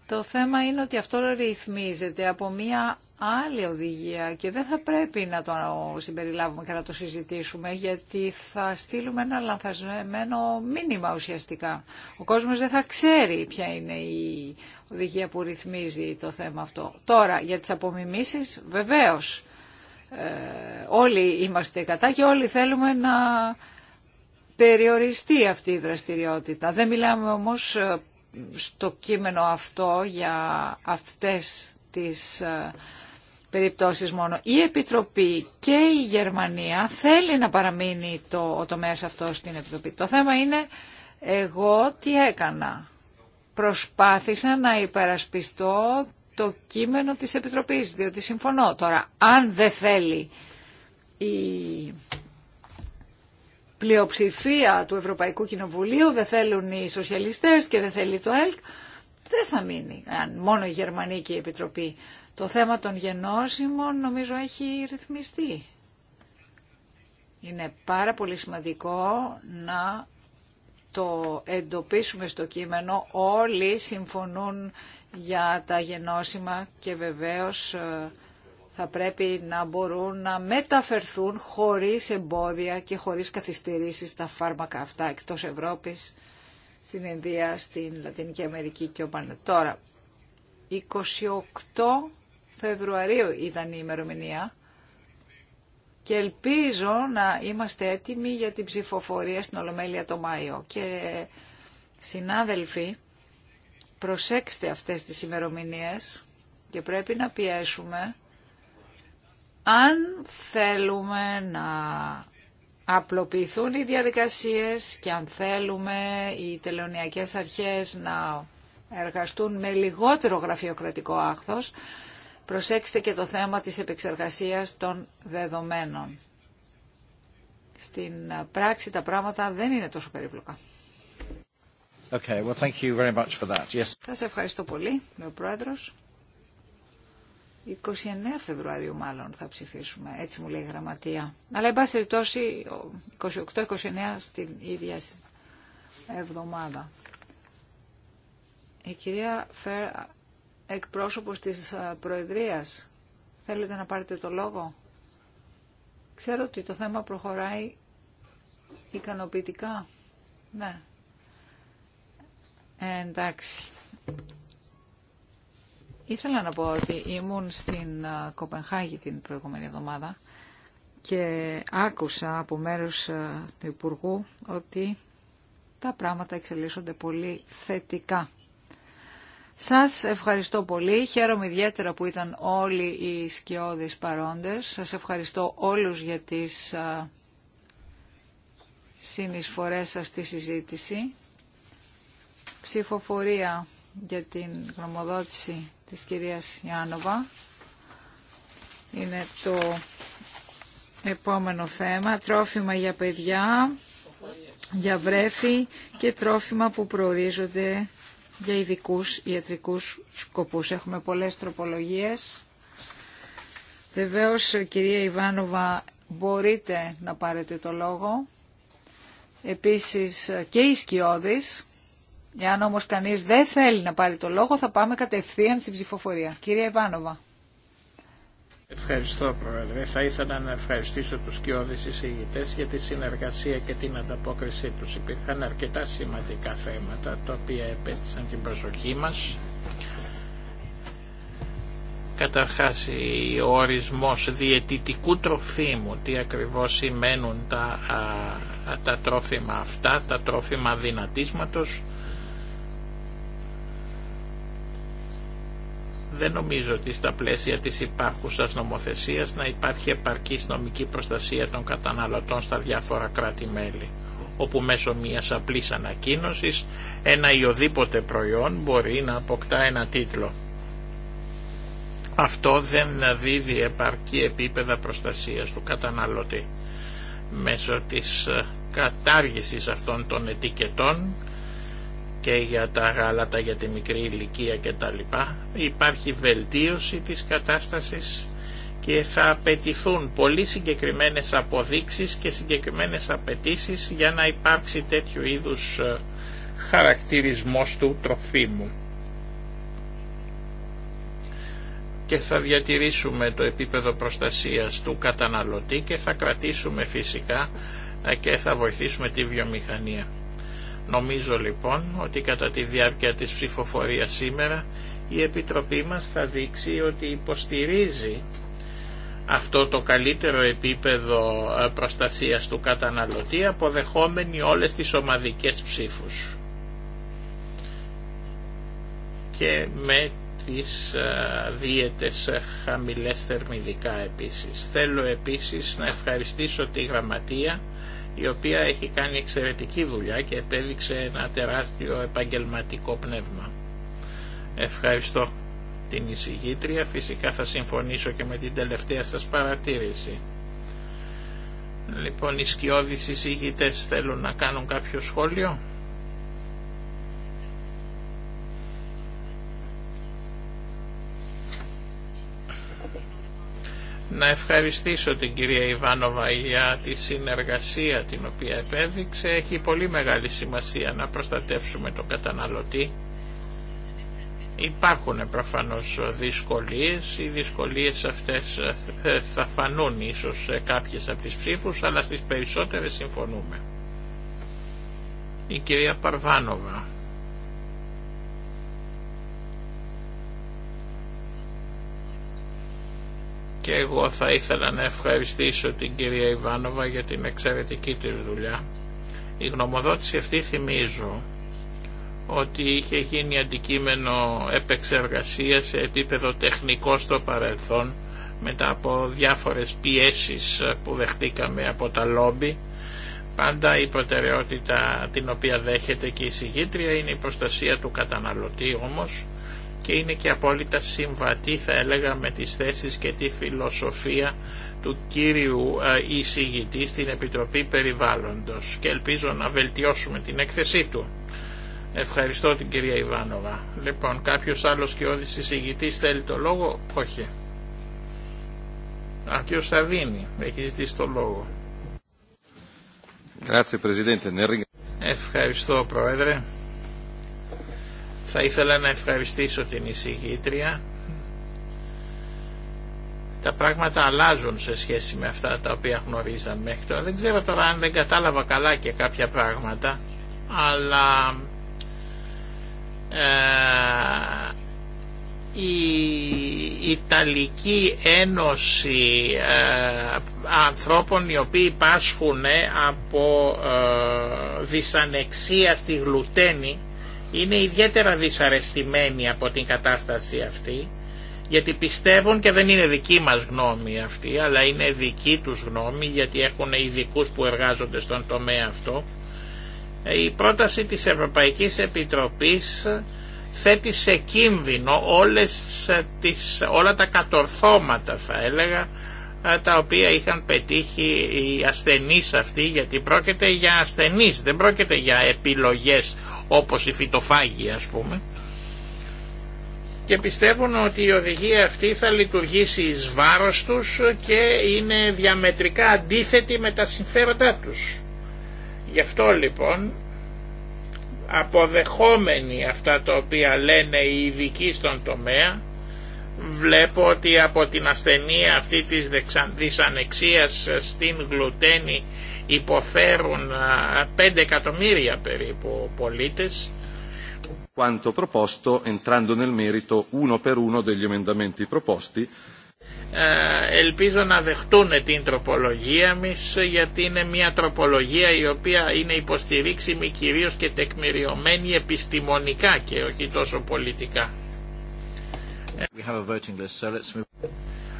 Το θέμα είναι ότι αυτό ρυθμίζεται από μία άλλη οδηγία και δεν θα πρέπει να το συμπεριλάβουμε και να το συζητήσουμε γιατί θα στείλουμε ένα λανθασμένο μήνυμα ουσιαστικά. Ο κόσμος δεν θα ξέρει ποια είναι η οδηγία που ρυθμίζει το θέμα αυτό. Τώρα για τις απομιμήσεις βεβαίως ε, όλοι είμαστε κατά και όλοι θέλουμε να περιοριστεί αυτή η δραστηριότητα. Δεν μιλάμε όμως ε, στο κείμενο αυτό για αυτές τις ε, περιπτώσεις μόνο. Η Επιτροπή και η Γερμανία θέλει να παραμείνει το, ο τομέας αυτό στην Επιτροπή. Το θέμα είναι εγώ τι έκανα. Προσπάθησα να υπερασπιστώ το κείμενο της Επιτροπής, διότι συμφωνώ τώρα. Αν δεν θέλει η πλειοψηφία του Ευρωπαϊκού Κοινοβουλίου, δεν θέλουν οι σοσιαλιστές και δεν θέλει το ΕΛΚ, δεν θα μείνει αν μόνο η Γερμανική Επιτροπή. Το θέμα των γενώσιμων νομίζω έχει ρυθμιστεί. Είναι πάρα πολύ σημαντικό να το εντοπίσουμε στο κείμενο. Όλοι συμφωνούν για τα γενώσιμα και βεβαίως ε, θα πρέπει να μπορούν να μεταφερθούν χωρίς εμπόδια και χωρίς καθυστερήσεις τα φάρμακα αυτά εκτός Ευρώπης, στην Ινδία, στην Λατινική Αμερική και οπάνε. Τώρα, 28 Φεβρουαρίου ήταν η ημερομηνία και ελπίζω να είμαστε έτοιμοι για την ψηφοφορία στην Ολομέλεια το Μάιο. Και συνάδελφοι, προσέξτε αυτές τις ημερομηνίες και πρέπει να πιέσουμε αν θέλουμε να απλοποιηθούν οι διαδικασίες και αν θέλουμε οι τελωνιακές αρχές να εργαστούν με λιγότερο γραφειοκρατικό άχθος, προσέξτε και το θέμα της επεξεργασίας των δεδομένων. Στην πράξη τα πράγματα δεν είναι τόσο περίπλοκα. Okay, well, thank you very much for that. Yes. Θα σε ευχαριστώ πολύ, με ο Πρόεδρος. 29 Φεβρουαρίου μάλλον θα ψηφίσουμε, έτσι μου λέει η γραμματεία. Αλλά εν πάση περιπτώσει 28-29 στην ίδια εβδομάδα. Η κυρία Φερ, εκπρόσωπος της ε, Προεδρίας, θέλετε να πάρετε το λόγο. Ξέρω ότι το θέμα προχωράει ικανοποιητικά. Ναι εντάξει. Ήθελα να πω ότι ήμουν στην ε, Κοπενχάγη την προηγούμενη εβδομάδα και άκουσα από μέρους ε, του Υπουργού ότι τα πράγματα εξελίσσονται πολύ θετικά. Σας ευχαριστώ πολύ. Χαίρομαι ιδιαίτερα που ήταν όλοι οι σκιώδεις παρόντες. Σας ευχαριστώ όλους για τις ε, συνεισφορές σας στη συζήτηση ψηφοφορία για την γνωμοδότηση της κυρίας Ιάνοβα. Είναι το επόμενο θέμα. Τρόφιμα για παιδιά, για βρέφη και τρόφιμα που προορίζονται για ειδικού ιατρικούς σκοπούς. Έχουμε πολλές τροπολογίες. Βεβαίως, κυρία Ιβάνοβα, μπορείτε να πάρετε το λόγο. Επίσης και οι σκιώδεις Εάν όμως κανείς δεν θέλει να πάρει το λόγο θα πάμε κατευθείαν στην ψηφοφορία. Κύριε Ιβάνοβα. Ευχαριστώ Πρόεδρε. Θα ήθελα να ευχαριστήσω τους κοιόδης εισηγητές για τη συνεργασία και την ανταπόκρισή τους. Υπήρχαν αρκετά σημαντικά θέματα τα οποία επέστησαν την προσοχή μας. Καταρχάς ο ορισμός διαιτητικού τροφίμου, τι ακριβώς σημαίνουν τα, τρόφιμα αυτά, τα τρόφιμα δυνατίσματος, δεν νομίζω ότι στα πλαίσια της υπάρχουσας νομοθεσίας να υπάρχει επαρκής νομική προστασία των καταναλωτών στα διάφορα κράτη-μέλη, όπου μέσω μιας απλής ανακοίνωσης ένα ή οδήποτε προϊόν μπορεί να αποκτά ένα τίτλο. Αυτό δεν δίδει επαρκή επίπεδα προστασίας του καταναλωτή. Μέσω της κατάργησης αυτών των ετικετών και για τα γάλατα για τη μικρή ηλικία κτλ. Υπάρχει βελτίωση της κατάστασης και θα απαιτηθούν πολύ συγκεκριμένες αποδείξεις και συγκεκριμένες απαιτήσει για να υπάρξει τέτοιου είδους ε, χαρακτηρισμός του τροφίμου. και θα διατηρήσουμε το επίπεδο προστασίας του καταναλωτή και θα κρατήσουμε φυσικά ε, και θα βοηθήσουμε τη βιομηχανία. Νομίζω λοιπόν ότι κατά τη διάρκεια της ψηφοφορίας σήμερα η Επιτροπή μας θα δείξει ότι υποστηρίζει αυτό το καλύτερο επίπεδο ε, προστασίας του καταναλωτή αποδεχόμενη όλες τις ομαδικές ψήφους και με τις ε, δίαιτες ε, χαμηλές θερμιδικά επίσης. Θέλω επίσης να ευχαριστήσω τη Γραμματεία η οποία έχει κάνει εξαιρετική δουλειά και επέδειξε ένα τεράστιο επαγγελματικό πνεύμα. Ευχαριστώ την εισηγήτρια, φυσικά θα συμφωνήσω και με την τελευταία σας παρατήρηση. Λοιπόν, οι σκιώδεις εισηγητές θέλουν να κάνουν κάποιο σχόλιο. Να ευχαριστήσω την κυρία Ιβάνοβα για τη συνεργασία την οποία επέδειξε. Έχει πολύ μεγάλη σημασία να προστατεύσουμε τον καταναλωτή. Υπάρχουν προφανώς δυσκολίες. Οι δυσκολίες αυτές ε, θα φανούν ίσως σε κάποιες από τις ψήφους, αλλά στις περισσότερες συμφωνούμε. Η κυρία Παρβάνοβα. και εγώ θα ήθελα να ευχαριστήσω την κυρία Ιβάνοβα για την εξαιρετική της δουλειά. Η γνωμοδότηση αυτή θυμίζω ότι είχε γίνει αντικείμενο επεξεργασία σε επίπεδο τεχνικό στο παρελθόν μετά από διάφορες πιέσεις που δεχτήκαμε από τα λόμπι. Πάντα η προτεραιότητα την οποία δέχεται και η συγγήτρια είναι η προστασία του καταναλωτή όμως και είναι και απόλυτα συμβατή θα έλεγα με τις θέσεις και τη φιλοσοφία του κύριου ε, εισηγητή στην Επιτροπή Περιβάλλοντος και ελπίζω να βελτιώσουμε την έκθεσή του. Ευχαριστώ την κυρία Ιβάνοβα. Λοιπόν, κάποιος άλλος και όδης εισηγητής θέλει το λόγο. Όχι. Α, κύριος Σταβίνη έχει ζητήσει το λόγο. Ευχαριστώ Πρόεδρε. Θα ήθελα να ευχαριστήσω την εισηγήτρια. Τα πράγματα αλλάζουν σε σχέση με αυτά τα οποία γνωρίζαμε μέχρι τώρα. Δεν ξέρω τώρα αν δεν κατάλαβα καλά και κάποια πράγματα, αλλά ε, η Ιταλική Ένωση ε, ανθρώπων οι οποίοι πάσχουν από ε, δυσανεξία στη γλουτένη είναι ιδιαίτερα δυσαρεστημένοι από την κατάσταση αυτή γιατί πιστεύουν και δεν είναι δική μας γνώμη αυτή αλλά είναι δική τους γνώμη γιατί έχουν ειδικού που εργάζονται στον τομέα αυτό ε, η πρόταση της Ευρωπαϊκής Επιτροπής θέτει σε κίνδυνο όλες ε, τις, όλα τα κατορθώματα θα έλεγα ε, τα οποία είχαν πετύχει οι ασθενείς αυτοί γιατί πρόκειται για ασθενείς δεν πρόκειται για επιλογές όπως η φυτοφάγη ας πούμε και πιστεύουν ότι η οδηγία αυτή θα λειτουργήσει εις βάρος τους και είναι διαμετρικά αντίθετη με τα συμφέροντά τους. Γι' αυτό λοιπόν αποδεχόμενοι αυτά τα οποία λένε οι ειδικοί στον τομέα βλέπω ότι από την ασθενεία αυτή της ανεξίας στην γλουτένη υποφέρουν 5 εκατομμύρια περίπου πολίτες. Quanto proposto, entrando nel merito uno per uno degli emendamenti ε, ελπίζω να δεχτούν την τροπολογία μας γιατί είναι μια τροπολογία η οποία είναι υποστηρίξιμη κυρίως και τεκμηριωμένη επιστημονικά και όχι τόσο πολιτικά. We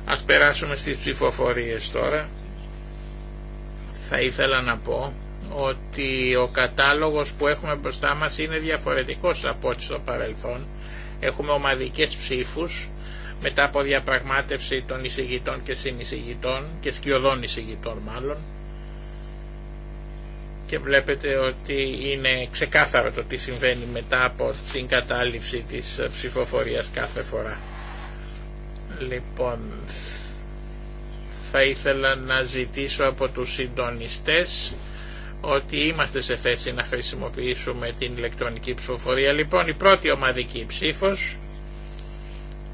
Ας περάσουμε στις ψηφοφορίες τώρα θα ήθελα να πω ότι ο κατάλογος που έχουμε μπροστά μας είναι διαφορετικός από ό,τι στο παρελθόν. Έχουμε ομαδικές ψήφους μετά από διαπραγμάτευση των εισηγητών και συνεισηγητών και σκιωδών εισηγητών μάλλον και βλέπετε ότι είναι ξεκάθαρο το τι συμβαίνει μετά από την κατάληψη της ψηφοφορίας κάθε φορά. Λοιπόν, θα ήθελα να ζητήσω από τους συντονιστές ότι είμαστε σε θέση να χρησιμοποιήσουμε την ηλεκτρονική ψηφοφορία. Λοιπόν, η πρώτη ομαδική ψήφος,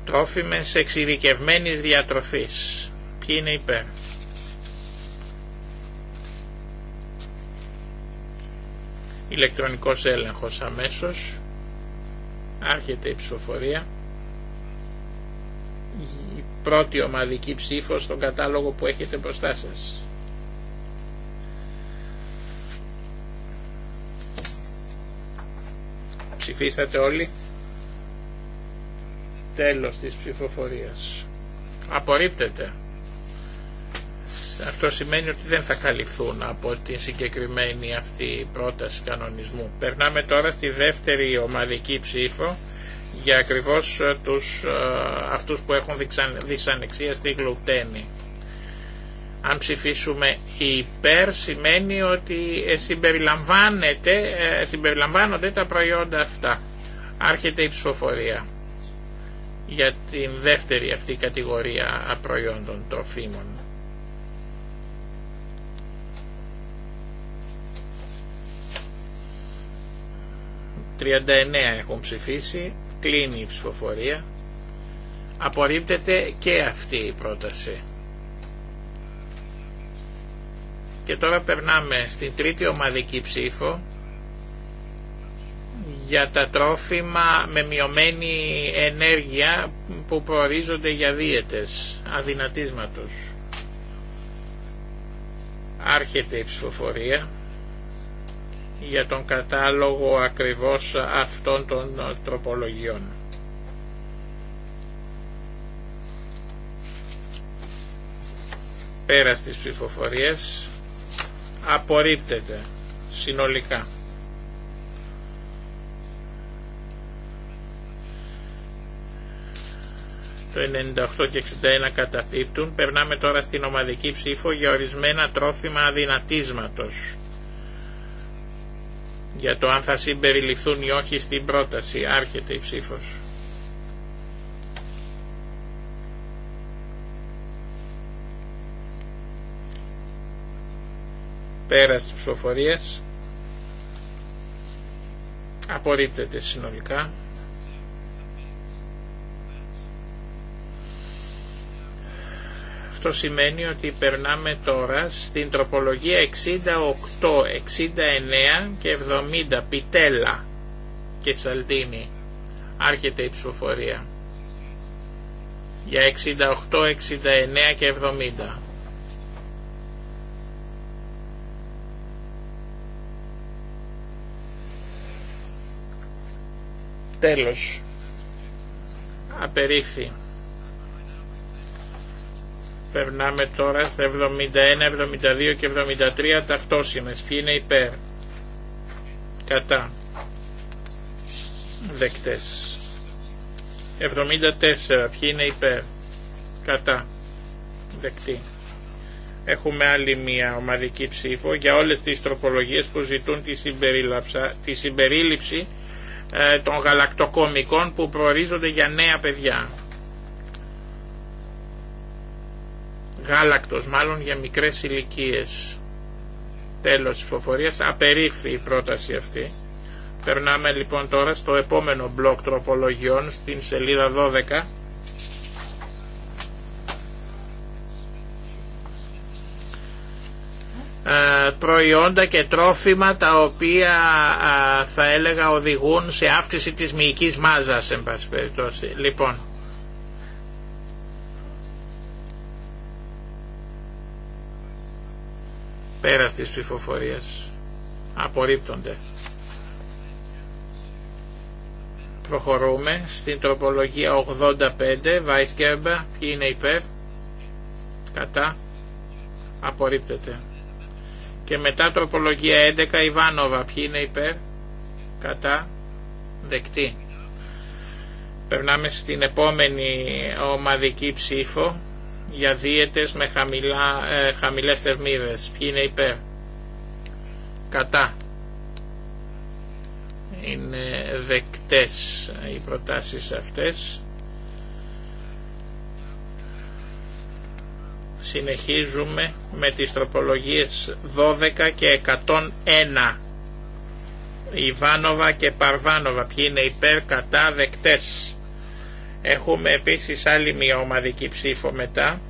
τρόφιμες εξειδικευμένης διατροφής. Ποιοι είναι υπέρ. Ηλεκτρονικός έλεγχος αμέσως. Άρχεται η ψηφοφορία η πρώτη ομαδική ψήφο στον κατάλογο που έχετε μπροστά σας. Ψηφίσατε όλοι. Τέλος της ψηφοφορίας. Απορρίπτεται. Αυτό σημαίνει ότι δεν θα καλυφθούν από τη συγκεκριμένη αυτή πρόταση κανονισμού. Περνάμε τώρα στη δεύτερη ομαδική ψήφο για ακριβώς ε, τους, ε, αυτούς που έχουν δυσανεξία στη γλουτένη. Αν ψηφίσουμε υπέρ σημαίνει ότι ε, συμπεριλαμβάνονται τα προϊόντα αυτά. Άρχεται η ψηφοφορία για την δεύτερη αυτή κατηγορία προϊόντων τροφίμων. ...39 έχουν ψηφίσει... Κλείνει η ψηφοφορία. Απορρίπτεται και αυτή η πρόταση. Και τώρα περνάμε στην τρίτη ομαδική ψήφο για τα τρόφιμα με μειωμένη ενέργεια που προορίζονται για δίαιτες αδυνατίσματος. Άρχεται η ψηφοφορία για τον κατάλογο ακριβώς αυτών των ε, τροπολογιών. Πέρα στις ψηφοφορίες απορρίπτεται συνολικά. Το 98 και 61 καταπίπτουν. Περνάμε τώρα στην ομαδική ψήφο για ορισμένα τρόφιμα αδυνατίσματος για το αν θα συμπεριληφθούν ή όχι στην πρόταση. Άρχεται η ψήφος. Πέρας της ψηφοφορίας απορρίπτεται συνολικά. Αυτό σημαίνει ότι περνάμε τώρα στην τροπολογία 68, 69 και 70 πιτέλα και σαλτίνη. Άρχεται η ψηφοφορία. Για 68, 69 και 70. Τέλος. Απερίφθη περνάμε τώρα στα 71, 72 και 73 ταυτόσημες. Ποιοι είναι υπέρ. Κατά. Δεκτές. 74. Ποιοι είναι υπέρ. Κατά. Δεκτή. Έχουμε άλλη μία ομαδική ψήφο για όλες τις τροπολογίες που ζητούν τη, τη συμπερίληψη ε, των γαλακτοκομικών που προορίζονται για νέα παιδιά. γάλακτος μάλλον για μικρές ηλικίε. Τέλος της φοφορίας, απερίφθη η πρόταση αυτή. Περνάμε λοιπόν τώρα στο επόμενο μπλοκ τροπολογιών στην σελίδα 12. Ε, προϊόντα και τρόφιμα τα οποία ε, θα έλεγα οδηγούν σε αύξηση της μυϊκής μάζας εν Λοιπόν, Πέρας της ψηφοφορίας. Απορρίπτονται. Προχωρούμε στην τροπολογία 85, Βάισκεμπα, ποιοι είναι υπέρ, κατά, απορρίπτεται. Και μετά τροπολογία 11, Ιβάνοβα, ποιοι είναι υπέρ, κατά, δεκτή. Περνάμε στην επόμενη ομαδική ψήφο, για δίαιτες με χαμηλά, ε, χαμηλές θερμίδες. Ποιοι είναι υπέρ. Κατά. Είναι δεκτές οι προτάσεις αυτές. Συνεχίζουμε με τις τροπολογίες 12 και 101. Ιβάνοβα και Παρβάνοβα. Ποιοι είναι υπέρ κατά δεκτές. Έχουμε επίσης άλλη μια ομαδική ψήφο μετά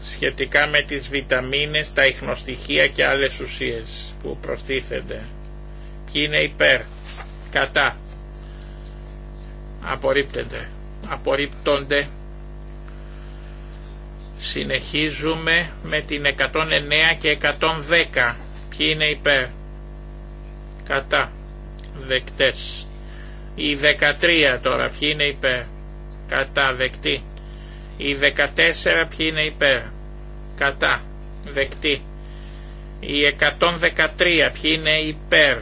σχετικά με τις βιταμίνες, τα ιχνοστοιχεία και άλλες ουσίες που προστίθενται. Ποιοι είναι υπέρ, κατά, απορρίπτονται, απορρίπτονται. Συνεχίζουμε με την 109 και 110. Ποιοι είναι υπέρ, κατά, δεκτές. Η 13 τώρα ποιοι είναι υπέρ. Κατά δεκτή. Η 14 ποιοι είναι υπέρ. Κατά δεκτή. Η 113 ποιοι είναι υπέρ.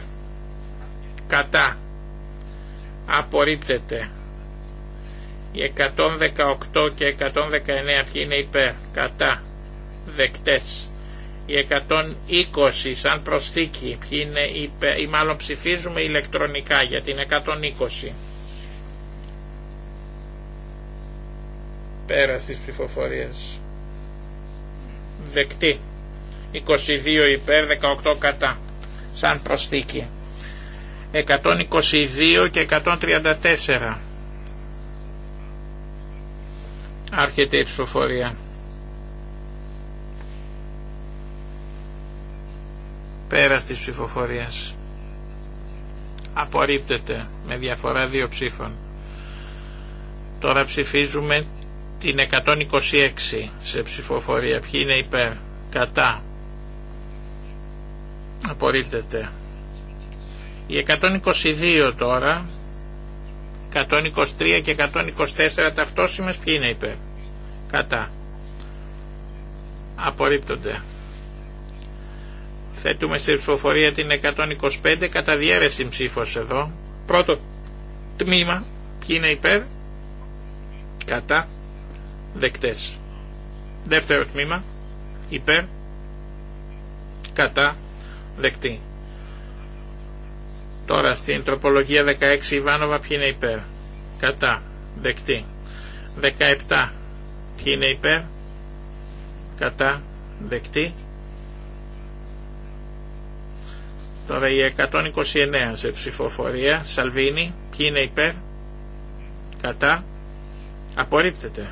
Κατά. Απορρίπτεται. Οι 118 και 119 ποιοι είναι υπέρ. Κατά. Δεκτές. Η 120 σαν προσθήκη, ποιοι ή μάλλον ψηφίζουμε ηλεκτρονικά για την 120. Πέρα στις ψηφοφορίες. Δεκτή. 22 υπέρ, 18 κατά. Σαν προσθήκη. 122 και 134. Άρχεται η ψηφοφορία. Πέρας της ψηφοφορίας. Απορρίπτεται με διαφορά δύο ψήφων. Τώρα ψηφίζουμε την 126 σε ψηφοφορία. Ποιοι είναι υπέρ, κατά. Απορρίπτεται. Η 122 τώρα, 123 και 124 ταυτόσημες ποιοι είναι υπέρ, κατά. Απορρίπτονται. Θέτουμε σε ψηφοφορία την 125 κατά διέρεση ψήφος εδώ. Πρώτο τμήμα. Ποιοι είναι υπέρ. Κατά. Δεκτές. Δεύτερο τμήμα. Υπέρ. Κατά. Δεκτή. Τώρα στην τροπολογία 16 Ιβάνοβα ποιοι είναι υπέρ. Κατά. Δεκτή. 17 ποιοι είναι υπέρ. Κατά. Δεκτή. Τώρα η 129 σε ψηφοφορία. Σαλβίνη. Ποιοι είναι υπέρ. Κατά. Απορρίπτεται.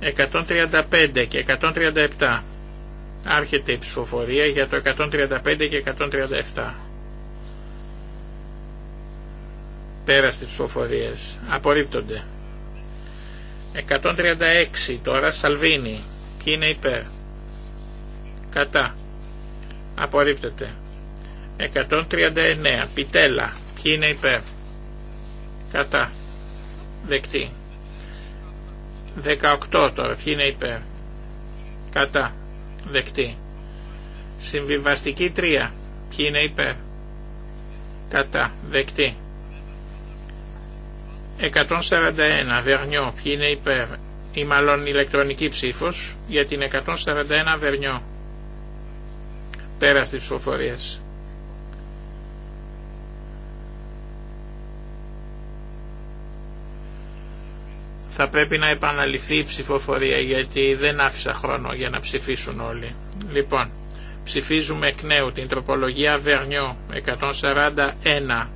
135 και 137. Άρχεται η ψηφοφορία για το 135 και 137. Πέρα στις ψηφοφορίες. Απορρίπτονται. 136 τώρα Σαλβίνη. Ποιοι είναι υπέρ. Κατά απορρίπτεται 139 πιτέλα ποιοι είναι υπέρ κατά δεκτή 18 τώρα ποιοι είναι υπέρ κατά δεκτή συμβιβαστική 3 ποιοι είναι υπέρ κατά δεκτή 141 Βερνιό ποιοι είναι υπέρ ή μάλλον ηλεκτρονική ψήφος για την 141 Βερνιό Πέρα στις ψηφοφορίες. Θα πρέπει να επαναληφθεί η ψηφοφορία γιατί δεν άφησα χρόνο για να ψηφίσουν όλοι. Λοιπόν, ψηφίζουμε εκ νέου την τροπολογία Βερνιό 141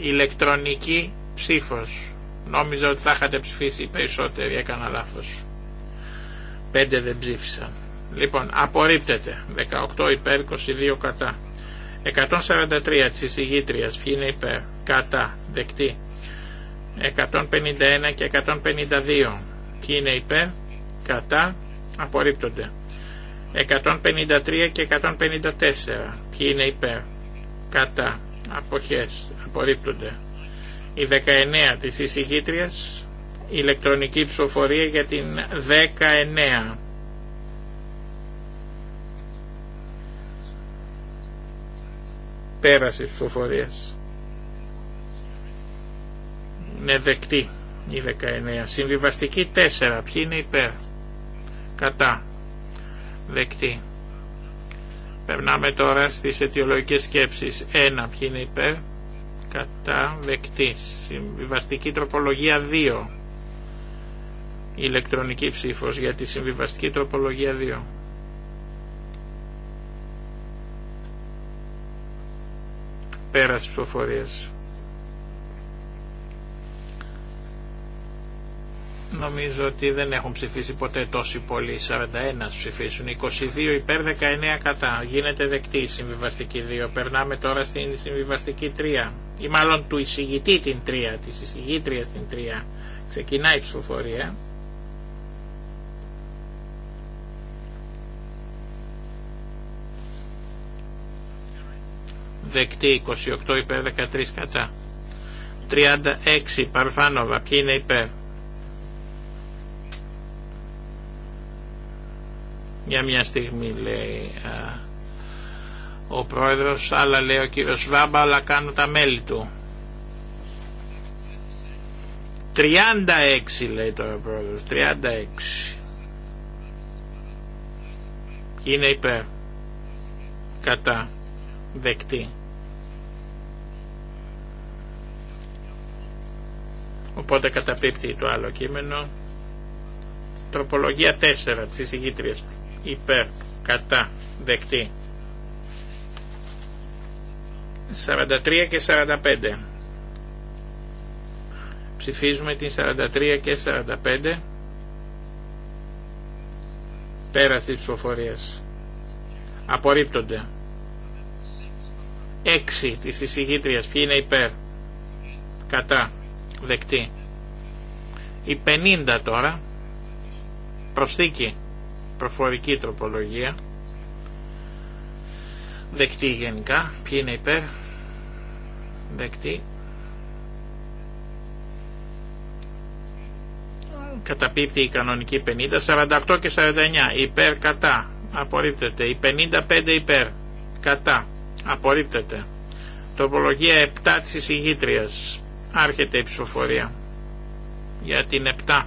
ηλεκτρονική ψήφος. Νόμιζα ότι θα είχατε ψηφίσει περισσότεροι, έκανα λάθος. Πέντε δεν ψήφισαν. Λοιπόν, απορρίπτεται. 18 υπέρ, 22 κατά. 143 της εισηγήτριας, ποιοι είναι υπέρ, κατά, δεκτή. 151 και 152, ποιοι είναι υπέρ, κατά, απορρίπτονται. 153 και 154, ποιοι είναι υπέρ, κατά, αποχές, απορρίπτονται. Η 19 της εισηγήτριας, ηλεκτρονική ψηφοφορία για την 19 Πέραση ψηφοφορίας. Είναι δεκτή η 19. Συμβιβαστική 4. Ποιοι είναι υπέρ. Κατά. Δεκτή. Περνάμε τώρα στις αιτιολογικές σκέψεις. 1. Ποιοι είναι υπέρ. Κατά. Δεκτή. Συμβιβαστική τροπολογία 2. Ηλεκτρονική ψήφος για τη συμβιβαστική τροπολογία 2. πέρας της Νομίζω ότι δεν έχουν ψηφίσει ποτέ τόσοι πολλοί, 41 ψηφίσουν, 22 υπέρ, 19 κατά. Γίνεται δεκτή η συμβιβαστική 2. Περνάμε τώρα στην συμβιβαστική 3. Ή μάλλον του εισηγητή την 3, της εισηγήτριας την 3. Ξεκινάει η ψηφοφορία. δεκτή 28 υπέρ 13 κατά 36 Παρφάνοβα ποιοι είναι υπέρ για μια στιγμή λέει α, ο πρόεδρος άλλα λέει ο κύριος Βάμπα αλλά κάνω τα μέλη του 36 λέει τώρα ο πρόεδρος 36 είναι υπέρ κατά δεκτή Οπότε καταπίπτει το άλλο κείμενο. Τροπολογία 4 της ηγήτριας. Υπέρ, κατά, δεκτή. 43 και 45. Ψηφίζουμε την 43 και 45. Πέρα ψηφοφορία. Απορρίπτονται. 6 της εισηγήτριας. Ποιοι είναι υπέρ. Κατά. Δεκτή. Η 50 τώρα. Προσθήκη. Προφορική τροπολογία. Δεκτή γενικά. Ποιοι είναι υπέρ. Δεκτή. Καταπίπτει η κανονική 50. 48 και 49. Υπέρ κατά. Απορρίπτεται. Η 55 υπέρ. Κατά. Απορρίπτεται. Τοπολογία 7 της εισηγήτριας. Άρχεται η ψηφοφορία για την 7.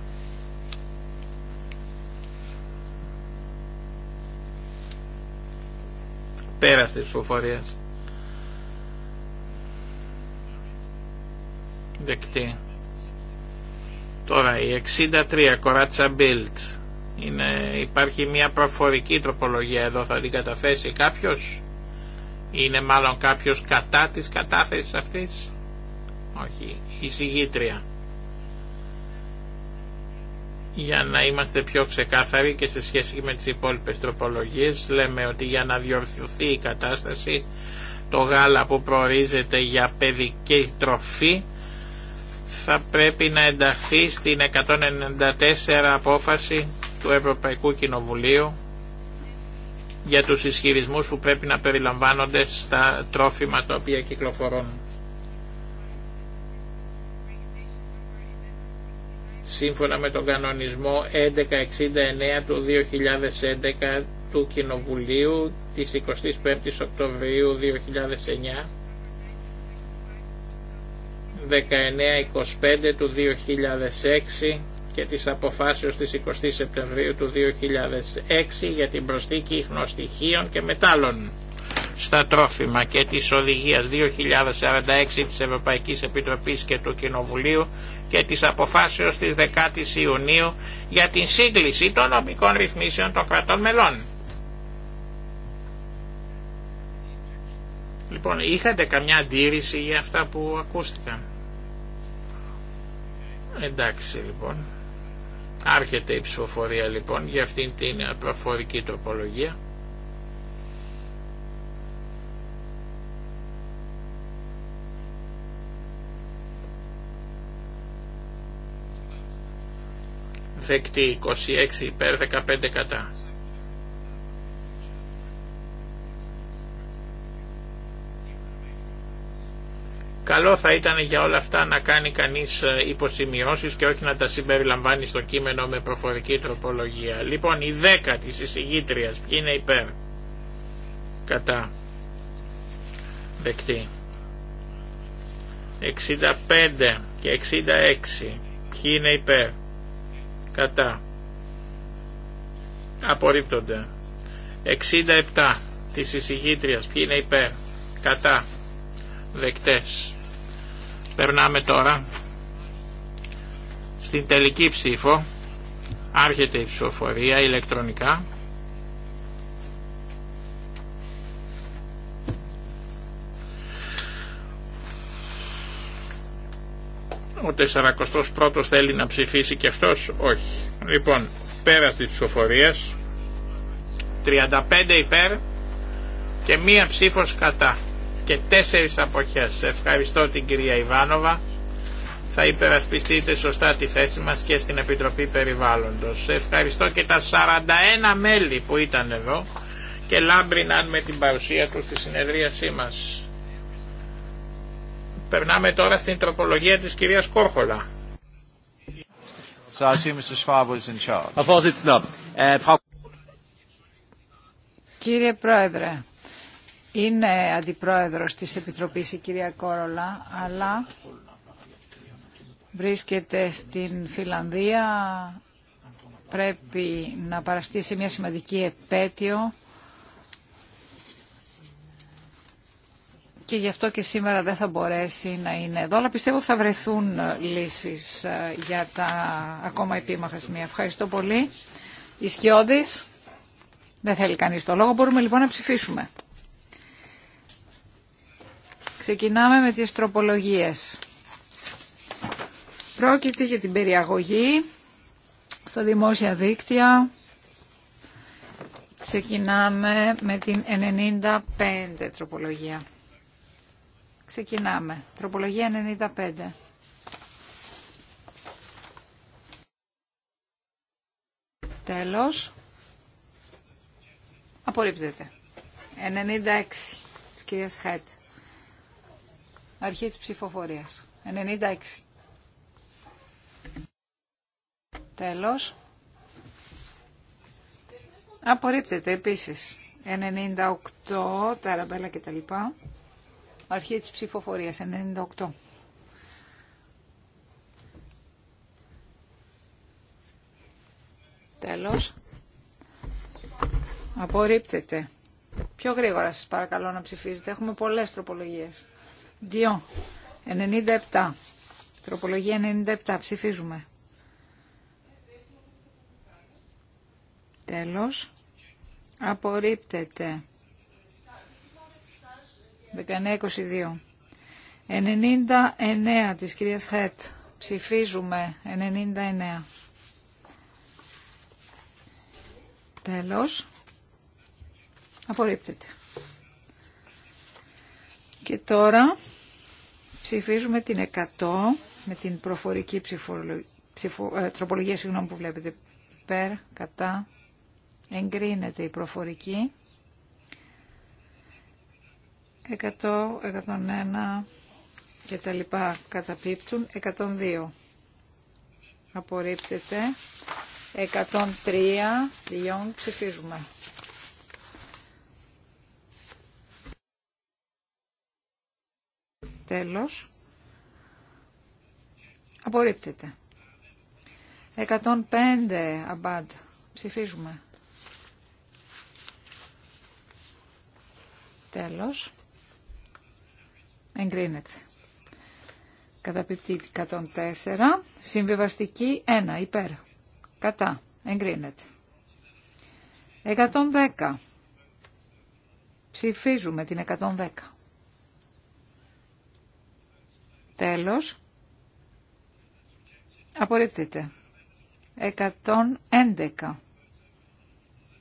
πέρασε της ψηφοφορίας. Δεκτή. Τώρα η 63 κοράτσα μπίλτ. Είναι, υπάρχει μια προφορική τροπολογία εδώ θα την καταθέσει κάποιος είναι μάλλον κάποιος κατά της κατάθεσης αυτής όχι, η συγγήτρια. Για να είμαστε πιο ξεκάθαροι και σε σχέση με τις υπόλοιπες τροπολογίες λέμε ότι για να διορθωθεί η κατάσταση το γάλα που προορίζεται για παιδική τροφή θα πρέπει να ενταχθεί στην 194 απόφαση του Ευρωπαϊκού Κοινοβουλίου για τους ισχυρισμούς που πρέπει να περιλαμβάνονται στα τρόφιμα τα οποία κυκλοφορούν. σύμφωνα με τον κανονισμό 1169 του 2011 του Κοινοβουλίου της 25ης Οκτωβρίου 2009 1925 του 2006 και της αποφάσεως της 20 Σεπτεμβρίου του 2006 για την προσθήκη ίχνων και μετάλλων στα τρόφιμα και της Οδηγίας 2046 της Ευρωπαϊκής Επιτροπής και του Κοινοβουλίου και της αποφάσεως της 10ης Ιουνίου για την σύγκληση των νομικών ρυθμίσεων των κρατών μελών. Λοιπόν, είχατε καμιά αντίρρηση για αυτά που ακούστηκαν. Εντάξει λοιπόν. Άρχεται η ψηφοφορία λοιπόν για αυτήν την προφορική τροπολογία. δεκτή 26 υπέρ 15 κατά. Καλό θα ήταν για όλα αυτά να κάνει κανείς ε, υποσημειώσεις και όχι να τα συμπεριλαμβάνει στο κείμενο με προφορική τροπολογία. Λοιπόν, η 10 της εισηγήτριας, ποιοι είναι υπέρ, κατά, δεκτή. 65 και 66, ποιοι είναι υπέρ, κατά απορρίπτονται 67 της εισηγήτριας ποιοι είναι υπέρ κατά δεκτές περνάμε τώρα στην τελική ψήφο άρχεται η ψηφοφορία ηλεκτρονικά Ο 41ος θέλει να ψηφίσει και αυτός. Όχι. Λοιπόν, πέρα της ψηφοφορίας. 35 υπέρ και μία ψήφος κατά και τέσσερις αποχές. Ευχαριστώ την κυρία Ιβάνοβα. Θα υπερασπιστείτε σωστά τη θέση μας και στην Επιτροπή Περιβάλλοντος. Ευχαριστώ και τα 41 μέλη που ήταν εδώ και λάμπριναν με την παρουσία του στη συνεδρίασή μας. Περνάμε τώρα στην τροπολογία της κυρίας Κόρχολα. So I äh, Κύριε Πρόεδρε, είναι αντιπρόεδρος της Επιτροπής η κυρία Κόρολα, αλλά βρίσκεται στην Φιλανδία, πρέπει να παραστεί σε μια σημαντική επέτειο και γι' αυτό και σήμερα δεν θα μπορέσει να είναι εδώ. Αλλά πιστεύω θα βρεθούν ε, λύσεις ε, για τα ακόμα επίμαχα σημεία. Ευχαριστώ πολύ. Ισκιώδης, δεν θέλει κανείς το λόγο. Μπορούμε λοιπόν να ψηφίσουμε. Ξεκινάμε με τις τροπολογίες. Πρόκειται για την περιαγωγή στα δημόσια δίκτυα. Ξεκινάμε με την 95 τροπολογία. Ξεκινάμε. Τροπολογία 95. Τέλος. Απορρίπτεται. 96 της Χέτ. Αρχή της ψηφοφορίας. 96. Τέλος. Απορρίπτεται επίσης. 98, ταραμπέλα κτλ αρχή της ψηφοφορίας 98. Τέλος. Απορρίπτεται. Πιο γρήγορα σας παρακαλώ να ψηφίζετε. Έχουμε πολλές τροπολογίες. 2. 97. Τροπολογία 97. Ψηφίζουμε. Τέλος. Απορρίπτεται. 19-22. 99 της κυρίας Χέτ. Ψηφίζουμε 99. Τέλος. Απορρίπτεται. Και τώρα ψηφίζουμε την 100 με την προφορική ε, τροπολογία συγγνώμη που βλέπετε. Περ, κατά, εγκρίνεται η προφορική. 100, 101 και τα λοιπά καταπίπτουν. 102 απορρίπτεται. 103 διόν ψηφίζουμε. Τέλος. Απορρίπτεται. 105 αμπάντ. Ψηφίζουμε. Τέλος. Εγκρίνεται. Καταπιπτήτη 104. Συμβιβαστική 1. Υπέρ. Κατά. Εγκρίνεται. 110. Ψηφίζουμε την 110. Τέλος. Απορρίπτεται. 111.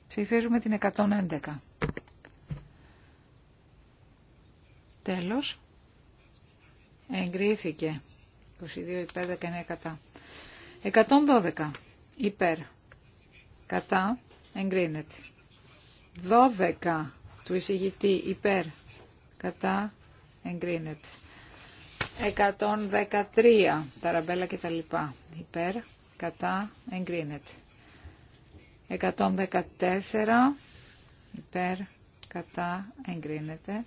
Ψηφίζουμε την 111. Τέλος. Εγκρίθηκε. 22 υπέρ 19 κατά. 112 υπέρ. Κατά. Εγκρίνεται. 12 του εισηγητή υπέρ. Κατά. Εγκρίνεται. 113 ταραμπέλα και τα λοιπά. Υπέρ. Κατά. Εγκρίνεται. 114 υπέρ. Κατά. Εγκρίνεται.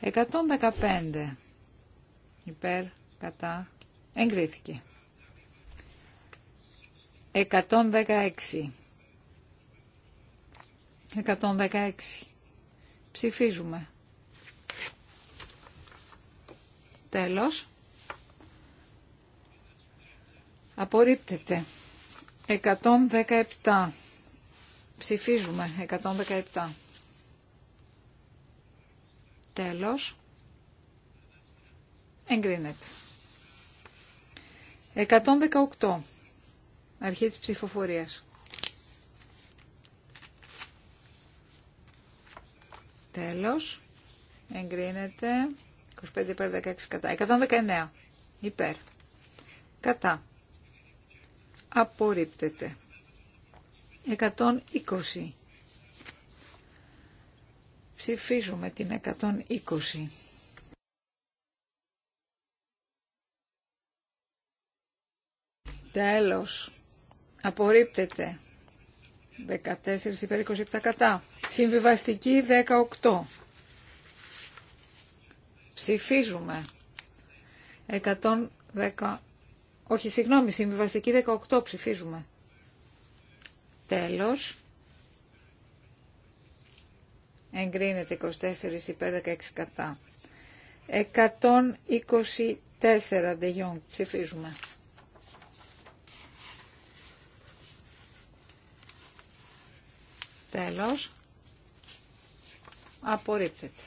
115 υπέρ, κατά, εγκρίθηκε. 116. 116. Ψηφίζουμε. Τέλος. Απορρίπτεται. 117. Ψηφίζουμε. 117. Τέλος. Εγκρίνεται. 118. Αρχή της ψηφοφορίας. Τέλος. Εγκρίνεται. 25 υπέρ 16 κατά. 119. Υπέρ. Κατά. Απορρίπτεται. 120. Ψηφίζουμε την 120. Τέλος. Απορρίπτεται. 14 υπέρ 27 κατά. Συμβιβαστική 18. Ψηφίζουμε. 110. Όχι, συγγνώμη, συμβιβαστική 18 ψηφίζουμε. Τέλος. Εγκρίνεται 24 υπέρ 16 κατά. 124 ντεγιόν ψηφίζουμε. Τέλος. Απορρίπτεται.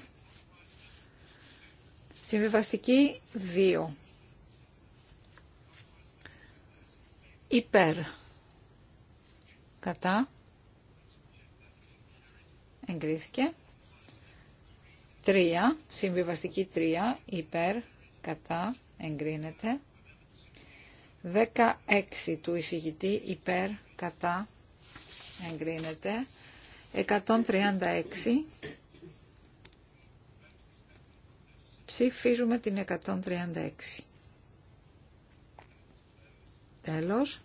Συμβιβαστική 2. Υπέρ. Κατά. Εγκρίθηκε. 3. Συμβιβαστική 3. Υπέρ. Κατά. Εγκρίνεται. 16 του εισηγητή υπέρ κατά εγκρίνεται 136. Ψηφίζουμε την 136. Τέλος.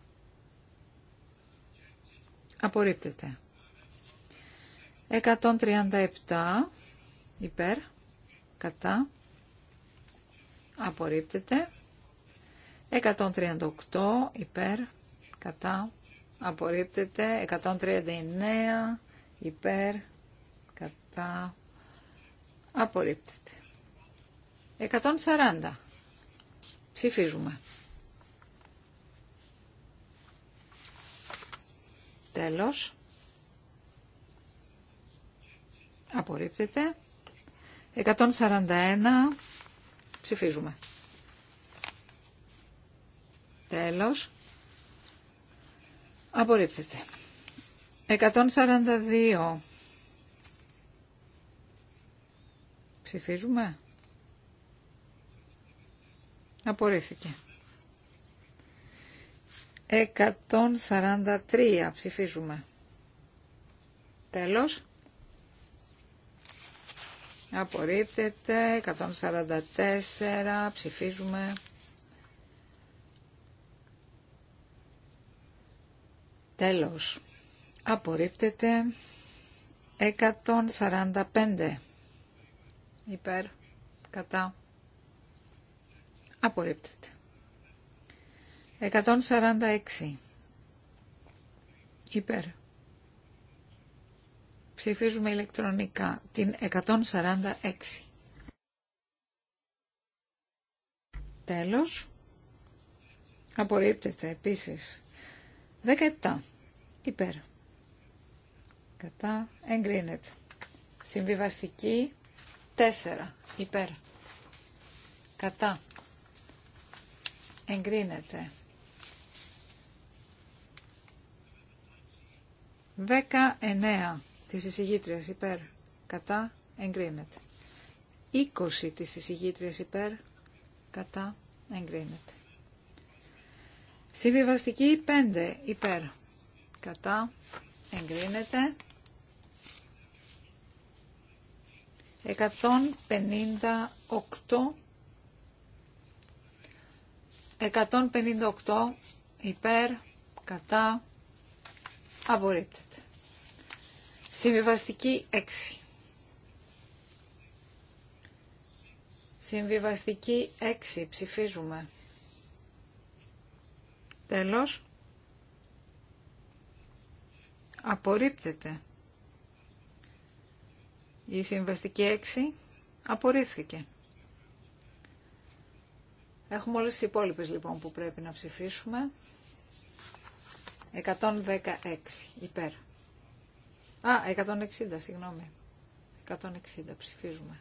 Απορρίπτεται. 137 υπέρ, κατά, απορρίπτεται. 138 υπέρ, κατά, απορρίπτεται. 139 υπέρ, κατά, απορρίπτεται. 140. Ψηφίζουμε. Τέλος. Απορρίπτεται. 141. Ψηφίζουμε. Τέλος. Απορρίπτεται. 142. Ψηφίζουμε. Απορρίφθηκε. 143 ψηφίζουμε. Τέλος. Απορρίπτεται. 144 ψηφίζουμε. Τέλος. Απορρίπτεται 145 υπέρ κατά απορρίπτεται 146 υπέρ ψηφίζουμε ηλεκτρονικά την 146 τέλος απορρίπτεται επίσης 17 υπέρ κατά εγκρίνεται. Συμβιβαστική 4 υπέρ κατά εγκρίνεται. 19 της εισηγήτριας υπέρ κατά εγκρίνεται. 20 της εισηγήτριας υπέρ κατά εγκρίνεται. Συμβιβαστική 5 υπέρ κατά εγκρίνεται. 158 υπέρ κατά απορρίπτεται. Συμβιβαστική 6. Συμβιβαστική 6 ψηφίζουμε. Τέλος. Απορρίπτεται. Η συμβαστική 6 απορρίφθηκε. Έχουμε όλες τις υπόλοιπες λοιπόν που πρέπει να ψηφίσουμε. 116 υπέρ. Α, 160, συγγνώμη. 160 ψηφίζουμε.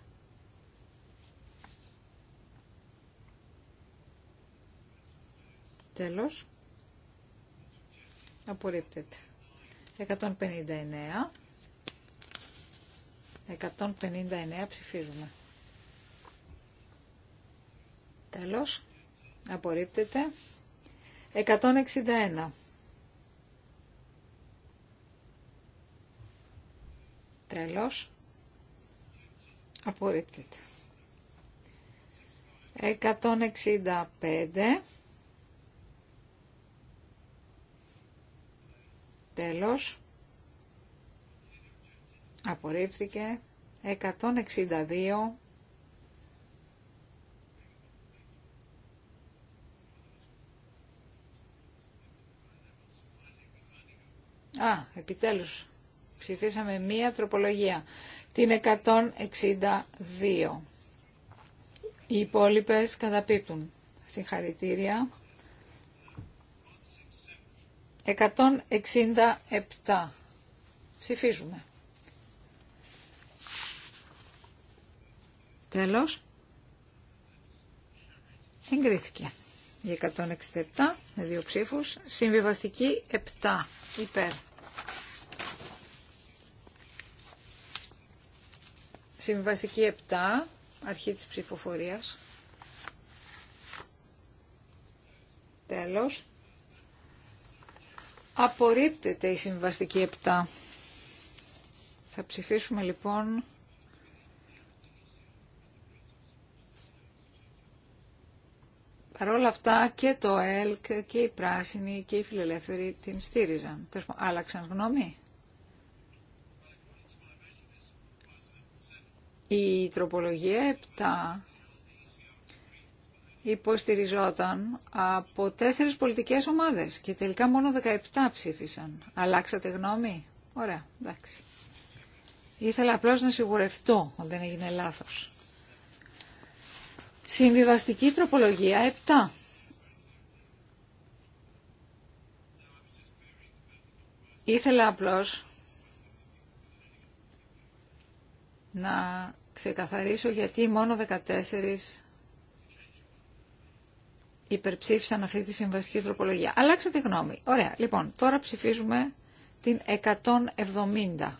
Τέλος. Απορρίπτεται. 159 159 ψηφίζουμε. Τέλος. Απορρίπτεται. 161. Τέλος. Απορρίπτεται. 165. Τέλος απορρίφθηκε 162 Α, επιτέλους ψηφίσαμε μία τροπολογία. Την 162. Οι υπόλοιπε καταπίπτουν. Συγχαρητήρια. 167. Ψηφίζουμε. Τέλος. Εγκρίθηκε. Η 167 με δύο ψήφους. Συμβιβαστική 7 υπέρ. Συμβιβαστική 7, αρχή της ψηφοφορίας. Τέλος. Απορρίπτεται η συμβιβαστική 7. Θα ψηφίσουμε λοιπόν όλα αυτά και το ΕΛΚ και οι πράσινοι και οι φιλελεύθεροι την στήριζαν. Άλλαξαν γνώμη. Η τροπολογία 7 υποστηριζόταν από τέσσερις πολιτικές ομάδες και τελικά μόνο 17 ψήφισαν. Αλλάξατε γνώμη. Ωραία, εντάξει. Ήθελα απλώς να σιγουρευτώ ότι δεν έγινε λάθος. Συμβιβαστική τροπολογία 7. Ήθελα απλώς να ξεκαθαρίσω γιατί μόνο 14 υπερψήφισαν αυτή τη συμβαστική τροπολογία. Αλλάξα τη γνώμη. Ωραία. Λοιπόν, τώρα ψηφίζουμε την 170.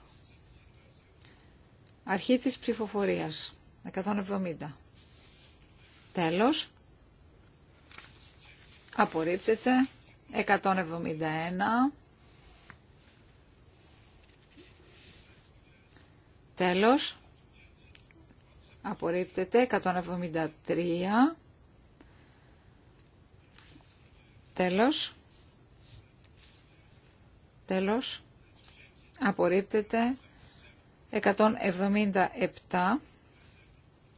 Αρχή της ψηφοφορίας. 170. Τέλος. Απορρίπτεται. 171. Τέλος. Απορρίπτεται. 173. Τέλος. Τέλος. Απορρίπτεται. 177.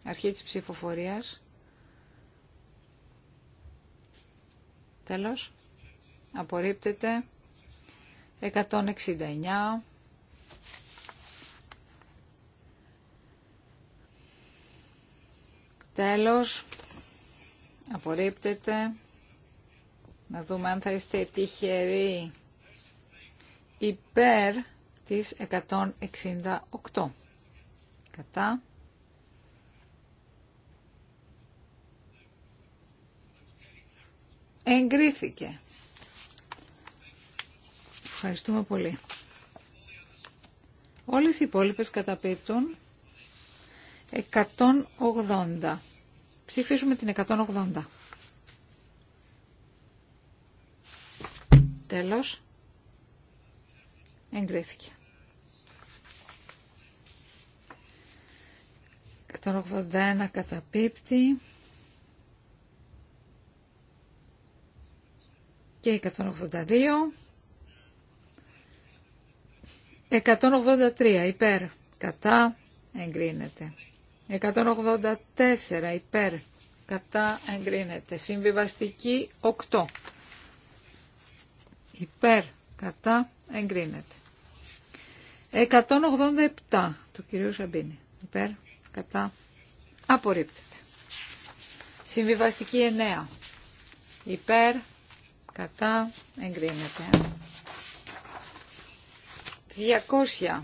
Αρχή της ψηφοφορίας. Τέλος. Απορρίπτεται. 169. Τέλος. Απορρίπτεται. Να δούμε αν θα είστε τυχεροί υπέρ της 168. Κατά. εγκρίθηκε. Ευχαριστούμε πολύ. Όλες οι υπόλοιπες καταπίπτουν 180. Ψηφίζουμε την 180. Τέλος. Εγκρίθηκε. 181 καταπίπτει. και 182. 183 υπέρ, κατά, εγκρίνεται. 184 υπέρ, κατά, εγκρίνεται. Συμβιβαστική 8. Υπέρ, κατά, εγκρίνεται. 187 του κυρίου Σαμπίνη. Υπέρ, κατά, απορρίπτεται. Συμβιβαστική 9. Υπέρ, κατά εγκρίνεται. 200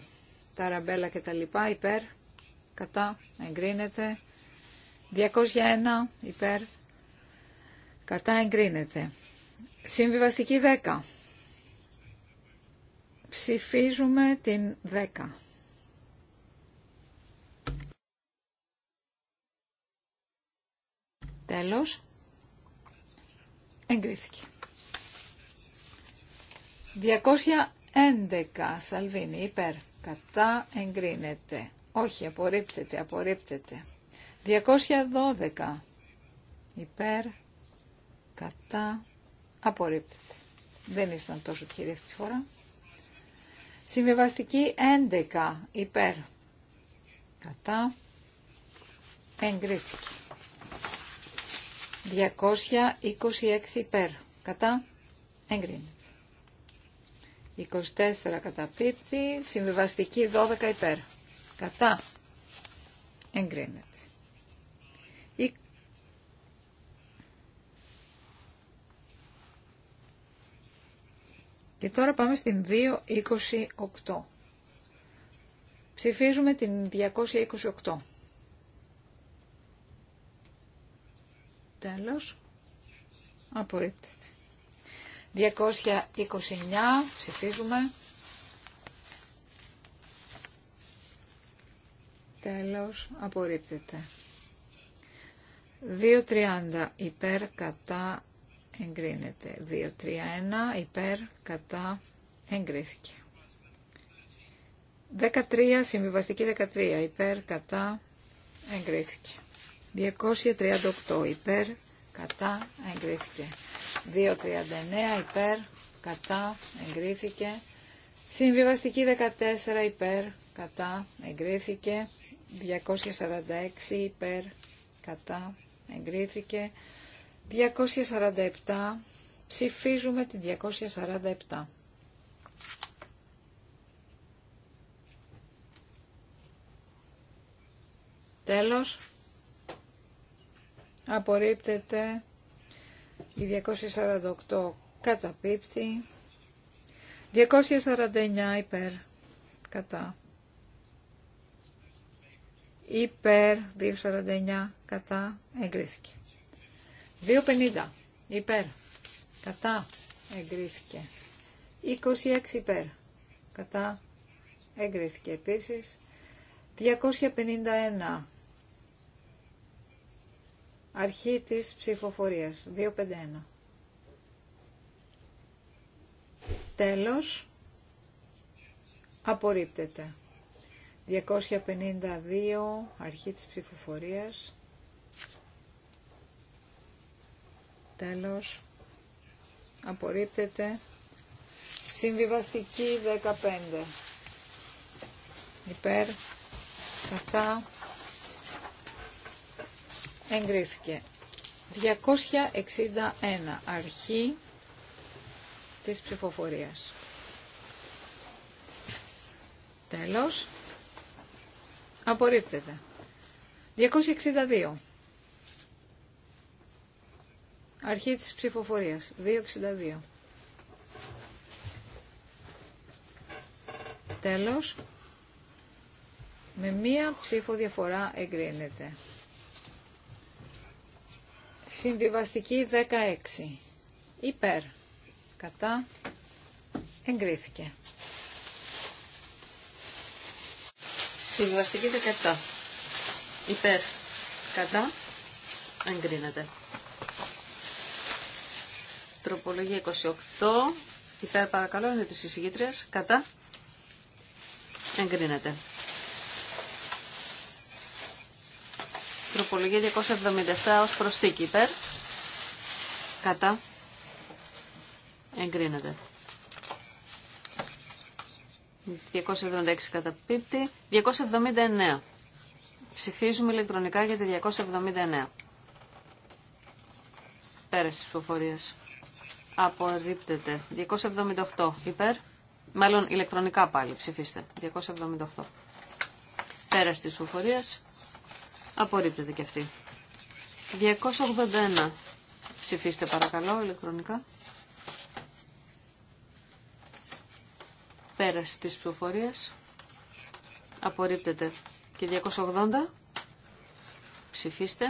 ταραμπέλα και τα λοιπά υπέρ κατά εγκρίνεται. 201 υπέρ κατά εγκρίνεται. Συμβιβαστική 10. Ψηφίζουμε την 10. Τέλος. Εγκρίθηκε. 211 Σαλβίνη υπέρ. Κατά εγκρίνεται. Όχι, απορρίπτεται, απορρίπτεται. 212 υπέρ. Κατά απορρίπτεται. Δεν ήσταν τόσο κύριε αυτή τη φορά. Συμβιβαστική 11 υπέρ. Κατά εγκρίθηκε. 226 υπέρ. Κατά εγκρίνεται. 24 καταπίπτη συμβιβαστική 12 υπέρ. Κατά. Εγκρίνεται. Και τώρα πάμε στην 2.28. Ψηφίζουμε την 228. Τέλος. Απορρίπτεται. 229 ψηφίζουμε. Τέλος, απορρίπτεται. 2.30 υπέρ κατά εγκρίνεται. 2.31 υπέρ κατά εγκρίθηκε. 13, συμβιβαστική 13 υπέρ κατά εγκρίθηκε. 238 υπέρ κατά εγκρίθηκε. 2.39 υπέρ κατά εγκρίθηκε. Συμβιβαστική 14 υπέρ κατά εγκρίθηκε. 246 υπέρ κατά εγκρίθηκε. 247 ψηφίζουμε την 247. Τέλος απορρίπτεται η 248 καταπίπτει 249 υπέρ κατά υπέρ 249 κατά εγκρίθηκε 250 υπέρ κατά εγκρίθηκε 26 υπέρ κατά εγκρίθηκε επίσης 251 Αρχή της ψηφοφορίας. 251. Τέλος. Απορρίπτεται. 252. Αρχή της ψηφοφορίας. Τέλος. Απορρίπτεται. Συμβιβαστική 15. Υπέρ. Κατά εγκρίθηκε. 261 αρχή της ψηφοφορίας. Τέλος. Απορρίπτεται. 262. Αρχή της ψηφοφορίας. 262. Τέλος. Με μία ψήφο διαφορά εγκρίνεται. Συμβιβαστική 16. Υπέρ. Κατά. Εγκρίθηκε. Συμβιβαστική 17. Υπέρ. Κατά. Εγκρίνεται. Τροπολογία 28. Υπέρ παρακαλώ είναι της εισηγήτριας. Κατά. Εγκρίνεται. Τοπολογία 277 ως προστίκη υπέρ. Κατά. Εγκρίνεται. 276 πίπτη. 279. Ψηφίζουμε ηλεκτρονικά για τη 279. Πέρασε τη ψηφοφορίες. Απορρίπτεται. 278 υπέρ. Μάλλον ηλεκτρονικά πάλι ψηφίστε. 278. Πέρασε τη ψηφοφορίες. Απορρίπτεται και αυτή. 281. Ψηφίστε παρακαλώ ηλεκτρονικά. Πέραση της ψηφοφορίας. Απορρίπτεται. Και 280. Ψηφίστε.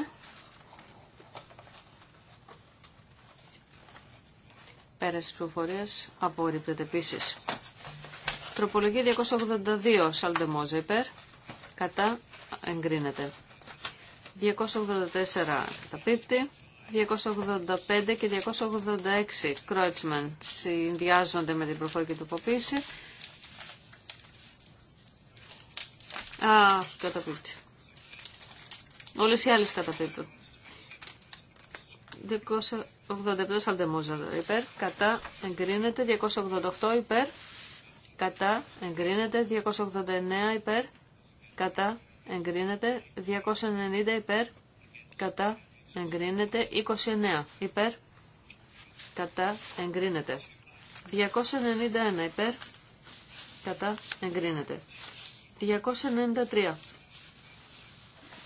Πέραση της ψηφοφορίας. Απορρίπτεται επίσης. Τροπολογία 282. Σαλντεμόζε υπέρ. Κατά εγκρίνεται. 284 καταπίπτει. 285 και 286 κρότσμεν συνδυάζονται με την προφορική τοποποίηση. Α, καταπίπτει. Όλες οι άλλες καταπίπτουν. 287 σαλτεμόζα υπέρ, κατά εγκρίνεται, 288 υπέρ, κατά εγκρίνεται, 289 υπέρ, κατά εγκρίνεται, 290 υπέρ, κατά, εγκρίνεται, 29 υπέρ, κατά, εγκρίνεται, 291 υπέρ, κατά, εγκρίνεται, 293.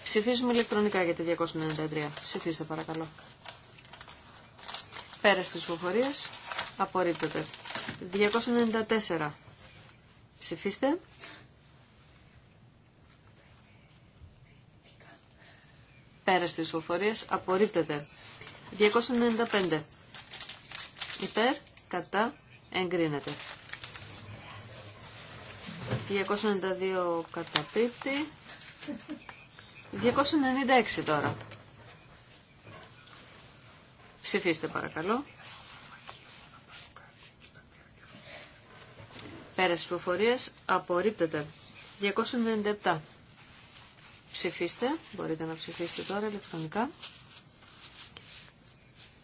Ψηφίζουμε ηλεκτρονικά για τη 293. Ψηφίστε παρακαλώ. Πέρας της ψηφοφορίας απορρίπτεται. 294. Ψηφίστε. Πέρα στις ψηφοφορίες απορρίπτεται. 295. Υπέρ, κατά, εγκρίνεται. 292 καταπίπτει. 296 τώρα. Ψηφίστε παρακαλώ. Πέρα στις προφορίες απορρίπτεται. 297 Ψηφίστε. Μπορείτε να ψηφίσετε τώρα ηλεκτρονικά.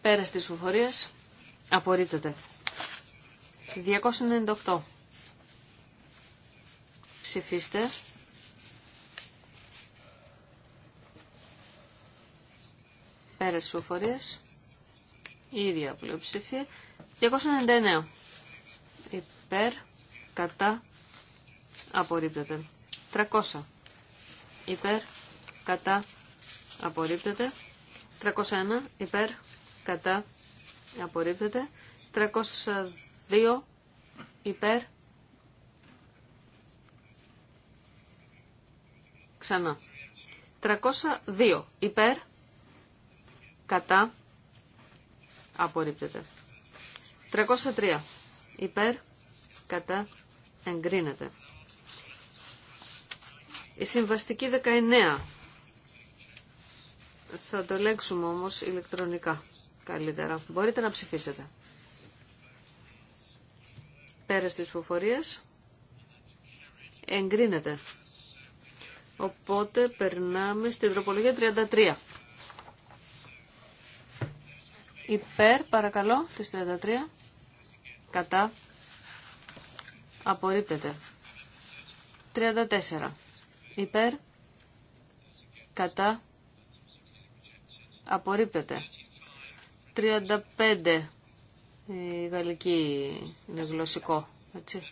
Πέρα στις φοφορίες, Απορρίπτεται. 298. Ψηφίστε. Πέρα στις φοφορίες. Η ίδια πλειοψηφία. 299. Υπέρ. Κατά. Απορρίπτεται. 300 υπέρ, κατά, απορρίπτεται. 301 υπέρ, κατά, απορρίπτεται. 302 υπέρ, ξανά. 302 υπέρ, κατά, απορρίπτεται. 303 υπέρ, κατά, εγκρίνεται. Η συμβαστική 19. Θα το λέξουμε όμως ηλεκτρονικά καλύτερα. Μπορείτε να ψηφίσετε. Πέρα στις ψηφοφορίες εγκρίνεται. Οπότε περνάμε στην τροπολογία 33. Υπέρ, παρακαλώ, της 33. Κατά. Απορρίπτεται. 34 υπέρ, κατά, απορρίπτεται. 35, η γαλλική είναι γλωσσικό, έτσι.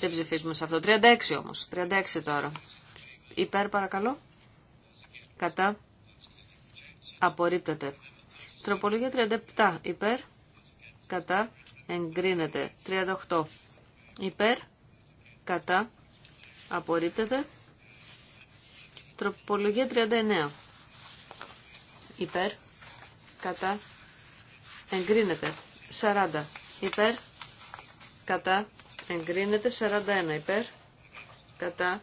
Δεν ψηφίζουμε σε αυτό. 36 όμως, 36 τώρα. Υπέρ παρακαλώ, κατά, απορρίπτεται. Τροπολογία 37, υπέρ, κατά, εγκρίνεται. 38, υπέρ, κατά, απορρίπτεται. Τροπολογία 39. Υπέρ. Κατά. Εγκρίνεται. 40. Υπέρ. Κατά. Εγκρίνεται. 41. Υπέρ. Κατά.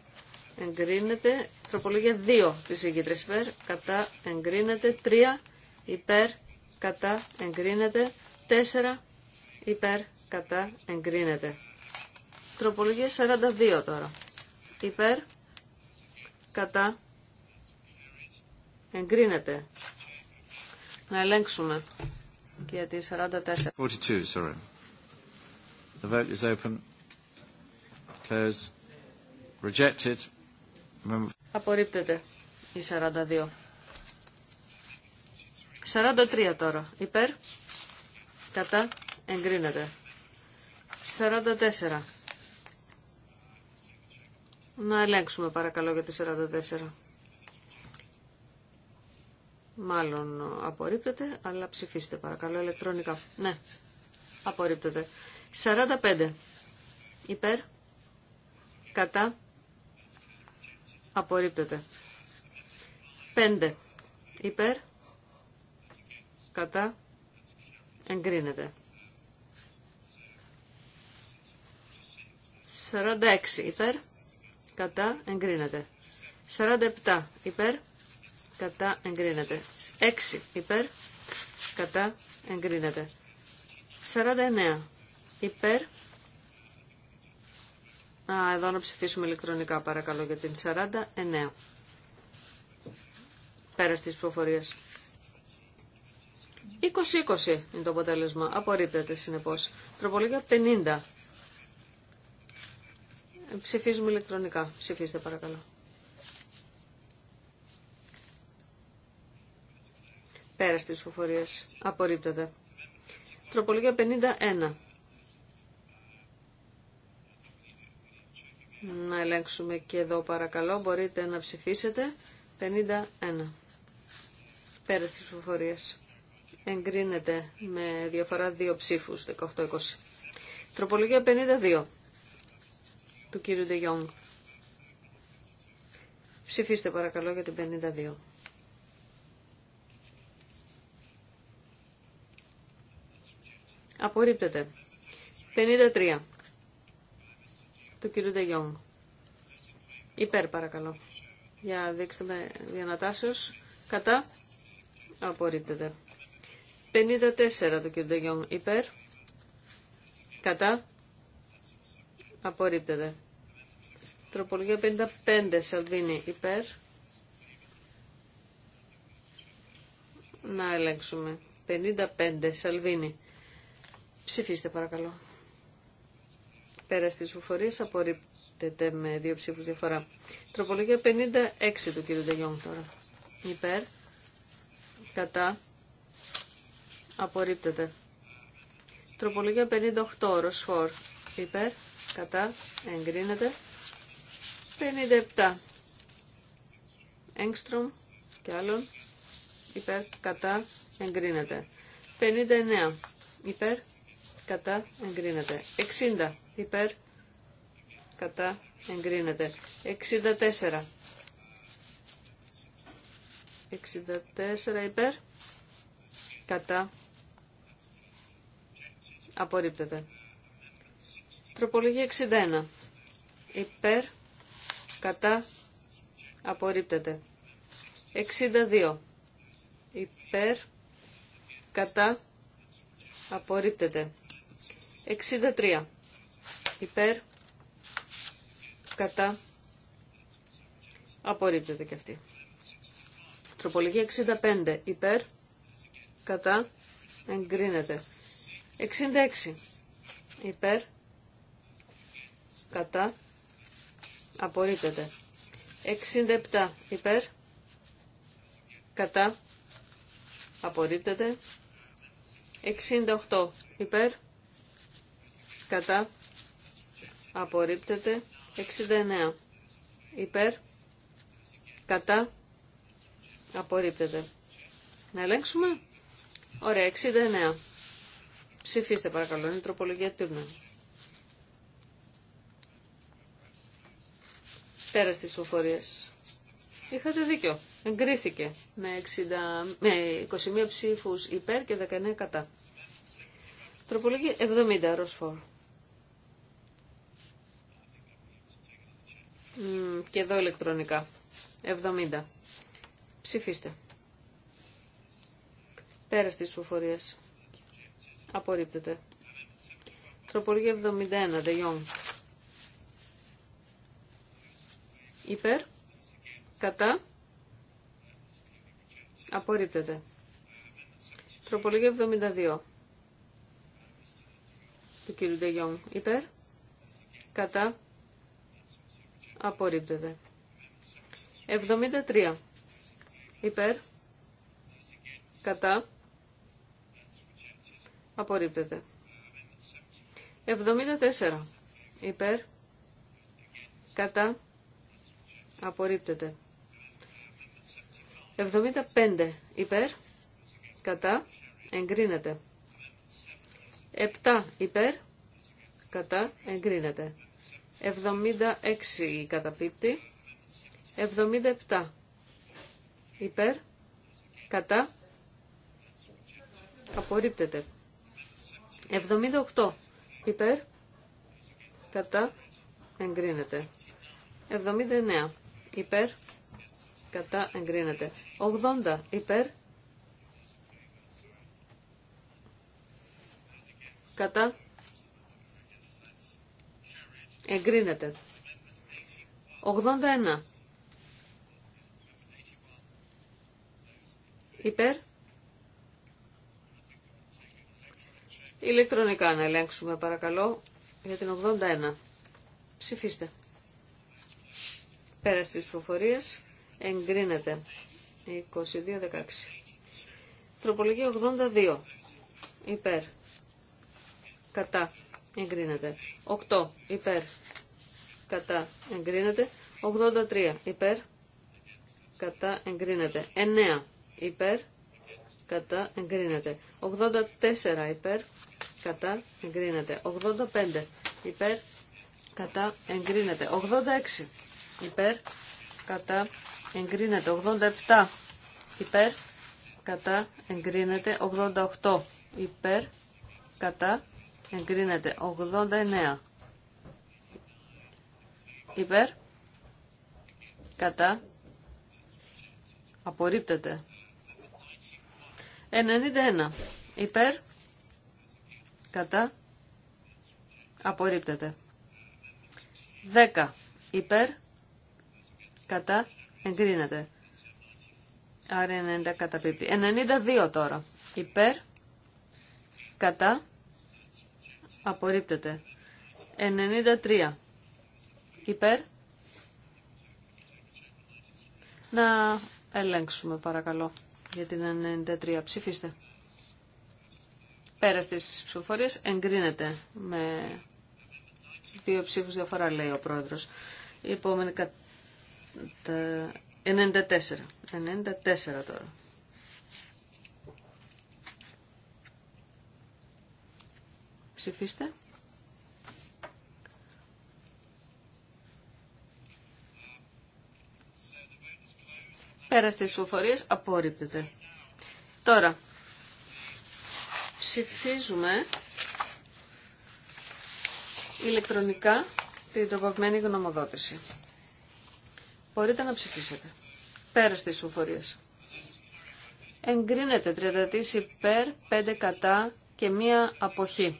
Εγκρίνεται. Τροπολογία 2 της ηγήτρες υπέρ. Κατά. Εγκρίνεται. 3. Υπέρ. Κατά. Εγκρίνεται. 4. Υπέρ. Κατά. Εγκρίνεται. Τροπολογία 42 τώρα. Υπέρ. Κατά Εγκρίνεται. Να ελέγξουμε. Και για τη 44. 42, Απορρίπτεται η 42. 43 τώρα. Υπέρ. Κατά. Εγκρίνεται. 44. Να ελέγξουμε παρακαλώ για τη 44. Μάλλον απορρίπτεται, αλλά ψηφίστε παρακαλώ ηλεκτρονικά. Ναι, απορρίπτεται. 45. Υπέρ. Κατά. Απορρίπτεται. 5. Υπέρ. Κατά. Εγκρίνεται. 46. Υπέρ. Κατά. Εγκρίνεται. 47. Υπέρ κατά εγκρίνεται. 6 υπέρ, κατά εγκρίνεται. 49 υπέρ. Α, εδώ να ψηφίσουμε ηλεκτρονικά παρακαλώ για την 49. Πέρα στις προφορίες. 20-20 είναι το αποτέλεσμα. Απορρίπτεται συνεπώς. Τροπολογία 50. Ψηφίζουμε ηλεκτρονικά. Ψηφίστε παρακαλώ. Πέρα στις ψηφοφορίες. Απορρίπτεται. Τροπολογία 51. Να ελέγξουμε και εδώ παρακαλώ. Μπορείτε να ψηφίσετε. 51. Πέρα στις ψηφοφορίες. Εγκρίνεται με διαφορά δύο ψήφους, 18-20. Τροπολογία 52 του κύριου Ντεγιόγκ. Ψηφίστε παρακαλώ για την 52. Απορρίπτεται. 53. Του κυρίου Τεγιόν. Υπέρ παρακαλώ. Για δείξτε με διανατάσεως. Κατά. Απορρίπτεται. 54 του κύριου Τεγιόν. Υπέρ. Κατά. Απορρίπτεται. Τροπολογία 55 Σαλβίνη. Υπέρ. Να ελέγξουμε. 55 Σαλβίνη. Ψηφίστε παρακαλώ. Πέρα στις ψηφοφορίες απορρίπτεται με δύο ψήφους διαφορά. Τροπολογία 56 του κ. Ντεγιόγκ τώρα. Υπέρ. Κατά. Απορρίπτεται. Τροπολογία 58. Ροσφόρ. Υπέρ. Κατά. Εγκρίνεται. 57. Έγκστρομ και άλλων. Υπέρ. Κατά. Εγκρίνεται. 59. Υπέρ κατά εγκρίνεται. 60 υπέρ κατά εγκρίνεται. 64 64 υπέρ κατά απορρίπτεται. Τροπολογία 61 υπέρ κατά απορρίπτεται. 62 υπέρ κατά απορρίπτεται. 63 υπέρ κατά απορρίπτεται και αυτή. Τροπολογία 65 υπέρ κατά εγκρίνεται. 66 υπέρ κατά απορρίπτεται. 67 υπέρ κατά απορρίπτεται. 68 υπέρ κατά απορρίπτεται 69 υπέρ κατά απορρίπτεται να ελέγξουμε ωραία 69 ψηφίστε παρακαλώ είναι τροπολογία τύρνα πέρας της ψηφοφορίας είχατε δίκιο εγκρίθηκε με, 60, με 21 ψήφους υπέρ και 19 κατά Τροπολογία 70 Ροσφόρ. Και εδώ ηλεκτρονικά. 70. Ψηφίστε. Πέρα τη ψηφοφορία. Απορρίπτεται. Τροπολογία 71. Δε Υπέρ. Κατά. Απορρίπτεται. Τροπολογία 72. Του κύριου Ντεγιόν. Υπέρ. Κατά απορρίπτεται. 73 υπέρ, κατά, απορρίπτεται. 74 υπέρ, κατά, απορρίπτεται. 75 υπέρ, κατά, εγκρίνεται. 7 υπέρ, κατά, εγκρίνεται. 76 η καταπίπτει. 77 υπέρ. Κατά. Απορρίπτεται. 78 υπέρ. Κατά. Εγκρίνεται. 79 υπέρ. Κατά. Εγκρίνεται. 80 υπέρ. Κατά. Εγκρίνεται. 81. Υπέρ. Ηλεκτρονικά να ελέγξουμε παρακαλώ για την 81. Ψηφίστε. Πέρα στις προφορίες εγκρίνεται. 22-16. Τροπολογία 82. Υπέρ. Κατά εγκρίνεται. 8 υπέρ κατά εγκρίνεται. 83 υπέρ κατά εγκρίνεται. 9 υπέρ κατά εγκρίνεται. 84 υπέρ κατά εγκρίνεται. 85 υπέρ κατά εγκρίνεται. 86 υπέρ κατά εγκρίνεται. 87 υπέρ κατά εγκρίνεται. 88 υπέρ κατά Εγκρίνεται. 89. Υπέρ. Κατά. Απορρίπτεται. 91. Υπέρ. Κατά. Απορρίπτεται. 10. Υπέρ. Κατά. Εγκρίνεται. Άρα 90 καταπίπτει. 92 τώρα. Υπέρ. Κατά. Απορρίπτεται. 93. Υπέρ. Να ελέγξουμε παρακαλώ για την 93. Ψηφίστε. Πέρα στις ψηφοφορία εγκρίνεται με δύο ψήφου διαφορά, λέει ο πρόεδρο. Η επόμενη. κατ 94. 94 τώρα. Ψηφίστε. Πέρα στις ψηφοφορίες απορρίπτεται. Τώρα, ψηφίζουμε ηλεκτρονικά την τροποποιημένη γνωμοδότηση. Μπορείτε να ψηφίσετε. Πέρα στις ψηφοφορίες. Εγκρίνεται 33 υπέρ, 5 κατά και μία αποχή.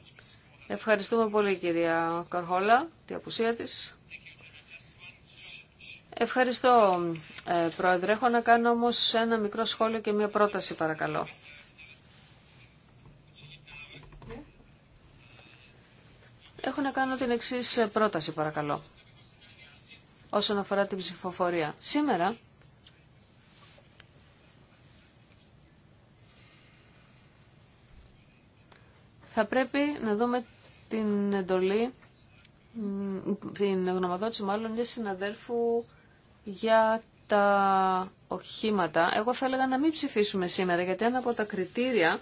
Ευχαριστούμε πολύ κυρία Καρχόλα, την απουσία της. Ευχαριστώ, ε, Πρόεδρε. Έχω να κάνω όμως ένα μικρό σχόλιο και μία πρόταση, παρακαλώ. Έχω να κάνω την εξής πρόταση, παρακαλώ, όσον αφορά την ψηφοφορία. Σήμερα θα πρέπει να δούμε την εντολή, την γνωμοδότηση μάλλον μια συναδέλφου για τα οχήματα. Εγώ θα έλεγα να μην ψηφίσουμε σήμερα, γιατί ένα από τα κριτήρια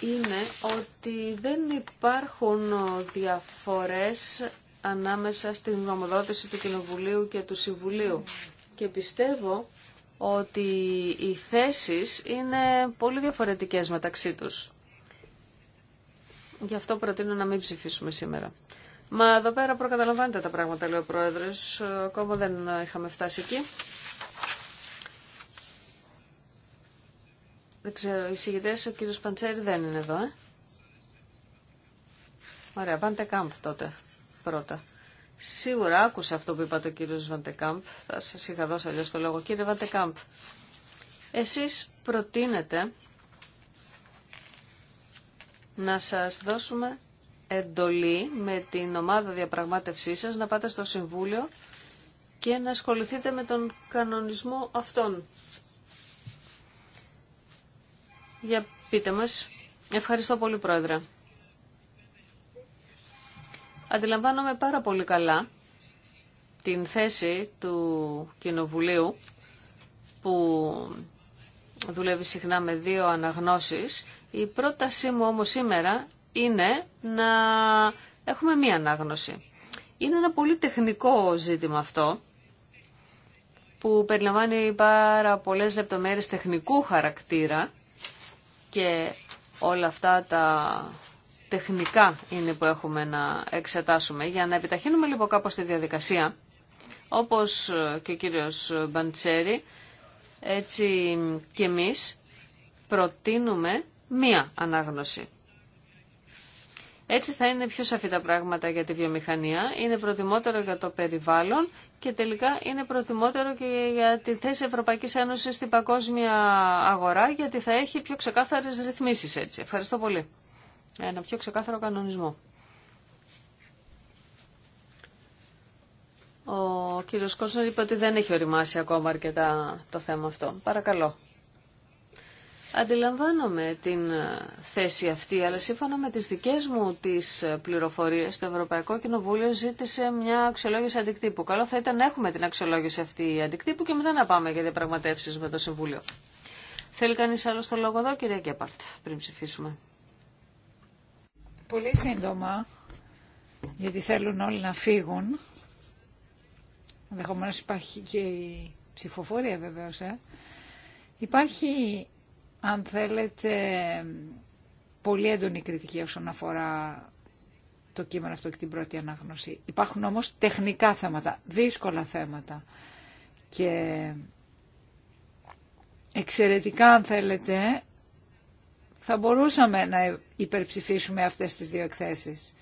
είναι ότι δεν υπάρχουν διαφορές ανάμεσα στην γνωμοδότηση του Κοινοβουλίου και του Συμβουλίου. Και πιστεύω ότι οι θέσεις είναι πολύ διαφορετικές μεταξύ τους. Γι' αυτό προτείνω να μην ψηφίσουμε σήμερα. Μα εδώ πέρα προκαταλαμβάνετε τα πράγματα, λέει ο Πρόεδρο. Ακόμα δεν είχαμε φτάσει εκεί. Δεν ξέρω, οι ο κύριο Παντσέρη δεν είναι εδώ, ε. Ωραία, κάμπ τότε πρώτα. Σίγουρα άκουσα αυτό που είπα ο κύριος Βαντεκάμπ. Θα σας είχα δώσει αλλιώ το λόγο. Κύριε Βαντεκάμπ, Εσεί προτείνετε να σας δώσουμε εντολή με την ομάδα διαπραγμάτευσής σας να πάτε στο Συμβούλιο και να ασχοληθείτε με τον κανονισμό αυτών. Για πείτε μας. Ευχαριστώ πολύ Πρόεδρε. Αντιλαμβάνομαι πάρα πολύ καλά την θέση του Κοινοβουλίου που δουλεύει συχνά με δύο αναγνώσεις η πρότασή μου όμως σήμερα είναι να έχουμε μία ανάγνωση. Είναι ένα πολύ τεχνικό ζήτημα αυτό που περιλαμβάνει πάρα πολλές λεπτομέρειες τεχνικού χαρακτήρα και όλα αυτά τα τεχνικά είναι που έχουμε να εξετάσουμε. Για να επιταχύνουμε λίγο λοιπόν κάπως τη διαδικασία, όπως και ο κύριος Μπαντσέρη, έτσι και εμείς προτείνουμε μία ανάγνωση. Έτσι θα είναι πιο σαφή τα πράγματα για τη βιομηχανία, είναι προτιμότερο για το περιβάλλον και τελικά είναι προτιμότερο και για τη θέση Ευρωπαϊκής Ένωσης στην παγκόσμια αγορά, γιατί θα έχει πιο ξεκάθαρες ρυθμίσεις έτσι. Ευχαριστώ πολύ. Ένα πιο ξεκάθαρο κανονισμό. Ο κύριος Κόσνερ είπε ότι δεν έχει οριμάσει ακόμα αρκετά το θέμα αυτό. Παρακαλώ. Αντιλαμβάνομαι την ε, θέση αυτή, αλλά σύμφωνα με τις δικές μου τις ε, πληροφορίες, το Ευρωπαϊκό Κοινοβούλιο ζήτησε μια αξιολόγηση αντικτύπου. Καλό θα ήταν να έχουμε την αξιολόγηση αυτή αντικτύπου και μετά να πάμε για διαπραγματεύσεις με το Συμβούλιο. Θέλει κανείς άλλο το λόγο εδώ, κυρία Κέπαρτ, πριν ψηφίσουμε. Πολύ σύντομα, γιατί θέλουν όλοι να φύγουν. Ενδεχομένω υπάρχει και η ψηφοφορία βεβαίως. Ε. Υπάρχει αν θέλετε, πολύ έντονη κριτική όσον αφορά το κείμενο αυτό και την πρώτη ανάγνωση. Υπάρχουν όμως τεχνικά θέματα, δύσκολα θέματα και εξαιρετικά αν θέλετε θα μπορούσαμε να υπερψηφίσουμε αυτές τις δύο εκθέσεις.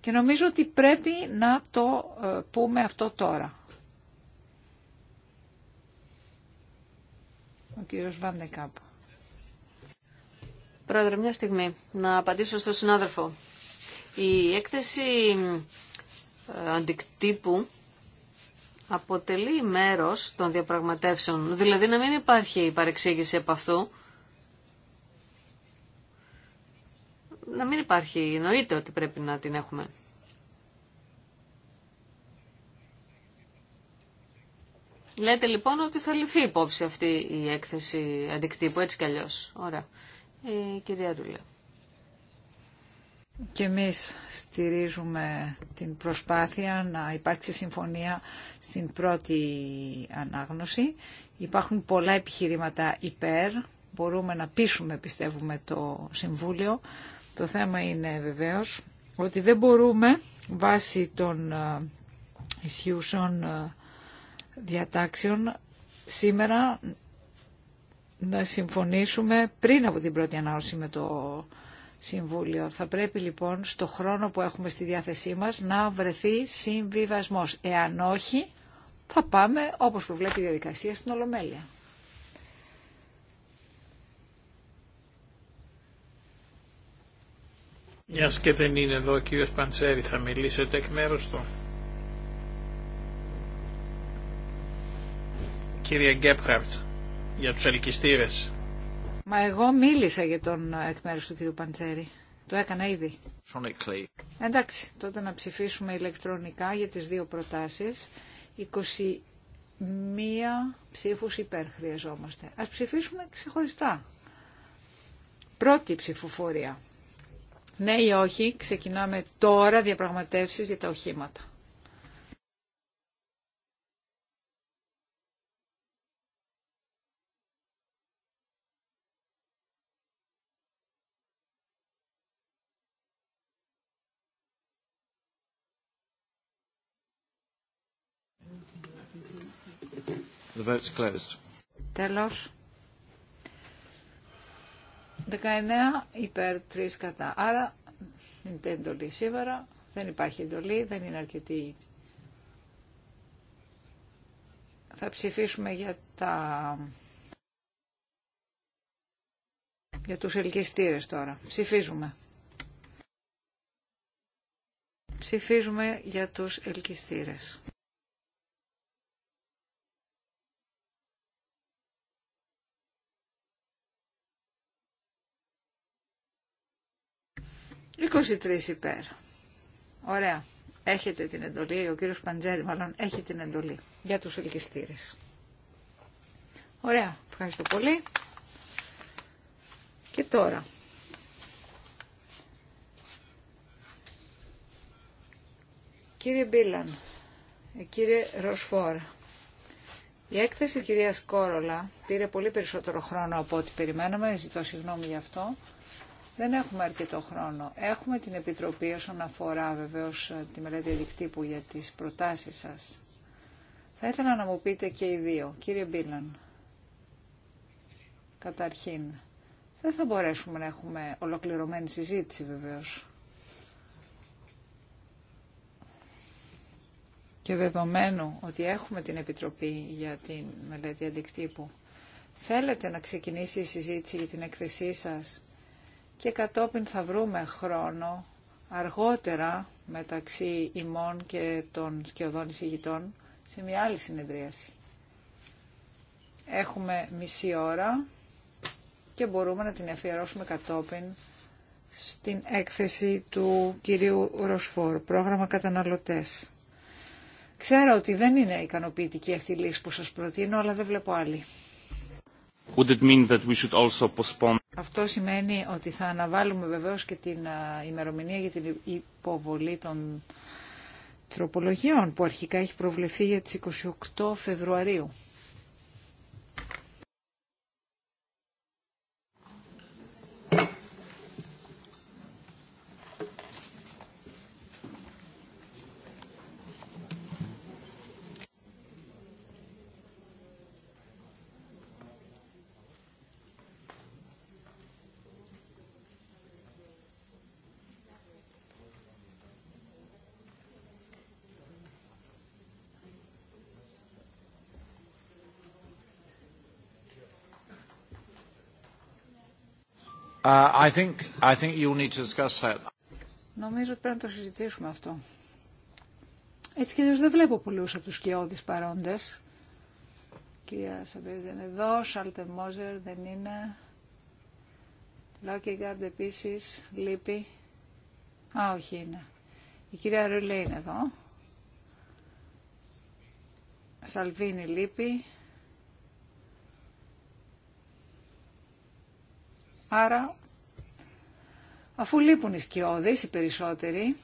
Και νομίζω ότι πρέπει να το ε, πούμε αυτό τώρα. Ο κύριος Βαντεκάπα. Πρόεδρε, μια στιγμή να απαντήσω στον συνάδελφο. Η έκθεση ε, αντικτύπου αποτελεί μέρος των διαπραγματεύσεων. Δηλαδή να μην υπάρχει παρεξήγηση από αυτού. Να μην υπάρχει. Εννοείται ότι πρέπει να την έχουμε. Λέτε λοιπόν ότι θα ληφθεί υπόψη αυτή η έκθεση αντικτύπου, έτσι κι αλλιώς. Ωραία η κυρία Και εμείς στηρίζουμε την προσπάθεια να υπάρξει συμφωνία στην πρώτη ανάγνωση. Υπάρχουν πολλά επιχειρήματα υπέρ. Μπορούμε να πείσουμε, πιστεύουμε, το Συμβούλιο. Το θέμα είναι βεβαίως ότι δεν μπορούμε βάσει των ε, ισχύουσων ε, διατάξεων σήμερα να συμφωνήσουμε πριν από την πρώτη ανάωση με το Συμβούλιο. Θα πρέπει λοιπόν στο χρόνο που έχουμε στη διάθεσή μας να βρεθεί συμβιβασμός. Εάν όχι, θα πάμε όπως προβλέπει η διαδικασία στην Ολομέλεια. Μια και δεν είναι εδώ ο θα μιλήσετε εκ μέρους του. Κύριε Γκέπχαρτ για τους ελκυστήρες. Μα εγώ μίλησα για τον εκ μέρους του κύριου Παντσέρη. Το έκανα ήδη. Εντάξει, τότε να ψηφίσουμε ηλεκτρονικά για τις δύο προτάσεις. 21 ψήφους υπέρ χρειαζόμαστε. Ας ψηφίσουμε ξεχωριστά. Πρώτη ψηφοφορία. Ναι ή όχι, ξεκινάμε τώρα διαπραγματεύσεις για τα οχήματα. The vote's closed. Τέλος. 19 υπέρ 3 κατά. Άρα δεν είναι εντολή σήμερα. Δεν υπάρχει εντολή, δεν είναι αρκετή. Θα ψηφίσουμε για τα... Για τους ελκυστήρες τώρα. Ψηφίζουμε. Ψηφίζουμε για τους ελκυστήρες. 23 υπέρ. Ωραία. Έχετε την εντολή, ο κύριος Παντζέρη μάλλον έχει την εντολή για τους ελκυστήρες. Ωραία, ευχαριστώ πολύ. Και τώρα. Κύριε Μπίλαν, ε, κύριε Ροσφόρα, η έκθεση κυρίας Κόρολα πήρε πολύ περισσότερο χρόνο από ό,τι περιμέναμε, ζητώ συγγνώμη γι' αυτό. Δεν έχουμε αρκετό χρόνο. Έχουμε την Επιτροπή όσον αφορά βεβαίως τη μελέτη αντικτύπου για τις προτάσεις σας. Θα ήθελα να μου πείτε και οι δύο. Κύριε Μπίλαν, καταρχήν, δεν θα μπορέσουμε να έχουμε ολοκληρωμένη συζήτηση βεβαίως. Και δεδομένου ότι έχουμε την Επιτροπή για τη μελέτη αντικτύπου, θέλετε να ξεκινήσει η συζήτηση για την έκθεσή σας και κατόπιν θα βρούμε χρόνο αργότερα μεταξύ ημών και των σκιωδών εισηγητών σε μια άλλη συνεδρίαση. Έχουμε μισή ώρα και μπορούμε να την αφιερώσουμε κατόπιν στην έκθεση του κυρίου Ροσφόρ, πρόγραμμα καταναλωτές. Ξέρω ότι δεν είναι ικανοποιητική αυτή η λύση που σας προτείνω, αλλά δεν βλέπω άλλη. Αυτό σημαίνει ότι θα αναβάλουμε βεβαίως και την ημερομηνία για την υποβολή των τροπολογιών που αρχικά έχει προβλεφθεί για τις 28 Φεβρουαρίου. Νομίζω ότι πρέπει να το συζητήσουμε αυτό. Έτσι και δεν βλέπω πολλούς από τους σκιώδεις παρόντες. Κυρία Σαμπρίζ δεν είναι εδώ, Σάλτερ Μόζερ δεν είναι. Λόκεγκαρντ επίσης, λείπει. Α, όχι είναι. Η κυρία Ρουλέ είναι εδώ. Σαλβίνη λείπει. Άρα, αφού λείπουν οι σκιώδεις, οι περισσότεροι,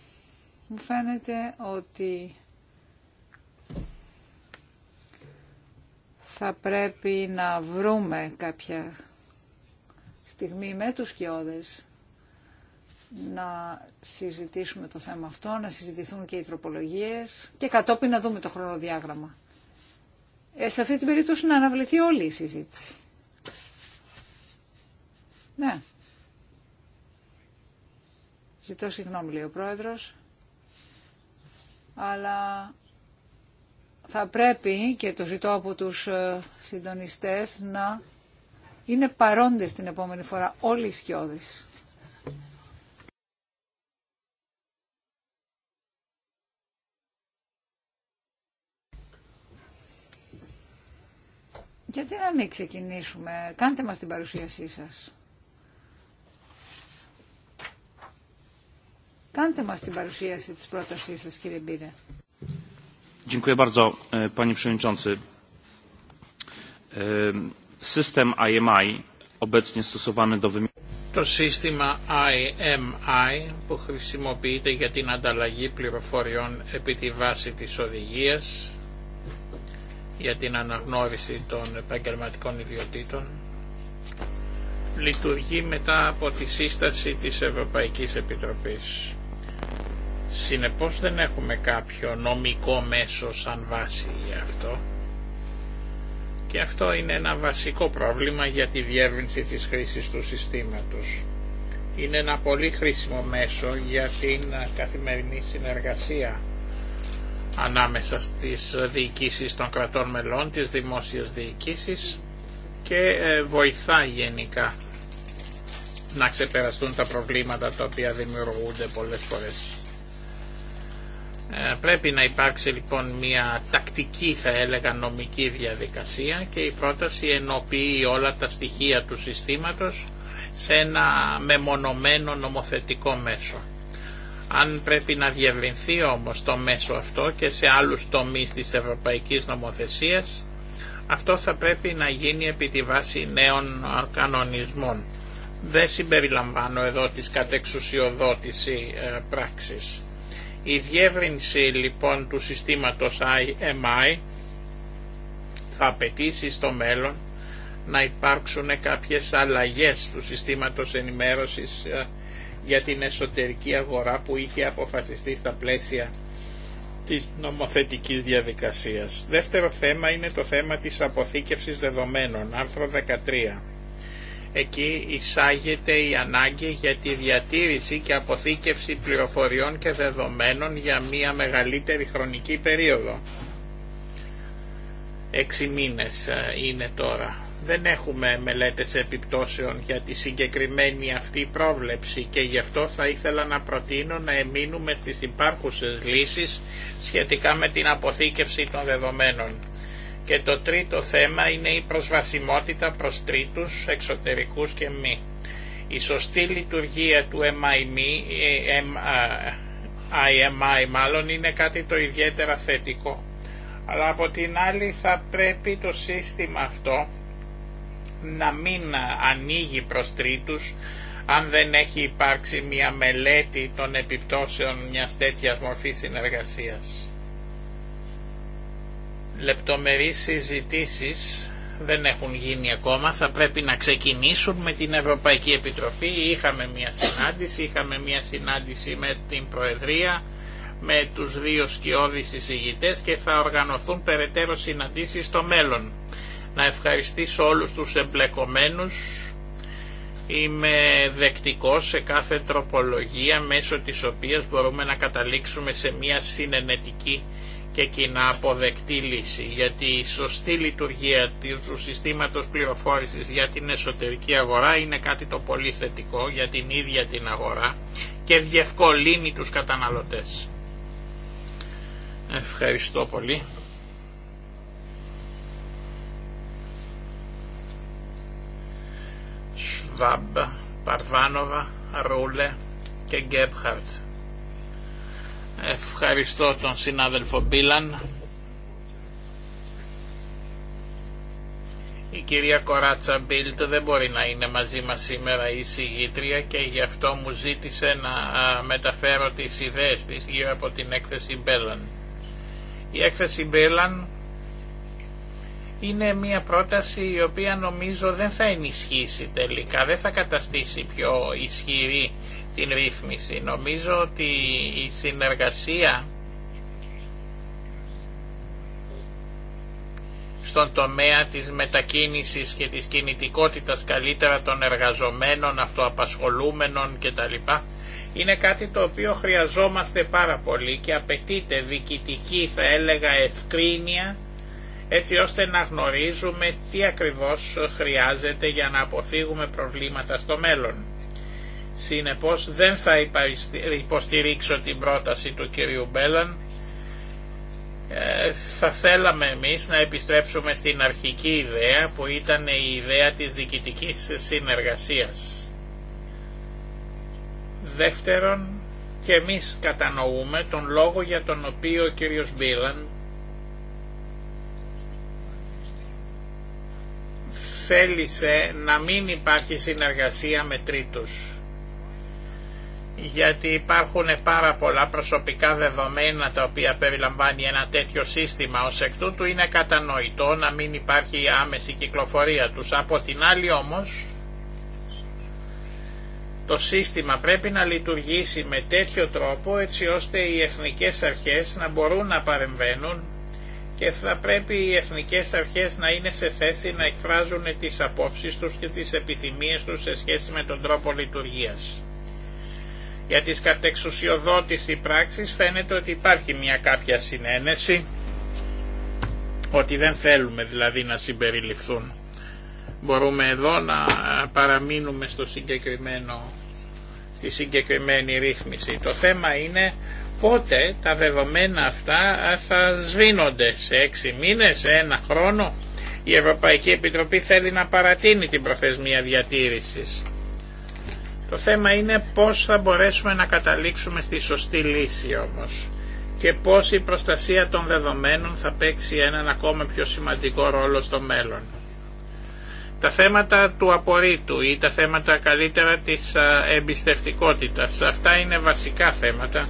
μου φαίνεται ότι θα πρέπει να βρούμε κάποια στιγμή με τους σκιώδες να συζητήσουμε το θέμα αυτό, να συζητηθούν και οι τροπολογίες και κατόπιν να δούμε το χρονοδιάγραμμα. Ε, σε αυτή την περίπτωση να αναβληθεί όλη η συζήτηση. Ναι. Ζητώ συγγνώμη, λέει ο Πρόεδρος, αλλά θα πρέπει, και το ζητώ από τους ε, συντονιστές, να είναι παρόντες την επόμενη φορά όλοι οι σκιώδεις. Γιατί να μην ξεκινήσουμε. Κάντε μας την παρουσίασή σας. Κάντε μας την παρουσίαση της πρότασής σας, κύριε Μπίδε. E, e, το σύστημα IMI που χρησιμοποιείται για την ανταλλαγή πληροφοριών επί τη βάση της οδηγίας για την αναγνώριση των επαγγελματικών ιδιωτήτων λειτουργεί μετά από τη σύσταση της Ευρωπαϊκής Επιτροπής. Συνεπώς δεν έχουμε κάποιο νομικό μέσο σαν βάση για αυτό και αυτό είναι ένα βασικό πρόβλημα για τη διεύρυνση της χρήσης του συστήματος. Είναι ένα πολύ χρήσιμο μέσο για την ε, καθημερινή συνεργασία ανάμεσα στις διοικήσεις των κρατών μελών, τις δημόσιες διοικήσεις και ε, βοηθά γενικά να ξεπεραστούν τα προβλήματα τα οποία δημιουργούνται πολλές φορές. Ε, πρέπει να υπάρξει λοιπόν μια τακτική θα έλεγα νομική διαδικασία και η πρόταση ενοποιεί όλα τα στοιχεία του συστήματος σε ένα μεμονωμένο νομοθετικό μέσο. Αν πρέπει να διευρυνθεί όμως το μέσο αυτό και σε άλλους τομείς της ευρωπαϊκής νομοθεσίας, αυτό θα πρέπει να γίνει επί τη βάση νέων κανονισμών. Δεν συμπεριλαμβάνω εδώ τις κατεξουσιοδότηση ε, πράξης. Η διεύρυνση λοιπόν του συστήματος IMI θα απαιτήσει στο μέλλον να υπάρξουν κάποιες αλλαγές του συστήματος ενημέρωσης ε, για την εσωτερική αγορά που είχε αποφασιστεί στα πλαίσια της νομοθετικής διαδικασίας. Δεύτερο θέμα είναι το θέμα της αποθήκευσης δεδομένων, άρθρο 13. Εκεί εισάγεται η ανάγκη για τη διατήρηση και αποθήκευση πληροφοριών και δεδομένων για μια μεγαλύτερη χρονική περίοδο. Έξι μήνες ε, είναι τώρα. Δεν έχουμε μελέτες επιπτώσεων για τη συγκεκριμένη αυτή πρόβλεψη και γι' αυτό θα ήθελα να προτείνω να εμείνουμε στις υπάρχουσες λύσεις σχετικά με την αποθήκευση των δεδομένων. Και το τρίτο θέμα είναι η προσβασιμότητα προς τρίτους, εξωτερικούς και μη. Η σωστή λειτουργία του MIMI, IMI ε, μάλλον είναι κάτι το ιδιαίτερα θετικό. Αλλά από την άλλη θα πρέπει το σύστημα αυτό να μην ανοίγει προς τρίτους αν δεν έχει υπάρξει μια μελέτη των επιπτώσεων μιας τέτοιας μορφής συνεργασίας λεπτομερείς συζητήσεις δεν έχουν γίνει ακόμα, θα πρέπει να ξεκινήσουν με την Ευρωπαϊκή Επιτροπή. Είχαμε μια συνάντηση, είχαμε μια συνάντηση με την Προεδρία, με τους δύο σκιώδεις συζητητές και θα οργανωθούν περαιτέρω συναντήσεις στο μέλλον. Να ευχαριστήσω όλους τους εμπλεκομένους. Είμαι δεκτικό σε κάθε τροπολογία μέσω της οποίας μπορούμε να καταλήξουμε σε μια συνενετική και κοινά αποδεκτή λύση, γιατί η σωστή λειτουργία του συστήματος πληροφόρησης για την εσωτερική αγορά είναι κάτι το πολύ θετικό για την ίδια την αγορά και διευκολύνει τους καταναλωτές. Ευχαριστώ πολύ. Παρβάνοβα, Ρούλε και Γκέπχαρτ. Ευχαριστώ τον συνάδελφο Μπίλαν. Η κυρία Κοράτσα Μπίλτ δεν μπορεί να είναι μαζί μας σήμερα η συγγήτρια και γι' αυτό μου ζήτησε να μεταφέρω τις ιδέες της γύρω από την έκθεση Μπέλαν. Η έκθεση Μπέλαν είναι μια πρόταση η οποία νομίζω δεν θα ενισχύσει τελικά, δεν θα καταστήσει πιο ισχυρή την Νομίζω ότι η συνεργασία στον τομέα της μετακίνησης και της κινητικότητας καλύτερα των εργαζομένων, αυτοαπασχολούμενων κτλ. Είναι κάτι το οποίο χρειαζόμαστε πάρα πολύ και απαιτείται διοικητική θα έλεγα ευκρίνεια έτσι ώστε να γνωρίζουμε τι ακριβώς χρειάζεται για να αποφύγουμε προβλήματα στο μέλλον. Συνεπώς δεν θα υποστηρίξω την πρόταση του κυρίου Μπέλαν. Ε, θα θέλαμε εμείς να επιστρέψουμε στην αρχική ιδέα που ήταν η ιδέα της διοικητικής συνεργασίας. Δεύτερον, και εμείς κατανοούμε τον λόγο για τον οποίο ο κύριος Μπίλαν θέλησε να μην υπάρχει συνεργασία με τρίτους γιατί υπάρχουν πάρα πολλά προσωπικά δεδομένα τα οποία περιλαμβάνει ένα τέτοιο σύστημα ως εκ τούτου είναι κατανοητό να μην υπάρχει άμεση κυκλοφορία τους. Από την άλλη όμως το σύστημα πρέπει να λειτουργήσει με τέτοιο τρόπο έτσι ώστε οι εθνικές αρχές να μπορούν να παρεμβαίνουν και θα πρέπει οι εθνικές αρχές να είναι σε θέση να εκφράζουν τις απόψεις τους και τις επιθυμίες τους σε σχέση με τον τρόπο λειτουργίας. Για τις κατεξουσιοδότηση πράξεις φαίνεται ότι υπάρχει μια κάποια συνένεση, ότι δεν θέλουμε δηλαδή να συμπεριληφθούν. Μπορούμε εδώ να παραμείνουμε στο συγκεκριμένο, στη συγκεκριμένη ρύθμιση. Το θέμα είναι πότε τα δεδομένα αυτά θα σβήνονται σε έξι μήνες, σε ένα χρόνο. Η Ευρωπαϊκή Επιτροπή θέλει να παρατείνει την προθεσμία διατήρησης. Το θέμα είναι πώς θα μπορέσουμε να καταλήξουμε στη σωστή λύση όμως και πώς η προστασία των δεδομένων θα παίξει έναν ακόμα πιο σημαντικό ρόλο στο μέλλον. Τα θέματα του απορρίτου ή τα θέματα καλύτερα της εμπιστευτικότητας, αυτά είναι βασικά θέματα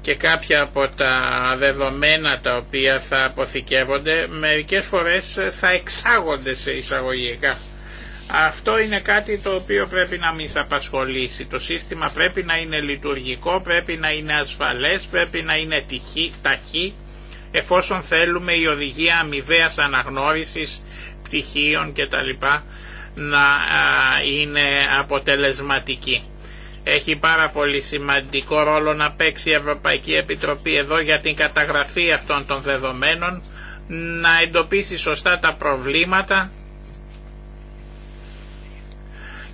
και κάποια από τα δεδομένα τα οποία θα αποθηκεύονται μερικές φορές θα εξάγονται σε εισαγωγικά. Αυτό είναι κάτι το οποίο πρέπει να μην απασχολήσει. Το σύστημα πρέπει να είναι λειτουργικό, πρέπει να είναι ασφαλές, πρέπει να είναι τυχή, ταχύ εφόσον θέλουμε η οδηγία αμοιβαία αναγνώρισης πτυχίων κτλ να είναι αποτελεσματική έχει πάρα πολύ σημαντικό ρόλο να παίξει η Ευρωπαϊκή Επιτροπή εδώ για την καταγραφή αυτών των δεδομένων, να εντοπίσει σωστά τα προβλήματα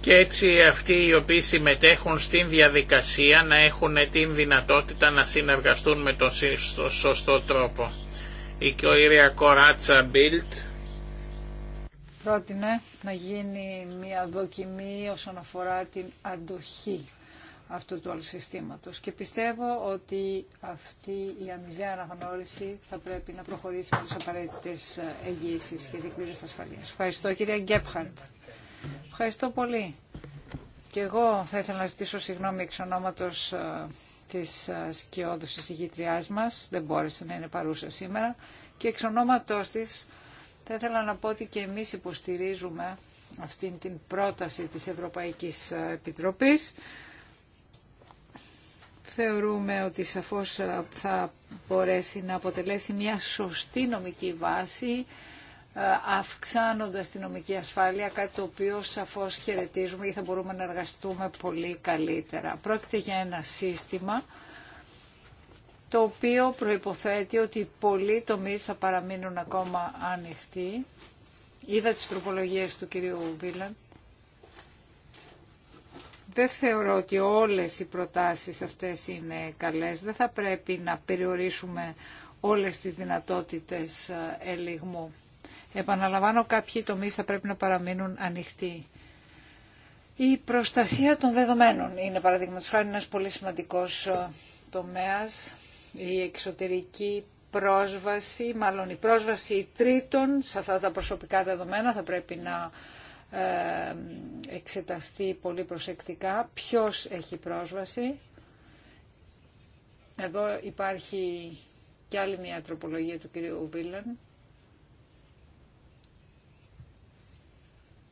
και έτσι αυτοί οι οποίοι συμμετέχουν στην διαδικασία να έχουν την δυνατότητα να συνεργαστούν με τον σωστό τρόπο. Η κυρία Κοράτσα Μπίλτ πρότεινε να γίνει μια δοκιμή όσον αφορά την αντοχή αυτού του όλου συστήματος. Και πιστεύω ότι αυτή η αμοιβαία αναγνώριση θα πρέπει να προχωρήσει με τις απαραίτητες εγγύησεις και δικλείδες ασφαλείας. Ευχαριστώ κυρία Γκέπχαρντ. Ευχαριστώ πολύ. Και εγώ θα ήθελα να ζητήσω συγγνώμη εξ ονόματος ε, της ε, σκιώδους εισηγήτριάς μας, δεν μπόρεσε να είναι παρούσα σήμερα, και εξ ονόματός της θα ήθελα να πω ότι και εμείς υποστηρίζουμε αυτήν την πρόταση της Ευρωπαϊκής ε, Επιτροπής θεωρούμε ότι σαφώς ε, θα μπορέσει να αποτελέσει μια σωστή νομική βάση ε, αυξάνοντας τη νομική ασφάλεια, κάτι το οποίο σαφώς χαιρετίζουμε ή θα μπορούμε να εργαστούμε πολύ καλύτερα. Πρόκειται για ένα σύστημα το οποίο προϋποθέτει ότι πολλοί τομείς θα παραμείνουν ακόμα ανοιχτοί. Είδα τις τροπολογίες του κυρίου Βίλαντ δεν θεωρώ ότι όλες οι προτάσεις αυτές είναι καλές. Δεν θα πρέπει να περιορίσουμε όλες τις δυνατότητες ε, ελιγμού. Επαναλαμβάνω, κάποιοι τομείς θα πρέπει να παραμείνουν ανοιχτοί. Η προστασία των δεδομένων είναι παραδείγματος χάρη ένας πολύ σημαντικός ε, τομέας. Η εξωτερική πρόσβαση, μάλλον η πρόσβαση τρίτων σε αυτά τα προσωπικά δεδομένα θα πρέπει να ε, εξεταστεί πολύ προσεκτικά ποιος έχει πρόσβαση. Εδώ υπάρχει και άλλη μια τροπολογία του κυρίου Βίλαν.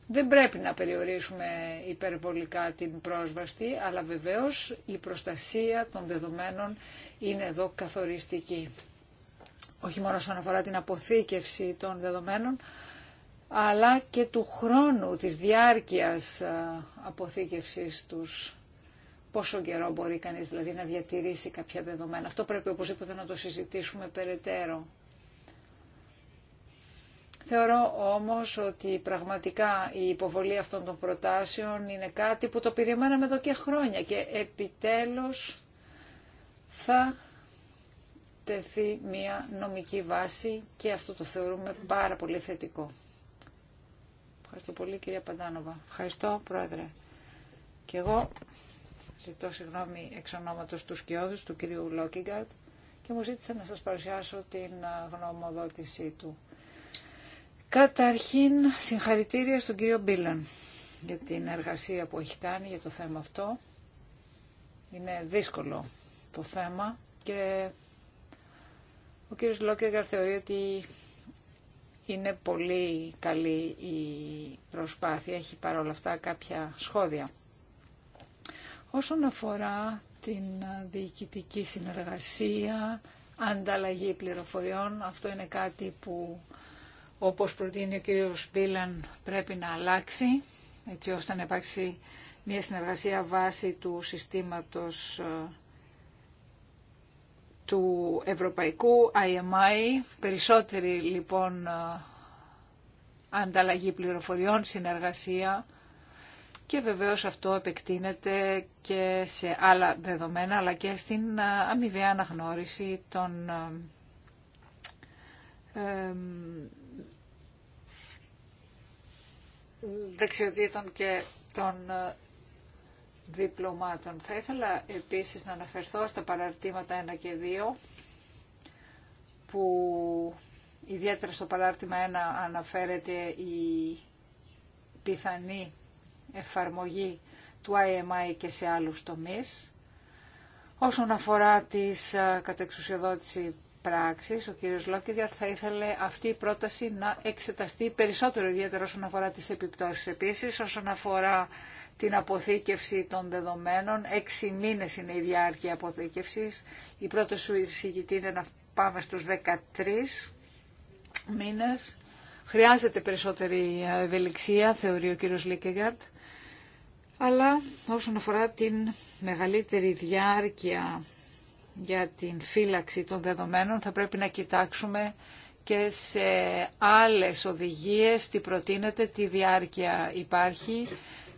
Δεν πρέπει να περιορίσουμε υπερβολικά την πρόσβαση, αλλά βεβαίως η προστασία των δεδομένων είναι εδώ καθοριστική. Όχι μόνο όσον αφορά την αποθήκευση των δεδομένων, αλλά και του χρόνου, της διάρκειας ε, αποθήκευσης τους. Πόσο καιρό μπορεί κανείς δηλαδή να διατηρήσει κάποια δεδομένα. Αυτό πρέπει οπωσδήποτε να το συζητήσουμε περαιτέρω. Θεωρώ όμως ότι πραγματικά η υποβολή αυτών των προτάσεων είναι κάτι που το περιμέναμε εδώ και χρόνια και επιτέλους θα τεθεί μια νομική βάση και αυτό το θεωρούμε πάρα πολύ θετικό. Ευχαριστώ πολύ κυρία Παντάνοβα. Ευχαριστώ πρόεδρε. Και εγώ ζητώ συγγνώμη εξ ονόματος του σκιώδους του κυρίου Λόκιγκαρτ και μου ζήτησε να σας παρουσιάσω την γνωμοδότησή του. Καταρχήν συγχαρητήρια στον κύριο Μπίλαν για την εργασία που έχει κάνει για το θέμα αυτό. Είναι δύσκολο το θέμα και ο κύριος Λόκιγκαρτ θεωρεί ότι είναι πολύ καλή η προσπάθεια, έχει παρόλα αυτά κάποια σχόδια. Όσον αφορά την διοικητική συνεργασία, ανταλλαγή πληροφοριών, αυτό είναι κάτι που όπως προτείνει ο κύριος Μπίλαν πρέπει να αλλάξει, έτσι ώστε να υπάρξει μια συνεργασία βάση του συστήματος ε, του Ευρωπαϊκού IMI, περισσότερη λοιπόν ε, ανταλλαγή πληροφοριών, συνεργασία και βεβαίως αυτό επεκτείνεται και σε άλλα δεδομένα αλλά και στην ε, αμοιβαία αναγνώριση των ε, δεξιοτήτων και των διπλωμάτων. Θα ήθελα επίσης να αναφερθώ στα παραρτήματα 1 και 2 που ιδιαίτερα στο παράρτημα 1 αναφέρεται η πιθανή εφαρμογή του IMI και σε άλλους τομείς. Όσον αφορά τις κατεξουσιοδότηση πράξης, ο κύριος Λόκεγκερ θα ήθελε αυτή η πρόταση να εξεταστεί περισσότερο ιδιαίτερα όσον αφορά τις επιπτώσεις. Επίσης, όσον αφορά την αποθήκευση των δεδομένων. Έξι μήνες είναι η διάρκεια αποθήκευσης. Η πρώτη σου εισηγητή είναι να πάμε στους 13 μήνες. Χρειάζεται περισσότερη ευελιξία, θεωρεί ο κύριος Λίκεγκαρτ. Αλλά όσον αφορά την μεγαλύτερη διάρκεια για την φύλαξη των δεδομένων θα πρέπει να κοιτάξουμε και σε άλλες οδηγίες τι προτείνεται, τι διάρκεια υπάρχει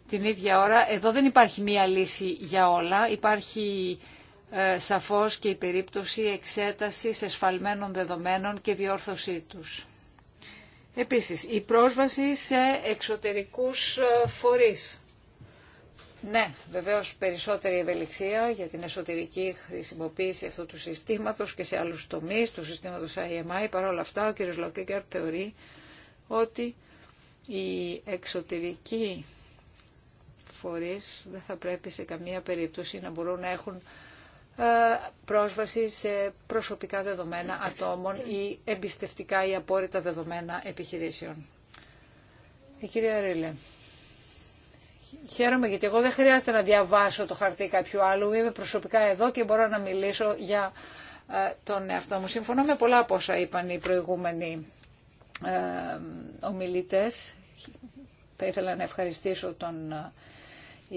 την ίδια ώρα. Εδώ δεν υπάρχει μία λύση για όλα. Υπάρχει ε, σαφώς και η περίπτωση εξέτασης εσφαλμένων δεδομένων και διόρθωσή τους. Επίσης, η πρόσβαση σε εξωτερικούς ε, φορείς. Ναι, βεβαίως περισσότερη ευελιξία για την εσωτερική χρησιμοποίηση αυτού του συστήματος και σε άλλους τομείς του συστήματος IMI. Παρ' όλα αυτά, ο κ. θεωρεί ότι η εξωτερική φορείς δεν θα πρέπει σε καμία περίπτωση να μπορούν να έχουν ε, πρόσβαση σε προσωπικά δεδομένα ατόμων ή εμπιστευτικά ή απόρριτα δεδομένα επιχειρήσεων. Η ε, κυρία Ρίλε. Χαίρομαι γιατί εγώ δεν χρειάζεται να διαβάσω το χαρτί κάποιου άλλου. Είμαι προσωπικά εδώ και μπορώ να μιλήσω για ε, τον εαυτό μου. Συμφωνώ με πολλά από όσα είπαν οι προηγούμενοι ομιλητές. Θα ήθελα να ευχαριστήσω τον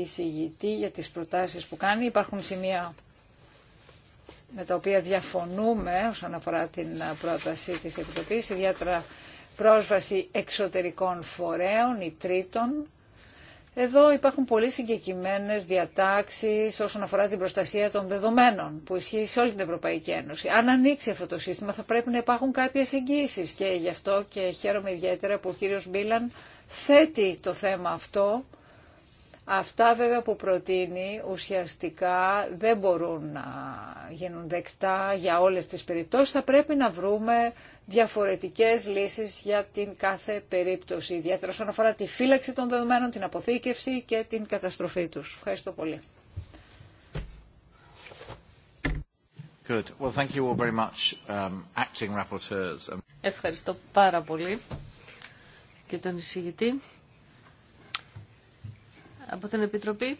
εισηγητή για τις προτάσεις που κάνει. Υπάρχουν σημεία με τα οποία διαφωνούμε όσον αφορά την πρόταση της Επιτροπής, ιδιαίτερα πρόσβαση εξωτερικών φορέων ή τρίτων. Εδώ υπάρχουν πολύ συγκεκριμένες διατάξεις όσον αφορά την προστασία των δεδομένων που ισχύει σε όλη την Ευρωπαϊκή Ένωση. Αν ανοίξει αυτό το σύστημα θα πρέπει να υπάρχουν κάποιες εγγύσεις και γι' αυτό και χαίρομαι ιδιαίτερα που ο κύριος Μπίλαν θέτει το θέμα αυτό Αυτά βέβαια που προτείνει ουσιαστικά δεν μπορούν να γίνουν δεκτά για όλες τις περιπτώσεις. Θα πρέπει να βρούμε διαφορετικές λύσεις για την κάθε περίπτωση, ιδιαίτερα όσον αφορά τη φύλαξη των δεδομένων, την αποθήκευση και την καταστροφή τους. Ευχαριστώ πολύ. Good. Well, thank you all very much, um, acting Ευχαριστώ πάρα πολύ και τον εισηγητή από την Επιτροπή.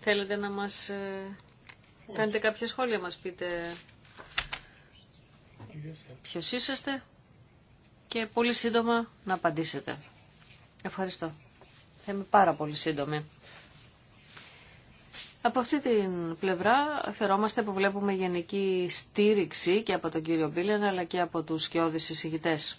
Θέλετε να μας ε, κάνετε κάποια σχόλια, μας πείτε ποιος είσαστε και πολύ σύντομα να απαντήσετε. Ευχαριστώ. Θα είμαι πάρα πολύ σύντομη. Από αυτή την πλευρά χαιρόμαστε που βλέπουμε γενική στήριξη και από τον κύριο Μπίλεν αλλά και από τους σκιώδεις εισηγητές.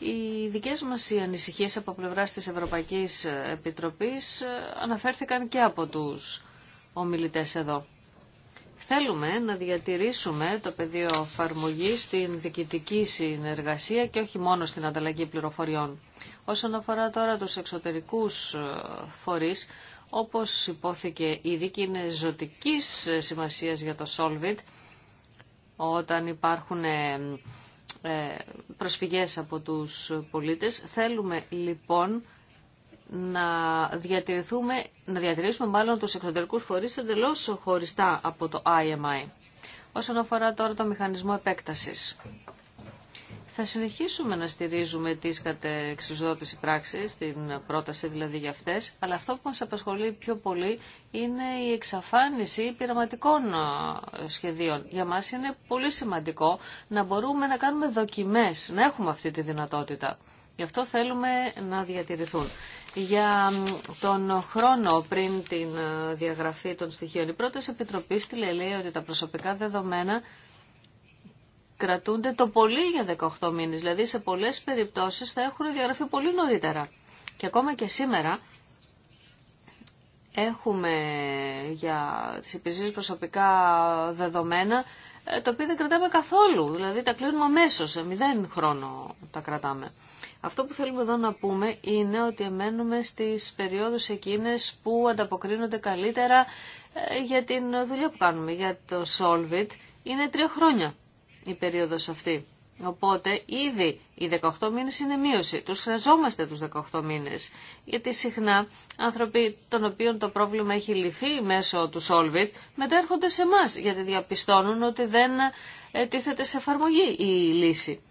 Οι δικές μας ανησυχίε από πλευράς της Ευρωπαϊκής Επιτροπής ε, αναφέρθηκαν και από τους ομιλητές εδώ. Θέλουμε να διατηρήσουμε το πεδίο εφαρμογή στην διοικητική συνεργασία και όχι μόνο στην ανταλλαγή πληροφοριών. Όσον αφορά τώρα τους εξωτερικούς ε, φορείς, όπως υπόθηκε η και είναι ζωτικής σημασίας για το Solvit, όταν υπάρχουν ε, ε, προσφυγές από τους πολίτες. Θέλουμε λοιπόν να, διατηρηθούμε, να διατηρήσουμε μάλλον τους εξωτερικούς φορείς εντελώς χωριστά από το IMI. Όσον αφορά τώρα το μηχανισμό επέκτασης. Θα συνεχίσουμε να στηρίζουμε τις κατεξιζότητες πράξεις, την πρόταση δηλαδή για αυτές, αλλά αυτό που μας απασχολεί πιο πολύ είναι η εξαφάνιση πειραματικών ε, σχεδίων. Για μας είναι πολύ σημαντικό να μπορούμε να κάνουμε δοκιμές, να έχουμε αυτή τη δυνατότητα. Γι' αυτό θέλουμε να διατηρηθούν. Για τον χρόνο πριν την ε, διαγραφή των στοιχείων, η πρώτη επιτροπή στη ότι τα προσωπικά δεδομένα κρατούνται το πολύ για 18 μήνες. Δηλαδή σε πολλές περιπτώσεις θα έχουν διαγραφεί πολύ νωρίτερα. Και ακόμα και σήμερα έχουμε για τις υπηρεσίες προσωπικά δεδομένα ε, το οποία δεν κρατάμε καθόλου. Δηλαδή τα κλείνουμε αμέσω, σε μηδέν χρόνο τα κρατάμε. Αυτό που θέλουμε εδώ να πούμε είναι ότι μένουμε στις περιόδους εκείνες που ανταποκρίνονται καλύτερα ε, για την δουλειά που κάνουμε, για το Solvit. Είναι τρία χρόνια η περίοδος αυτή. Οπότε ήδη οι 18 μήνες είναι μείωση. Τους χρειαζόμαστε τους 18 μήνες. Γιατί συχνά άνθρωποι των οποίων το πρόβλημα έχει λυθεί μέσω του Solvit μετέρχονται σε εμά γιατί διαπιστώνουν ότι δεν ε, τίθεται σε εφαρμογή η λύση.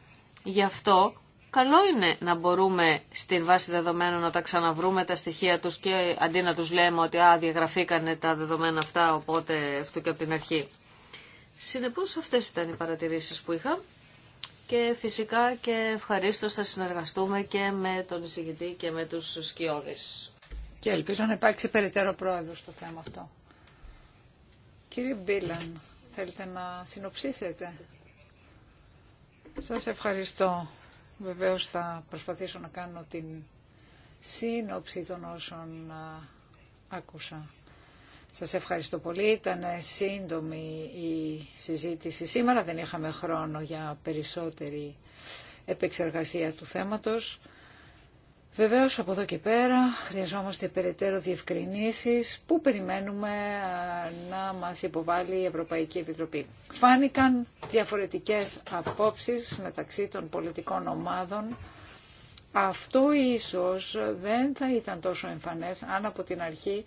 Γι' αυτό καλό είναι να μπορούμε στην βάση δεδομένων να τα ξαναβρούμε τα στοιχεία τους και αντί να τους λέμε ότι α, διαγραφήκανε τα δεδομένα αυτά οπότε αυτού και από την αρχή. Συνεπώς αυτές ήταν οι παρατηρήσεις που είχα και φυσικά και ευχαρίστω θα συνεργαστούμε και με τον εισηγητή και με τους σκιώδες. Και ελπίζω να υπάρξει περαιτέρω πρόεδρο στο θέμα αυτό. Κύριε Μπίλαν, θέλετε να συνοψίσετε. Σας ευχαριστώ. Βεβαίως θα προσπαθήσω να κάνω την σύνοψη των όσων άκουσα. Σας ευχαριστώ πολύ. Ήταν σύντομη η συζήτηση σήμερα. Δεν είχαμε χρόνο για περισσότερη επεξεργασία του θέματος. Βεβαίως από εδώ και πέρα χρειαζόμαστε περαιτέρω διευκρινήσεις που περιμένουμε να μας υποβάλει η Ευρωπαϊκή Επιτροπή. Φάνηκαν διαφορετικές απόψεις μεταξύ των πολιτικών ομάδων. Αυτό ίσως δεν θα ήταν τόσο εμφανές αν από την αρχή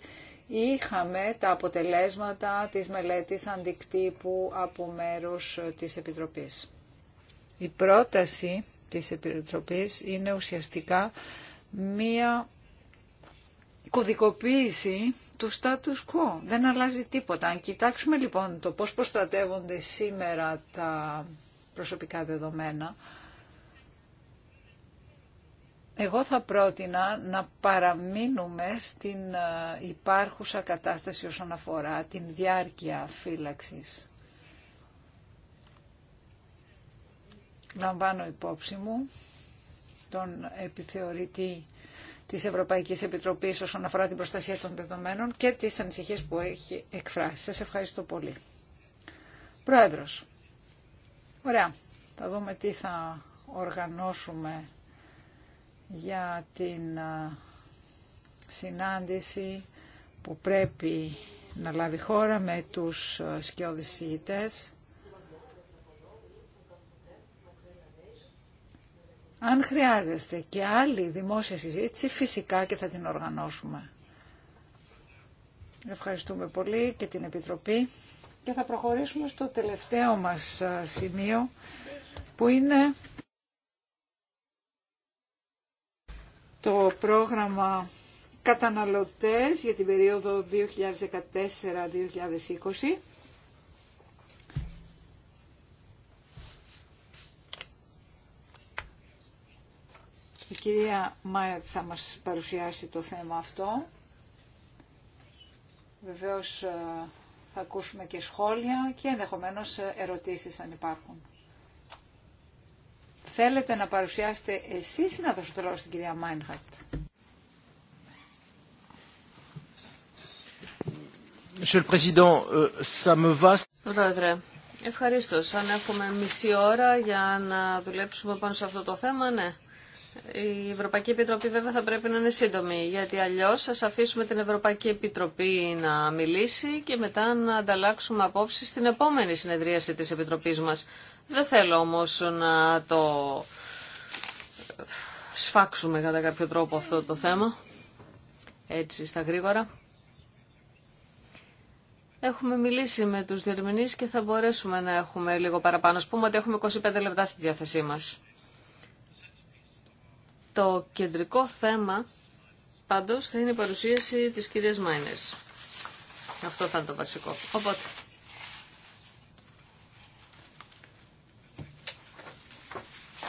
είχαμε τα αποτελέσματα της μελέτης αντικτύπου από μέρους της Επιτροπής. Η πρόταση της Επιτροπής είναι ουσιαστικά μία κωδικοποίηση του status quo. Δεν αλλάζει τίποτα. Αν κοιτάξουμε λοιπόν το πώς προστατεύονται σήμερα τα προσωπικά δεδομένα, εγώ θα πρότεινα να παραμείνουμε στην ε, υπάρχουσα κατάσταση όσον αφορά την διάρκεια φύλαξης. Λαμβάνω υπόψη μου τον επιθεωρητή της Ευρωπαϊκής Επιτροπής όσον αφορά την προστασία των δεδομένων και τις ανησυχίες που έχει εκφράσει. Σας ευχαριστώ πολύ. Πρόεδρος, ωραία, θα δούμε τι θα οργανώσουμε για την συνάντηση που πρέπει να λάβει χώρα με τους σκιώδεις Αν χρειάζεστε και άλλη δημόσια συζήτηση, φυσικά και θα την οργανώσουμε. Ευχαριστούμε πολύ και την Επιτροπή και θα προχωρήσουμε στο τελευταίο μας σημείο που είναι το πρόγραμμα καταναλωτές για την περίοδο 2014-2020. Η κυρία Μάια θα μας παρουσιάσει το θέμα αυτό. Βεβαίως ε, θα ακούσουμε και σχόλια και ενδεχομένως ε, ερωτήσεις αν υπάρχουν θέλετε να παρουσιάσετε εσείς ή να δώσετε το λόγο στην κυρία Μάινχαρτ. Euh, Πρόεδρε, ευχαρίστω. Αν έχουμε μισή ώρα για να δουλέψουμε πάνω σε αυτό το θέμα, ναι. Η Ευρωπαϊκή Επιτροπή βέβαια θα πρέπει να είναι σύντομη, γιατί αλλιώς θα αφήσουμε την Ευρωπαϊκή Επιτροπή να μιλήσει και μετά να ανταλλάξουμε απόψεις στην επόμενη συνεδρίαση της Επιτροπής μας. Δεν θέλω όμως να το σφάξουμε κατά κάποιο τρόπο αυτό το θέμα. Έτσι στα γρήγορα. Έχουμε μιλήσει με τους διερμηνείς και θα μπορέσουμε να έχουμε λίγο παραπάνω. Ας πούμε ότι έχουμε 25 λεπτά στη διάθεσή μας. Το κεντρικό θέμα πάντως θα είναι η παρουσίαση της κυρίας Μάινερς. Αυτό θα είναι το βασικό. Οπότε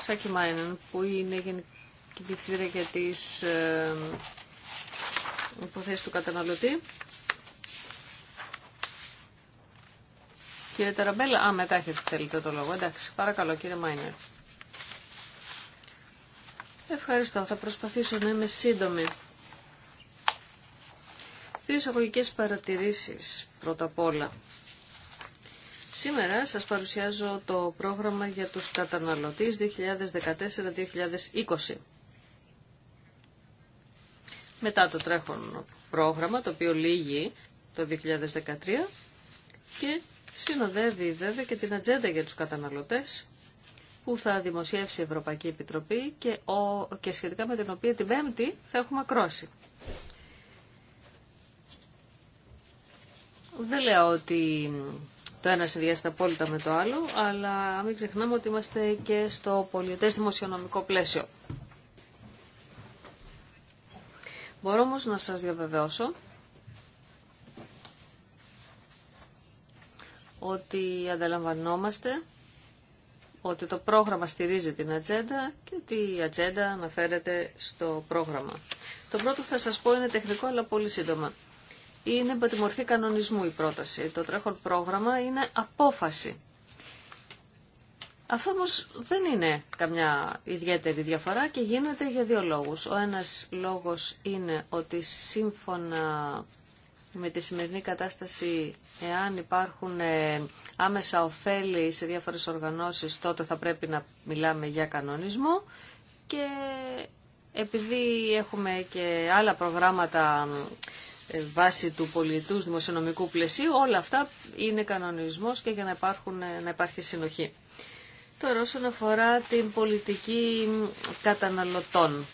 Σάκη Μάινεν, που είναι γενική διευθύντρια για τι ε, του καταναλωτή. Κύριε Ταραμπέλα, α, μετά έχετε θέλετε το λόγο. Εντάξει, παρακαλώ κύριε Μάινερ. Ευχαριστώ, θα προσπαθήσω να είμαι σύντομη. Δύο εισαγωγικέ παρατηρήσεις πρώτα απ' όλα Σήμερα σας παρουσιάζω το πρόγραμμα για τους καταναλωτές 2014-2020. Μετά το τρέχον πρόγραμμα, το οποίο λύγει το 2013 και συνοδεύει βέβαια και την ατζέντα για τους καταναλωτές που θα δημοσιεύσει η Ευρωπαϊκή Επιτροπή και, ο, και σχετικά με την οποία την Πέμπτη θα έχουμε ακρόση. Δεν λέω ότι το ένα συνδυάζεται απόλυτα με το άλλο, αλλά μην ξεχνάμε ότι είμαστε και στο πολιετές δημοσιονομικό πλαίσιο. Μπορώ όμως να σας διαβεβαιώσω ότι ανταλαμβανόμαστε ότι το πρόγραμμα στηρίζει την ατζέντα και ότι η ατζέντα αναφέρεται στο πρόγραμμα. Το πρώτο που θα σας πω είναι τεχνικό αλλά πολύ σύντομα είναι με τη μορφή κανονισμού η πρόταση. Το τρέχον πρόγραμμα είναι απόφαση. Αυτό όμω δεν είναι καμιά ιδιαίτερη διαφορά και γίνεται για δύο λόγους. Ο ένας λόγος είναι ότι σύμφωνα με τη σημερινή κατάσταση, εάν υπάρχουν ε, άμεσα ωφέλη σε διάφορες οργανώσεις, τότε θα πρέπει να μιλάμε για κανονισμό και επειδή έχουμε και άλλα προγράμματα ε, βάση του πολιτού δημοσιονομικού πλαισίου, όλα αυτά είναι κανονισμός και για να, υπάρχουν, ε, να υπάρχει συνοχή. Τώρα όσον αφορά την πολιτική καταναλωτών.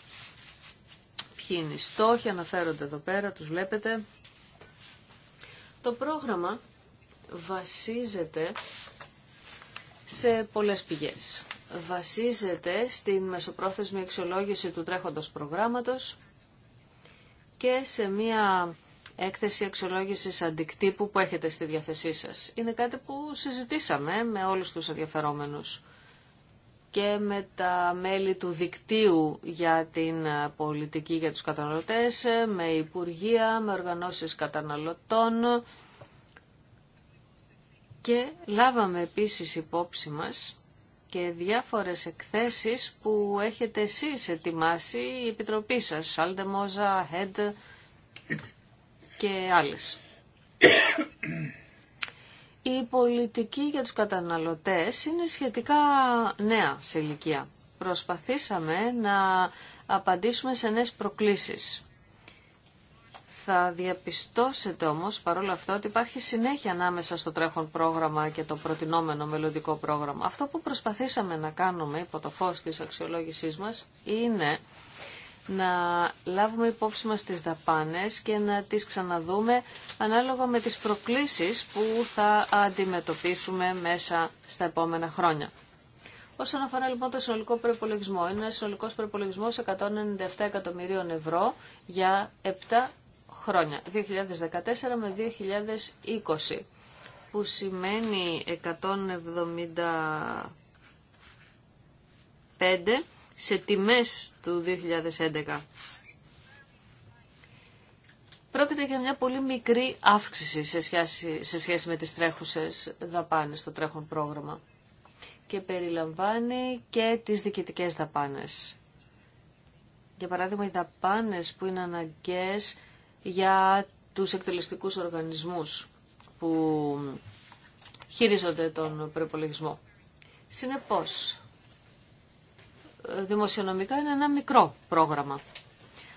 Ποιοι είναι οι στόχοι, αναφέρονται εδώ πέρα, τους βλέπετε. Το πρόγραμμα βασίζεται σε πολλές πηγές. Βασίζεται στην μεσοπρόθεσμη εξολόγηση του τρέχοντος προγράμματος και σε μια έκθεση αξιολόγησης αντικτύπου που έχετε στη διάθεσή σας. Είναι κάτι που συζητήσαμε με όλους τους ενδιαφερόμενους και με τα μέλη του δικτύου για την πολιτική για τους καταναλωτές, με υπουργεία, με οργανώσεις καταναλωτών και λάβαμε επίσης υπόψη μας και διάφορες εκθέσεις που έχετε εσείς ετοιμάσει η Επιτροπή σας, Σάλτε Μόζα, και άλλες. Η πολιτική για τους καταναλωτές είναι σχετικά νέα σε ηλικία. Προσπαθήσαμε να απαντήσουμε σε νέες προκλήσεις. Θα διαπιστώσετε όμως παρόλα αυτό ότι υπάρχει συνέχεια ανάμεσα στο τρέχον πρόγραμμα και το προτινόμενο μελλοντικό πρόγραμμα. Αυτό που προσπαθήσαμε να κάνουμε υπό το φως της αξιολόγησής μας είναι να λάβουμε υπόψη μας τις δαπάνες και να τις ξαναδούμε ανάλογα με τις προκλήσεις που θα αντιμετωπίσουμε μέσα στα επόμενα χρόνια. Όσον αφορά λοιπόν το συνολικό προπολογισμό, είναι ένα συνολικό προπολογισμό 197 εκατομμυρίων ευρώ για 7 χρόνια, 2014 με 2020, που σημαίνει 175 σε τιμές του 2011. Πρόκειται για μια πολύ μικρή αύξηση σε σχέση, σε σχέση με τις τρέχουσες δαπάνες το τρέχον πρόγραμμα και περιλαμβάνει και τις διοικητικές δαπάνες. Για παράδειγμα, οι δαπάνες που είναι αναγκαίες για τους εκτελεστικούς οργανισμούς που χειρίζονται τον προπολογισμό. Συνεπώς, δημοσιονομικά είναι ένα μικρό πρόγραμμα.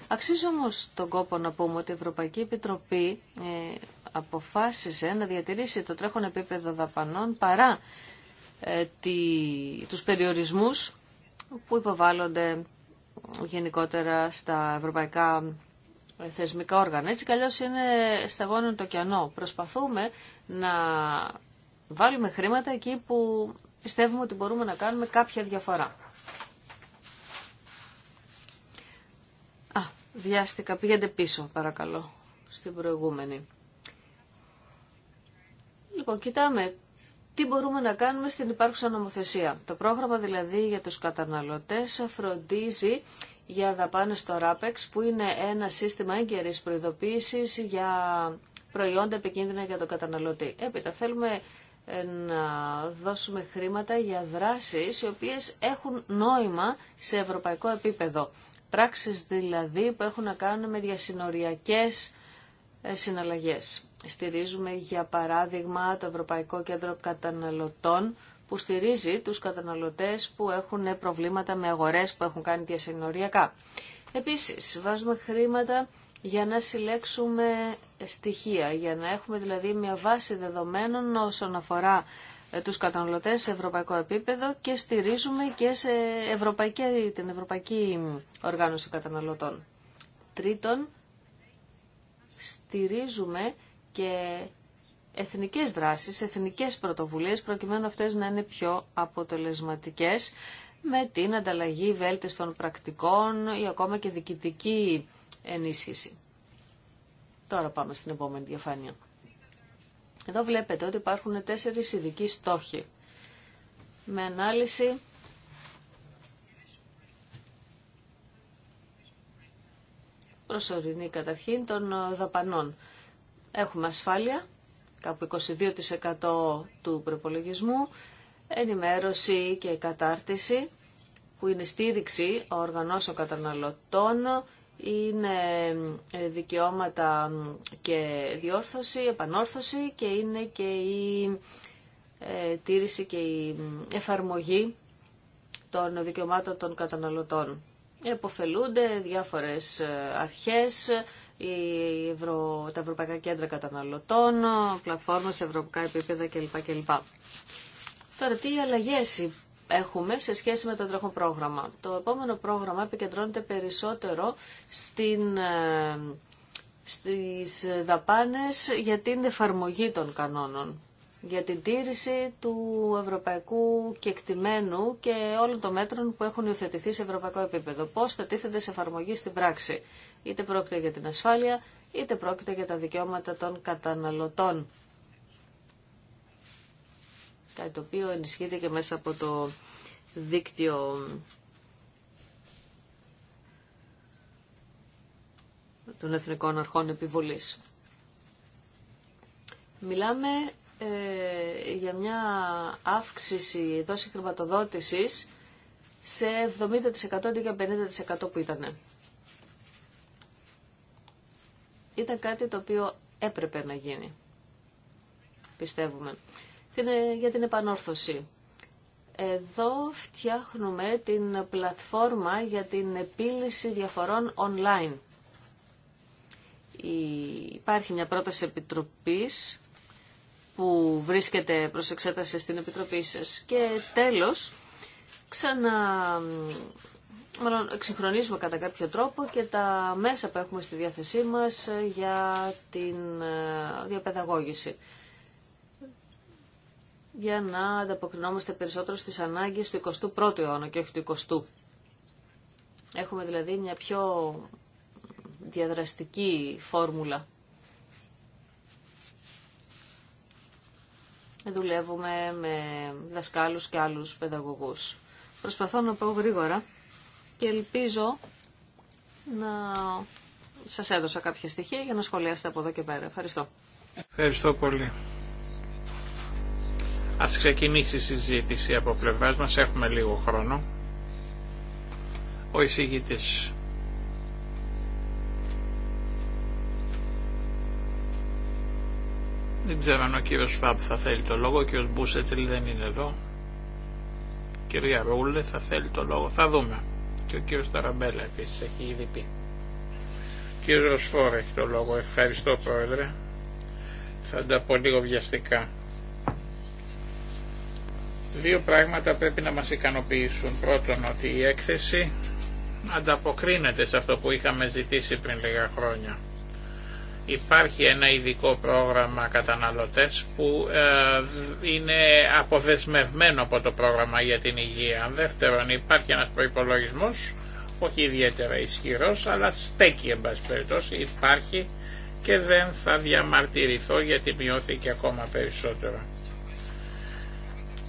Αξίζει όμω τον κόπο να πούμε ότι η Ευρωπαϊκή Επιτροπή ε, αποφάσισε να διατηρήσει το τρέχον επίπεδο δαπανών παρά ε, τη, τους περιορισμούς που υποβάλλονται γενικότερα στα ευρωπαϊκά ε, θεσμικά όργανα. Έτσι καλώς είναι σταγόνων το κενό. Προσπαθούμε να βάλουμε χρήματα εκεί που πιστεύουμε ότι μπορούμε να κάνουμε κάποια διαφορά. Βιάστηκα, πήγαινε πίσω παρακαλώ στην προηγούμενη. Λοιπόν, κοιτάμε τι μπορούμε να κάνουμε στην υπάρχουσα νομοθεσία. Το πρόγραμμα δηλαδή για τους καταναλωτές φροντίζει για δαπάνες στο RAPEX που είναι ένα σύστημα έγκαιρης προειδοποίησης για προϊόντα επικίνδυνα για τον καταναλωτή. Έπειτα θέλουμε ε, να δώσουμε χρήματα για δράσεις οι οποίες έχουν νόημα σε ευρωπαϊκό επίπεδο πράξεις δηλαδή που έχουν να κάνουν με διασυνοριακές ε, συναλλαγές. Στηρίζουμε για παράδειγμα το Ευρωπαϊκό Κέντρο Καταναλωτών που στηρίζει τους καταναλωτές που έχουν προβλήματα με αγορές που έχουν κάνει διασυνοριακά. Επίσης βάζουμε χρήματα για να συλλέξουμε στοιχεία, για να έχουμε δηλαδή μια βάση δεδομένων όσον αφορά ε, τους καταναλωτές σε ευρωπαϊκό επίπεδο και στηρίζουμε και σε ευρωπαϊκή, την Ευρωπαϊκή Οργάνωση Καταναλωτών. Τρίτον, στηρίζουμε και εθνικές δράσεις, εθνικές πρωτοβουλίες, προκειμένου αυτές να είναι πιο αποτελεσματικές με την ανταλλαγή βέλτιστων πρακτικών ή ακόμα και διοικητική ενίσχυση. Τώρα πάμε στην επόμενη διαφάνεια. Εδώ βλέπετε ότι υπάρχουν τέσσερις ειδικοί στόχοι με ανάλυση προσωρινή καταρχήν των δαπανών. Έχουμε ασφάλεια, κάπου 22% του προπολογισμού, ενημέρωση και κατάρτιση, που είναι στήριξη οργανώσεων καταναλωτών είναι ε, δικαιώματα και διόρθωση, επανόρθωση και είναι και η ε, τήρηση και η εφαρμογή των δικαιωμάτων των καταναλωτών. Εποφελούνται διάφορες ε, αρχές, Ευρω... τα Ευρωπαϊκά Κέντρα Καταναλωτών, πλατφόρμες σε ευρωπαϊκά επίπεδα κλπ. Τώρα τι αλλαγές έχουμε σε σχέση με το τρέχον πρόγραμμα. Το επόμενο πρόγραμμα επικεντρώνεται περισσότερο στην, ε, στις δαπάνες για την εφαρμογή των κανόνων για την τήρηση του ευρωπαϊκού κεκτημένου και όλων των μέτρων που έχουν υιοθετηθεί σε ευρωπαϊκό επίπεδο. Πώς θα τίθεται σε εφαρμογή στην πράξη. Είτε πρόκειται για την ασφάλεια, είτε πρόκειται για τα δικαιώματα των καταναλωτών κάτι το οποίο ενισχύεται και μέσα από το δίκτυο των Εθνικών Αρχών Επιβολής. Μιλάμε ε, για μια αύξηση δόση χρηματοδότησης σε 70% και 50% που ήταν. Ήταν κάτι το οποίο έπρεπε να γίνει, πιστεύουμε για την επανόρθωση. Εδώ φτιάχνουμε την πλατφόρμα για την επίλυση διαφορών online. Υπάρχει μια πρόταση επιτροπής που βρίσκεται προς εξέταση στην επιτροπή σας. Και τέλος, ξανα... Μάλλον εξυγχρονίζουμε κατά κάποιο τρόπο και τα μέσα που έχουμε στη διάθεσή μας για την διαπαιδαγώγηση. Ε, για να ανταποκρινόμαστε περισσότερο στις ανάγκες του 21ου αιώνα και όχι του 20ου. Έχουμε δηλαδή μια πιο διαδραστική φόρμουλα. Δουλεύουμε με δασκάλους και άλλους παιδαγωγούς. Προσπαθώ να πάω γρήγορα και ελπίζω να σας έδωσα κάποια στοιχεία για να σχολιάσετε από εδώ και πέρα. Ευχαριστώ. Ευχαριστώ πολύ. Ας ξεκινήσει η συζήτηση από πλευράς μας, έχουμε λίγο χρόνο. Ο εισηγητής. Δεν ξέρω αν ο κύριος Φαμπ θα θέλει το λόγο, ο κύριος Μπούσετλ δεν είναι εδώ. κυρία Ρούλε θα θέλει το λόγο, θα δούμε. Και ο κύριος Ταραμπέλα επίσης έχει ήδη πει. κύριος έχει το λόγο, ευχαριστώ πρόεδρε. Θα τα πω λίγο βιαστικά. Δύο πράγματα πρέπει να μας ικανοποιήσουν. Πρώτον, ότι η έκθεση ανταποκρίνεται σε αυτό που είχαμε ζητήσει πριν λίγα χρόνια. Υπάρχει ένα ειδικό πρόγραμμα καταναλωτές που ε, είναι αποδεσμευμένο από το πρόγραμμα για την υγεία. Δεύτερον, υπάρχει ένας προϋπολογισμός, όχι ιδιαίτερα ισχυρός, αλλά στέκει εν πάση περιπτώσει, υπάρχει και δεν θα διαμαρτυρηθώ γιατί μειώθηκε ακόμα περισσότερο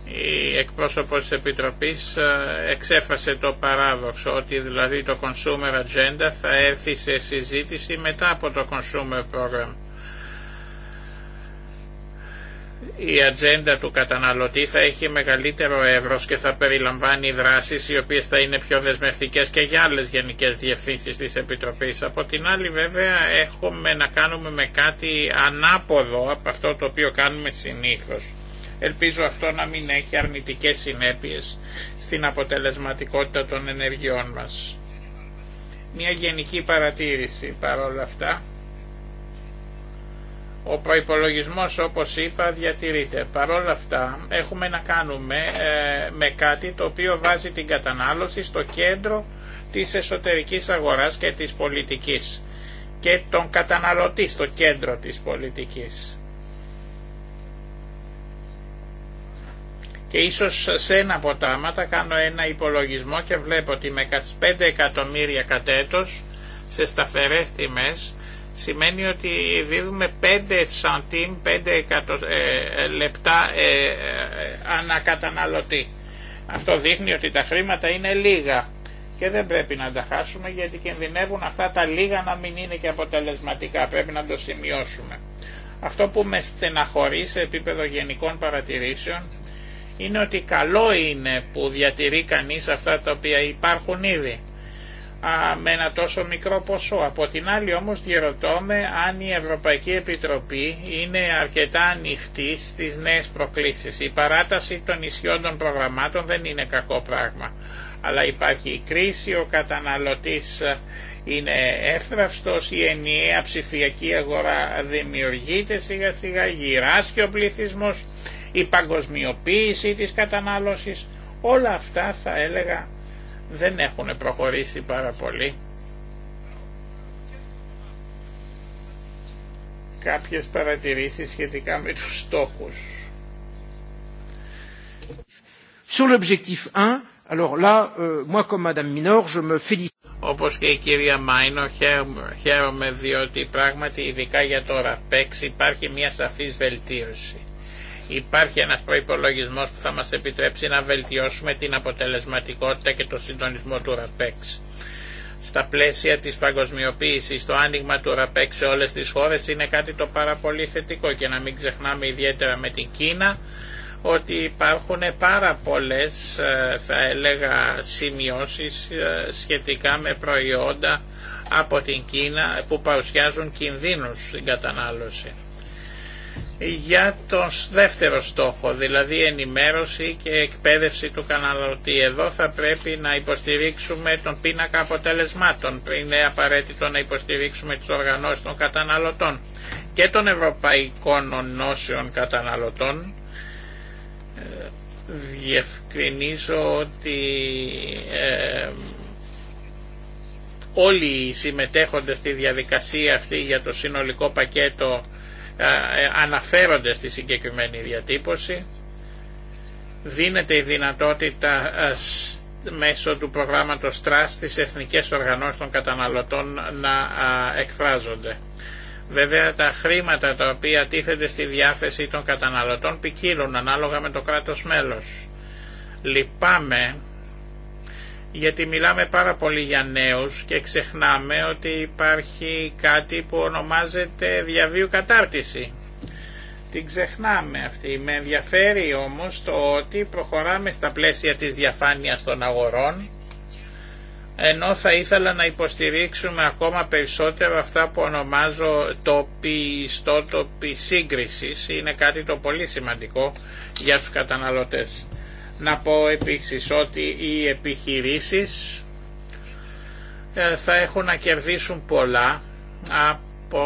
η εκπρόσωπος της Επιτροπής ε, εξέφασε το παράδοξο ότι δηλαδή το Consumer Agenda θα έρθει σε συζήτηση μετά από το Consumer Program. Η ατζέντα του καταναλωτή θα έχει μεγαλύτερο εύρος και θα περιλαμβάνει δράσεις οι οποίες θα είναι πιο δεσμευτικές και για άλλες γενικές διευθύνσεις της Επιτροπής. Από την άλλη βέβαια έχουμε να κάνουμε με κάτι ανάποδο από αυτό το οποίο κάνουμε συνήθως. Ελπίζω αυτό να μην έχει αρνητικές συνέπειες στην αποτελεσματικότητα των ενεργειών μας. Μια γενική παρατήρηση παρόλα αυτά. Ο προϋπολογισμός όπως είπα διατηρείται. Παρόλα αυτά έχουμε να κάνουμε ε, με κάτι το οποίο βάζει την κατανάλωση στο κέντρο της εσωτερικής αγοράς και της πολιτικής και τον καταναλωτή στο κέντρο της πολιτικής. και ίσως σε ένα από τα κάνω ένα υπολογισμό και βλέπω ότι με 5 εκατομμύρια κατέτος σε σταθερές τιμές σημαίνει ότι δίδουμε 5 σαντίμ, 5 ε, ε, λεπτά ε, ε, ανακαταναλωτή. Αυτό δείχνει ότι τα χρήματα είναι λίγα και δεν πρέπει να τα χάσουμε γιατί κινδυνεύουν αυτά τα λίγα να μην είναι και αποτελεσματικά. Πρέπει να το σημειώσουμε. Αυτό που με στεναχωρεί σε επίπεδο γενικών παρατηρήσεων είναι ότι καλό είναι που διατηρεί κανείς αυτά τα οποία υπάρχουν ήδη με ένα τόσο μικρό ποσό. Από την άλλη όμως διερωτώμε αν η Ευρωπαϊκή Επιτροπή είναι αρκετά ανοιχτή στις νέες προκλήσεις. Η παράταση των ισιών των προγραμμάτων δεν είναι κακό πράγμα. Αλλά υπάρχει η κρίση, ο καταναλωτής ε, είναι εύθραυστος, η ενιαία ψηφιακή αγορά δημιουργείται σιγά σιγά, γυράσκει ο πληθυσμός η παγκοσμιοποίηση της κατανάλωσης, όλα αυτά θα έλεγα δεν έχουν προχωρήσει πάρα πολύ. Κάποιες παρατηρήσεις σχετικά με τους στόχους. Sur 1, alors là, euh, moi comme Madame Minor, je Όπως και η κυρία Μάινο χαίρομαι, χαίρομαι διότι πράγματι ειδικά για το ΡΑΠΕΞ υπάρχει μια σαφής βελτίωση υπάρχει ένας προϋπολογισμός που θα μας επιτρέψει να βελτιώσουμε την αποτελεσματικότητα και το συντονισμό του ΡΑΠΕΞ. Στα πλαίσια της παγκοσμιοποίησης το άνοιγμα του ΡΑΠΕΞ σε όλες τις χώρες είναι κάτι το πάρα πολύ θετικό και να μην ξεχνάμε ιδιαίτερα με την Κίνα ότι υπάρχουν πάρα πολλές ε, θα έλεγα σημειώσεις ε, σχετικά με προϊόντα από την Κίνα που παρουσιάζουν κινδύνους στην κατανάλωση για τον δεύτερο στόχο, δηλαδή ενημέρωση και εκπαίδευση του καναλωτή. Εδώ θα πρέπει να υποστηρίξουμε τον πίνακα αποτελεσμάτων, πριν είναι απαραίτητο να υποστηρίξουμε τις οργανώσεις των καταναλωτών και των ευρωπαϊκών ονόσεων καταναλωτών. Ε, διευκρινίζω ότι ε, όλοι οι συμμετέχοντες στη διαδικασία αυτή για το συνολικό πακέτο ε, αναφέρονται στη συγκεκριμένη διατύπωση. Δίνεται η δυνατότητα μέσω του προγράμματος ΤΡΑΣ στις εθνικές οργανώσεις των καταναλωτών να εκφράζονται. Βέβαια τα χρήματα τα οποία τίθενται στη διάθεση των καταναλωτών ποικίλουν ανάλογα με το κράτος μέλος. Λυπάμαι γιατί μιλάμε πάρα πολύ για νέους και ξεχνάμε ότι υπάρχει κάτι που ονομάζεται διαβίου κατάρτιση. Την ξεχνάμε αυτή. Με ενδιαφέρει όμως το ότι προχωράμε στα πλαίσια της διαφάνειας των αγορών ενώ θα ήθελα να υποστηρίξουμε ακόμα περισσότερο αυτά που ονομάζω το πιστότοπι σύγκρισης. Είναι κάτι το πολύ σημαντικό για τους καταναλωτές. Να πω επίσης ότι οι επιχειρήσεις ε, θα έχουν να κερδίσουν πολλά από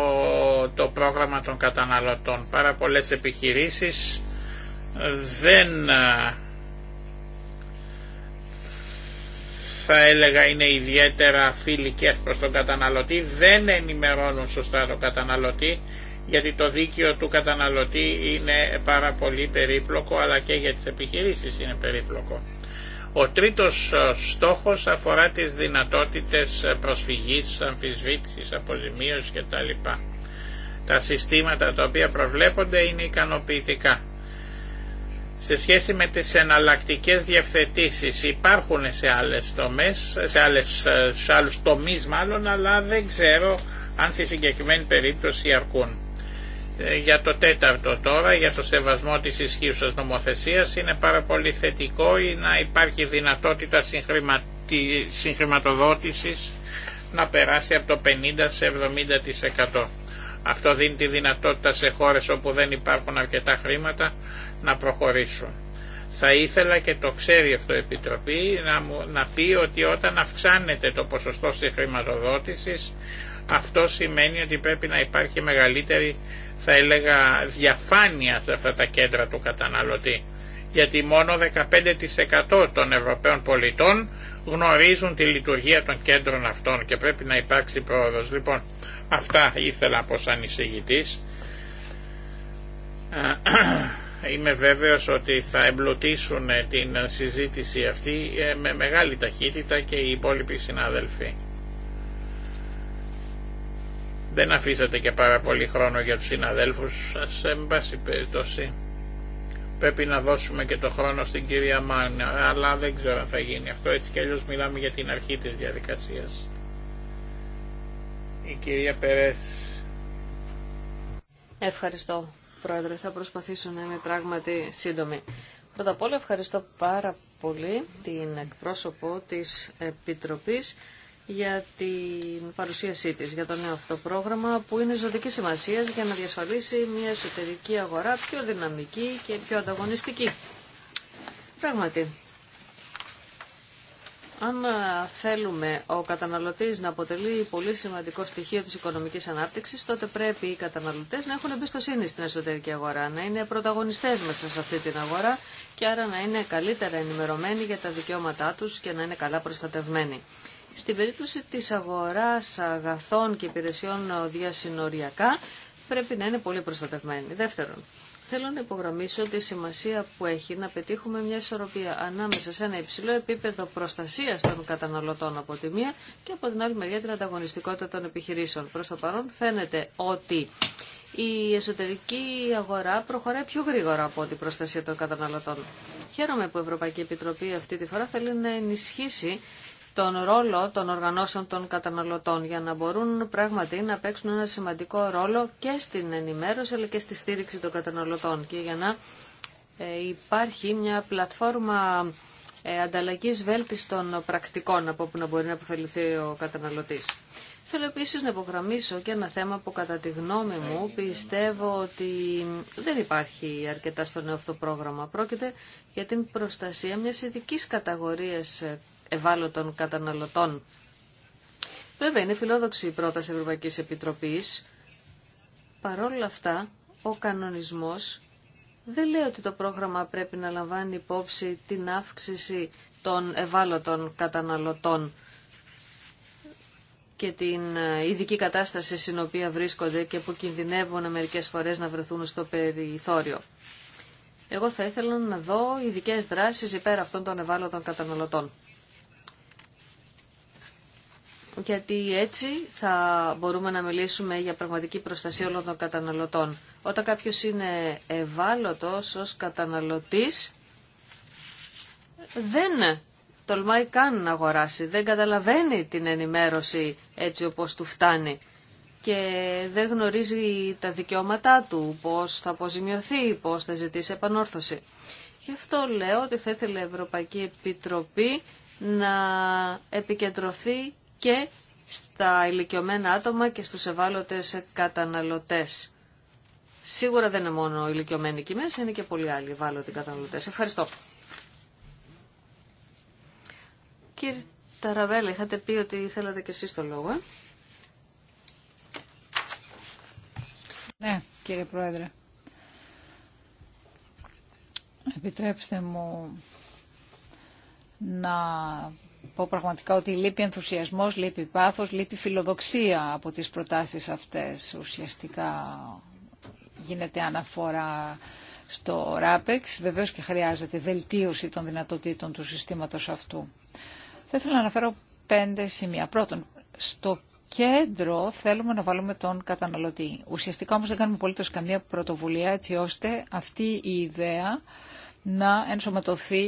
το πρόγραμμα των καταναλωτών. Πάρα πολλές επιχειρήσεις δεν ε, θα έλεγα είναι ιδιαίτερα φιλικές προς τον καταναλωτή, δεν ενημερώνουν σωστά τον καταναλωτή γιατί το δίκαιο του καταναλωτή είναι πάρα πολύ περίπλοκο αλλά και για τις επιχειρήσεις είναι περίπλοκο. Ο τρίτος ε, στόχος αφορά τις δυνατότητες ε, προσφυγής, αμφισβήτησης, αποζημίωσης κτλ. Τα συστήματα τα οποία προβλέπονται είναι ικανοποιητικά. Σε σχέση με τις εναλλακτικές διευθετήσεις υπάρχουν σε άλλες τομές, σε, άλλες, ε, σε άλλους τομείς μάλλον, αλλά δεν ξέρω αν στη συγκεκριμένη περίπτωση αρκούν. Ε, για το τέταρτο τώρα, για το σεβασμό της ισχύουσας νομοθεσίας, είναι πάρα πολύ θετικό να υπάρχει δυνατότητα συγχρηματοδότησης να περάσει από το 50% σε 70%. Αυτό δίνει τη δυνατότητα σε χώρες όπου δεν υπάρχουν αρκετά χρήματα να προχωρήσουν. Θα ήθελα και το ξέρει αυτό η Επιτροπή να, μου, να πει ότι όταν αυξάνεται το ποσοστό συγχρηματοδότησης, αυτό σημαίνει ότι πρέπει να υπάρχει μεγαλύτερη, θα έλεγα, διαφάνεια σε αυτά τα κέντρα του καταναλωτή. Γιατί μόνο 15% των Ευρωπαίων πολιτών γνωρίζουν τη λειτουργία των κέντρων αυτών και πρέπει να υπάρξει πρόοδος. Λοιπόν, αυτά ήθελα από σαν εισηγητής. Ε, είμαι βέβαιος ότι θα εμπλουτίσουν την συζήτηση αυτή ε, με μεγάλη ταχύτητα και οι υπόλοιποι συνάδελφοι. Δεν αφήσατε και πάρα πολύ χρόνο για τους συναδέλφους σας, εν πάση περιπτώσει. Πρέπει να δώσουμε και το χρόνο στην κυρία Μάνα, αλλά δεν ξέρω αν θα γίνει αυτό, έτσι κι αλλιώς μιλάμε για την αρχή της διαδικασίας. Η κυρία Περές. Ευχαριστώ, Πρόεδρε. Θα προσπαθήσω να είμαι πράγματι σύντομη. Πρώτα απ' όλα ευχαριστώ πάρα πολύ την εκπρόσωπο της Επιτροπής για την παρουσίασή της για το νέο αυτό πρόγραμμα που είναι ζωτική σημασία για να διασφαλίσει μια εσωτερική αγορά πιο δυναμική και πιο ανταγωνιστική. Πράγματι, αν θέλουμε ο καταναλωτής να αποτελεί πολύ σημαντικό στοιχείο της οικονομικής ανάπτυξης, τότε πρέπει οι καταναλωτές να έχουν εμπιστοσύνη στην εσωτερική αγορά, να είναι πρωταγωνιστές μέσα σε αυτή την αγορά και άρα να είναι καλύτερα ενημερωμένοι για τα δικαιώματά τους και να είναι καλά προστατευμένοι. Στην περίπτωση της αγοράς αγαθών και υπηρεσιών διασυνοριακά πρέπει να είναι πολύ προστατευμένη. Δεύτερον, θέλω να υπογραμμίσω τη σημασία που έχει να πετύχουμε μια ισορροπία ανάμεσα σε ένα υψηλό επίπεδο προστασία των καταναλωτών από τη μία και από την άλλη μεριά την ανταγωνιστικότητα των επιχειρήσεων. Προς το παρόν φαίνεται ότι η εσωτερική αγορά προχωράει πιο γρήγορα από την προστασία των καταναλωτών. Χαίρομαι που η Ευρωπαϊκή Επιτροπή αυτή τη φορά θέλει να ενισχύσει τον ρόλο των οργανώσεων των καταναλωτών για να μπορούν πράγματι να παίξουν ένα σημαντικό ρόλο και στην ενημέρωση αλλά και στη στήριξη των καταναλωτών και για να ε, υπάρχει μια πλατφόρμα ε, ανταλλαγής βέλτιστων πρακτικών από όπου να μπορεί να αποφεληθεί ο καταναλωτής. Θέλω επίση να υπογραμμίσω και ένα θέμα που κατά τη γνώμη μου πιστεύω ότι δεν υπάρχει αρκετά στο νέο αυτό πρόγραμμα. Πρόκειται για την προστασία μιας ειδική καταγορία ευάλωτων καταναλωτών. Βέβαια, είναι φιλόδοξη η πρόταση Ευρωπαϊκής Επιτροπής. Παρόλα αυτά, ο κανονισμός δεν λέει ότι το πρόγραμμα πρέπει να λαμβάνει υπόψη την αύξηση των ευάλωτων καταναλωτών και την ε, ειδική κατάσταση στην οποία βρίσκονται και που κινδυνεύουν μερικές φορές να βρεθούν στο περιθώριο. Εγώ θα ήθελα να δω ειδικέ δράσεις υπέρ αυτών των ευάλωτων καταναλωτών γιατί έτσι θα μπορούμε να μιλήσουμε για πραγματική προστασία όλων των καταναλωτών. Όταν κάποιος είναι ευάλωτος ως καταναλωτής, δεν τολμάει καν να αγοράσει, δεν καταλαβαίνει την ενημέρωση έτσι όπως του φτάνει και δεν γνωρίζει τα δικαιώματά του, πώς θα αποζημιωθεί, πώς θα ζητήσει επανόρθωση. Γι' αυτό λέω ότι θα ήθελε η Ευρωπαϊκή Επιτροπή να επικεντρωθεί και στα ηλικιωμένα άτομα και στους ευάλωτες καταναλωτές. Σίγουρα δεν είναι μόνο οι ηλικιωμένοι είναι και πολλοί άλλοι ευάλωτοι καταναλωτές. Ευχαριστώ. Κύριε Ταραβέλα, είχατε πει ότι θέλατε και εσείς το λόγο. Ε? Ναι, κύριε Πρόεδρε. Επιτρέψτε μου να πω πραγματικά ότι λείπει ενθουσιασμός, λείπει πάθος, λείπει φιλοδοξία από τις προτάσεις αυτές. Ουσιαστικά γίνεται αναφορά στο RAPEX. Βεβαίως και χρειάζεται βελτίωση των δυνατοτήτων του συστήματος αυτού. Θα ήθελα να αναφέρω πέντε σημεία. Πρώτον, στο κέντρο θέλουμε να βάλουμε τον καταναλωτή. Ουσιαστικά όμως δεν κάνουμε απολύτω καμία πρωτοβουλία έτσι ώστε αυτή η ιδέα να ενσωματωθεί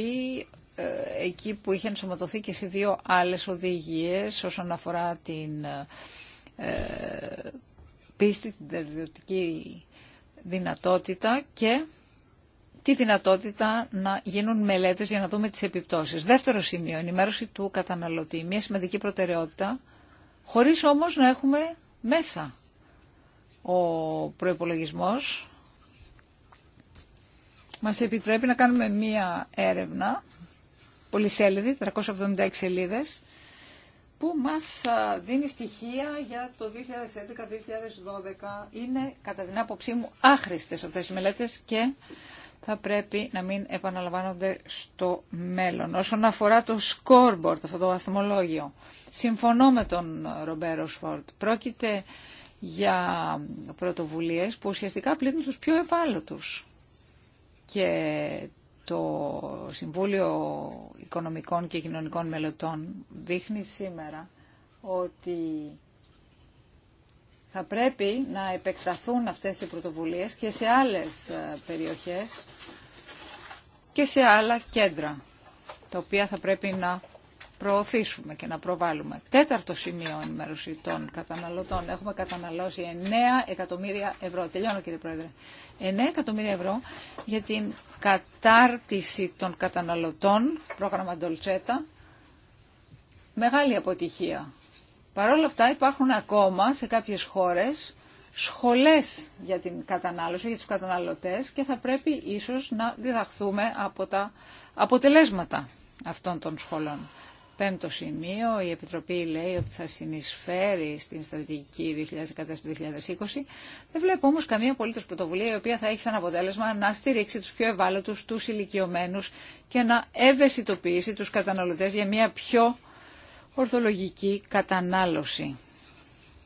ε, εκεί που είχε ενσωματωθεί και σε δύο άλλες οδηγίες όσον αφορά την ε, πίστη, την τελειωτική δυνατότητα και τη δυνατότητα να γίνουν μελέτες για να δούμε τις επιπτώσεις. Δεύτερο σημείο, ενημέρωση του καταναλωτή. Μια σημαντική προτεραιότητα, χωρίς όμως να έχουμε μέσα ο προϋπολογισμός. Μας επιτρέπει να κάνουμε μία έρευνα πολυσέλιδη, 376 σελίδες, που μας δίνει στοιχεία για το 2011-2012. Είναι, κατά την άποψή μου, άχρηστες αυτές οι μελέτες και θα πρέπει να μην επαναλαμβάνονται στο μέλλον. Όσον αφορά το scoreboard, αυτό το βαθμολόγιο, συμφωνώ με τον Ρομπέρο Σφόρτ. Πρόκειται για πρωτοβουλίες που ουσιαστικά πλήττουν τους πιο ευάλωτους. Και το Συμβούλιο Οικονομικών και Κοινωνικών Μελετών δείχνει σήμερα ότι θα πρέπει να επεκταθούν αυτές οι πρωτοβουλίες και σε άλλες ε, περιοχές και σε άλλα κέντρα, τα οποία θα πρέπει να προωθήσουμε και να προβάλλουμε. Τέταρτο σημείο ενημέρωση των καταναλωτών. Έχουμε καταναλώσει 9 εκατομμύρια ευρώ. Τελειώνω κύριε Πρόεδρε. 9 εκατομμύρια ευρώ για την κατάρτιση των καταναλωτών, πρόγραμμα Ντολτσέτα. Μεγάλη αποτυχία. Παρ' όλα αυτά υπάρχουν ακόμα σε κάποιες χώρες σχολές για την κατανάλωση, για τους καταναλωτές και θα πρέπει ίσως να διδαχθούμε από τα αποτελέσματα αυτών των σχολών. Πέμπτο σημείο, η Επιτροπή λέει ότι θα συνεισφέρει στην στρατηγική 2014-2020. Δεν βλέπω όμως καμία απολύτως πρωτοβουλία η οποία θα έχει σαν αποτέλεσμα να στηρίξει τους πιο ευάλωτους, του ηλικιωμένου και να ευαισθητοποιήσει τους καταναλωτές για μια πιο ορθολογική κατανάλωση.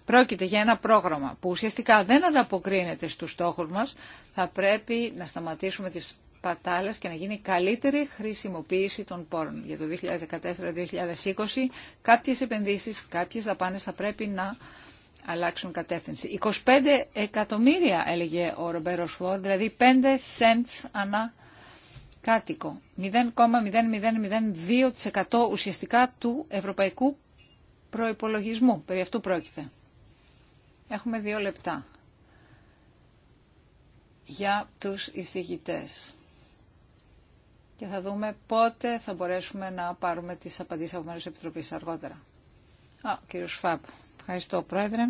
Πρόκειται για ένα πρόγραμμα που ουσιαστικά δεν ανταποκρίνεται στους στόχους μας. Θα πρέπει να σταματήσουμε τις σπατάλες και να γίνει καλύτερη χρησιμοποίηση των πόρων. Για το 2014-2020 κάποιες επενδύσεις, κάποιες δαπάνες θα πρέπει να αλλάξουν κατεύθυνση. 25 εκατομμύρια έλεγε ο Ρομπέρο Σουό, δηλαδή 5 cents ανά κάτοικο. 0,0002% ουσιαστικά του ευρωπαϊκού προϋπολογισμού. Περί αυτού πρόκειται. Έχουμε δύο λεπτά για τους εισηγητές και θα δούμε πότε θα μπορέσουμε να πάρουμε τις απαντήσεις από μέρους Επιτροπής αργότερα. Α, κύριο Σφάπ. Ευχαριστώ, Πρόεδρε.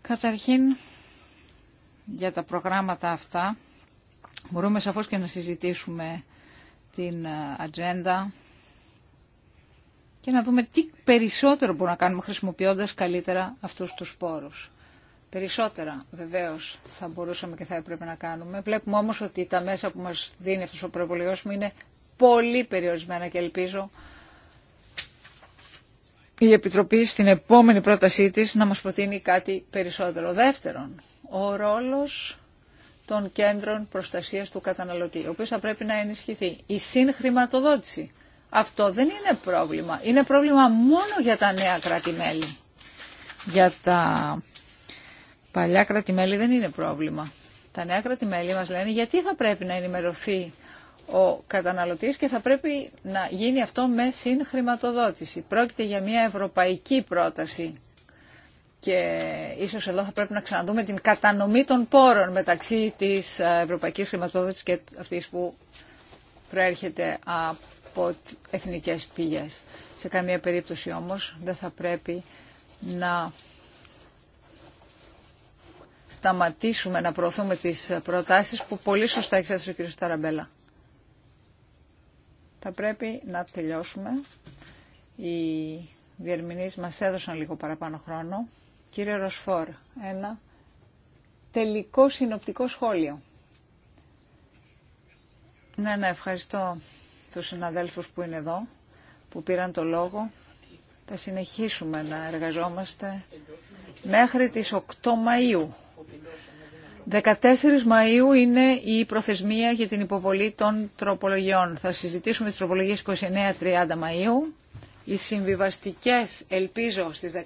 Καταρχήν, για τα προγράμματα αυτά, μπορούμε σαφώς και να συζητήσουμε την ατζέντα και να δούμε τι περισσότερο μπορούμε να κάνουμε χρησιμοποιώντας καλύτερα αυτούς τους πόρους. Περισσότερα βεβαίως θα μπορούσαμε και θα έπρεπε να κάνουμε. Βλέπουμε όμω ότι τα μέσα που μας δίνει αυτός ο προεμβολιό μου είναι πολύ περιορισμένα και ελπίζω η Επιτροπή στην επόμενη πρότασή τη να μας προτείνει κάτι περισσότερο. Δεύτερον, ο ρόλος των κέντρων προστασίας του καταναλωτή, ο οποίο θα πρέπει να ενισχυθεί. Η συγχρηματοδότηση. Αυτό δεν είναι πρόβλημα. Είναι πρόβλημα μόνο για τα νέα κράτη-μέλη. Για τα παλιά κρατημέλη δεν είναι πρόβλημα. Τα νέα κρατημέλη μας λένε γιατί θα πρέπει να ενημερωθεί ο καταναλωτής και θα πρέπει να γίνει αυτό με συγχρηματοδότηση. Πρόκειται για μια ευρωπαϊκή πρόταση και ίσως εδώ θα πρέπει να ξαναδούμε την κατανομή των πόρων μεταξύ της ευρωπαϊκής χρηματοδότησης και αυτής που προέρχεται από εθνικές πηγές. Σε καμία περίπτωση όμως δεν θα πρέπει να σταματήσουμε να προωθούμε τις προτάσεις που πολύ σωστά εξέθεσε ο κ. Σταραμπέλα. Θα πρέπει να τελειώσουμε. Οι διερμηνείς μας έδωσαν λίγο παραπάνω χρόνο. Κύριε Ροσφόρ, ένα τελικό συνοπτικό σχόλιο. Ναι, ναι, ευχαριστώ τους συναδέλφους που είναι εδώ, που πήραν το λόγο. Θα συνεχίσουμε να εργαζόμαστε μέχρι τις 8 Μαΐου. 14 Μαΐου είναι η προθεσμία για την υποβολή των τροπολογιών. Θα συζητήσουμε τις τροπολογίες 29-30 Μαΐου. Οι συμβιβαστικές ελπίζω στις 19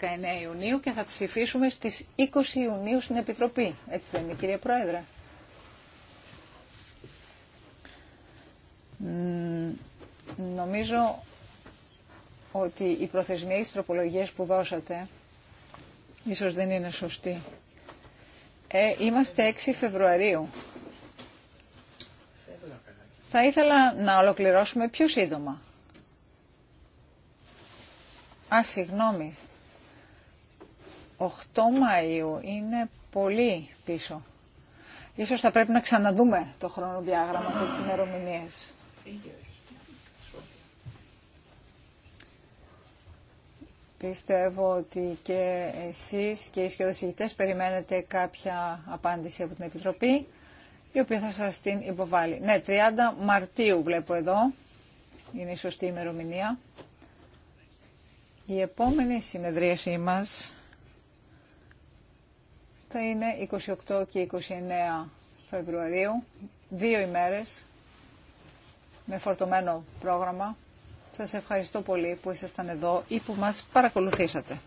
Ιουνίου και θα ψηφίσουμε στις 20 Ιουνίου στην Επιτροπή. Έτσι δεν είναι κύριε Πρόεδρε. Νομίζω ότι η προθεσμία της τροπολογίας που δώσατε ίσως δεν είναι σωστή. Ε, είμαστε 6 Φεβρουαρίου. Θα ήθελα να ολοκληρώσουμε πιο σύντομα. Α, συγγνώμη. 8 Μαΐου είναι πολύ πίσω. Ίσως θα πρέπει να ξαναδούμε το χρονοδιάγραμμα και τις ημερομηνίες. Πιστεύω ότι και εσείς και οι σχεδοσυγητές περιμένετε κάποια απάντηση από την Επιτροπή, η οποία θα σας την υποβάλει. Ναι, 30 Μαρτίου βλέπω εδώ, είναι η σωστή ημερομηνία. Η επόμενη συνεδρίασή μας θα είναι 28 και 29 Φεβρουαρίου, δύο ημέρες με φορτωμένο πρόγραμμα. Σας ευχαριστώ πολύ που ήσασταν εδώ ή που μας παρακολουθήσατε.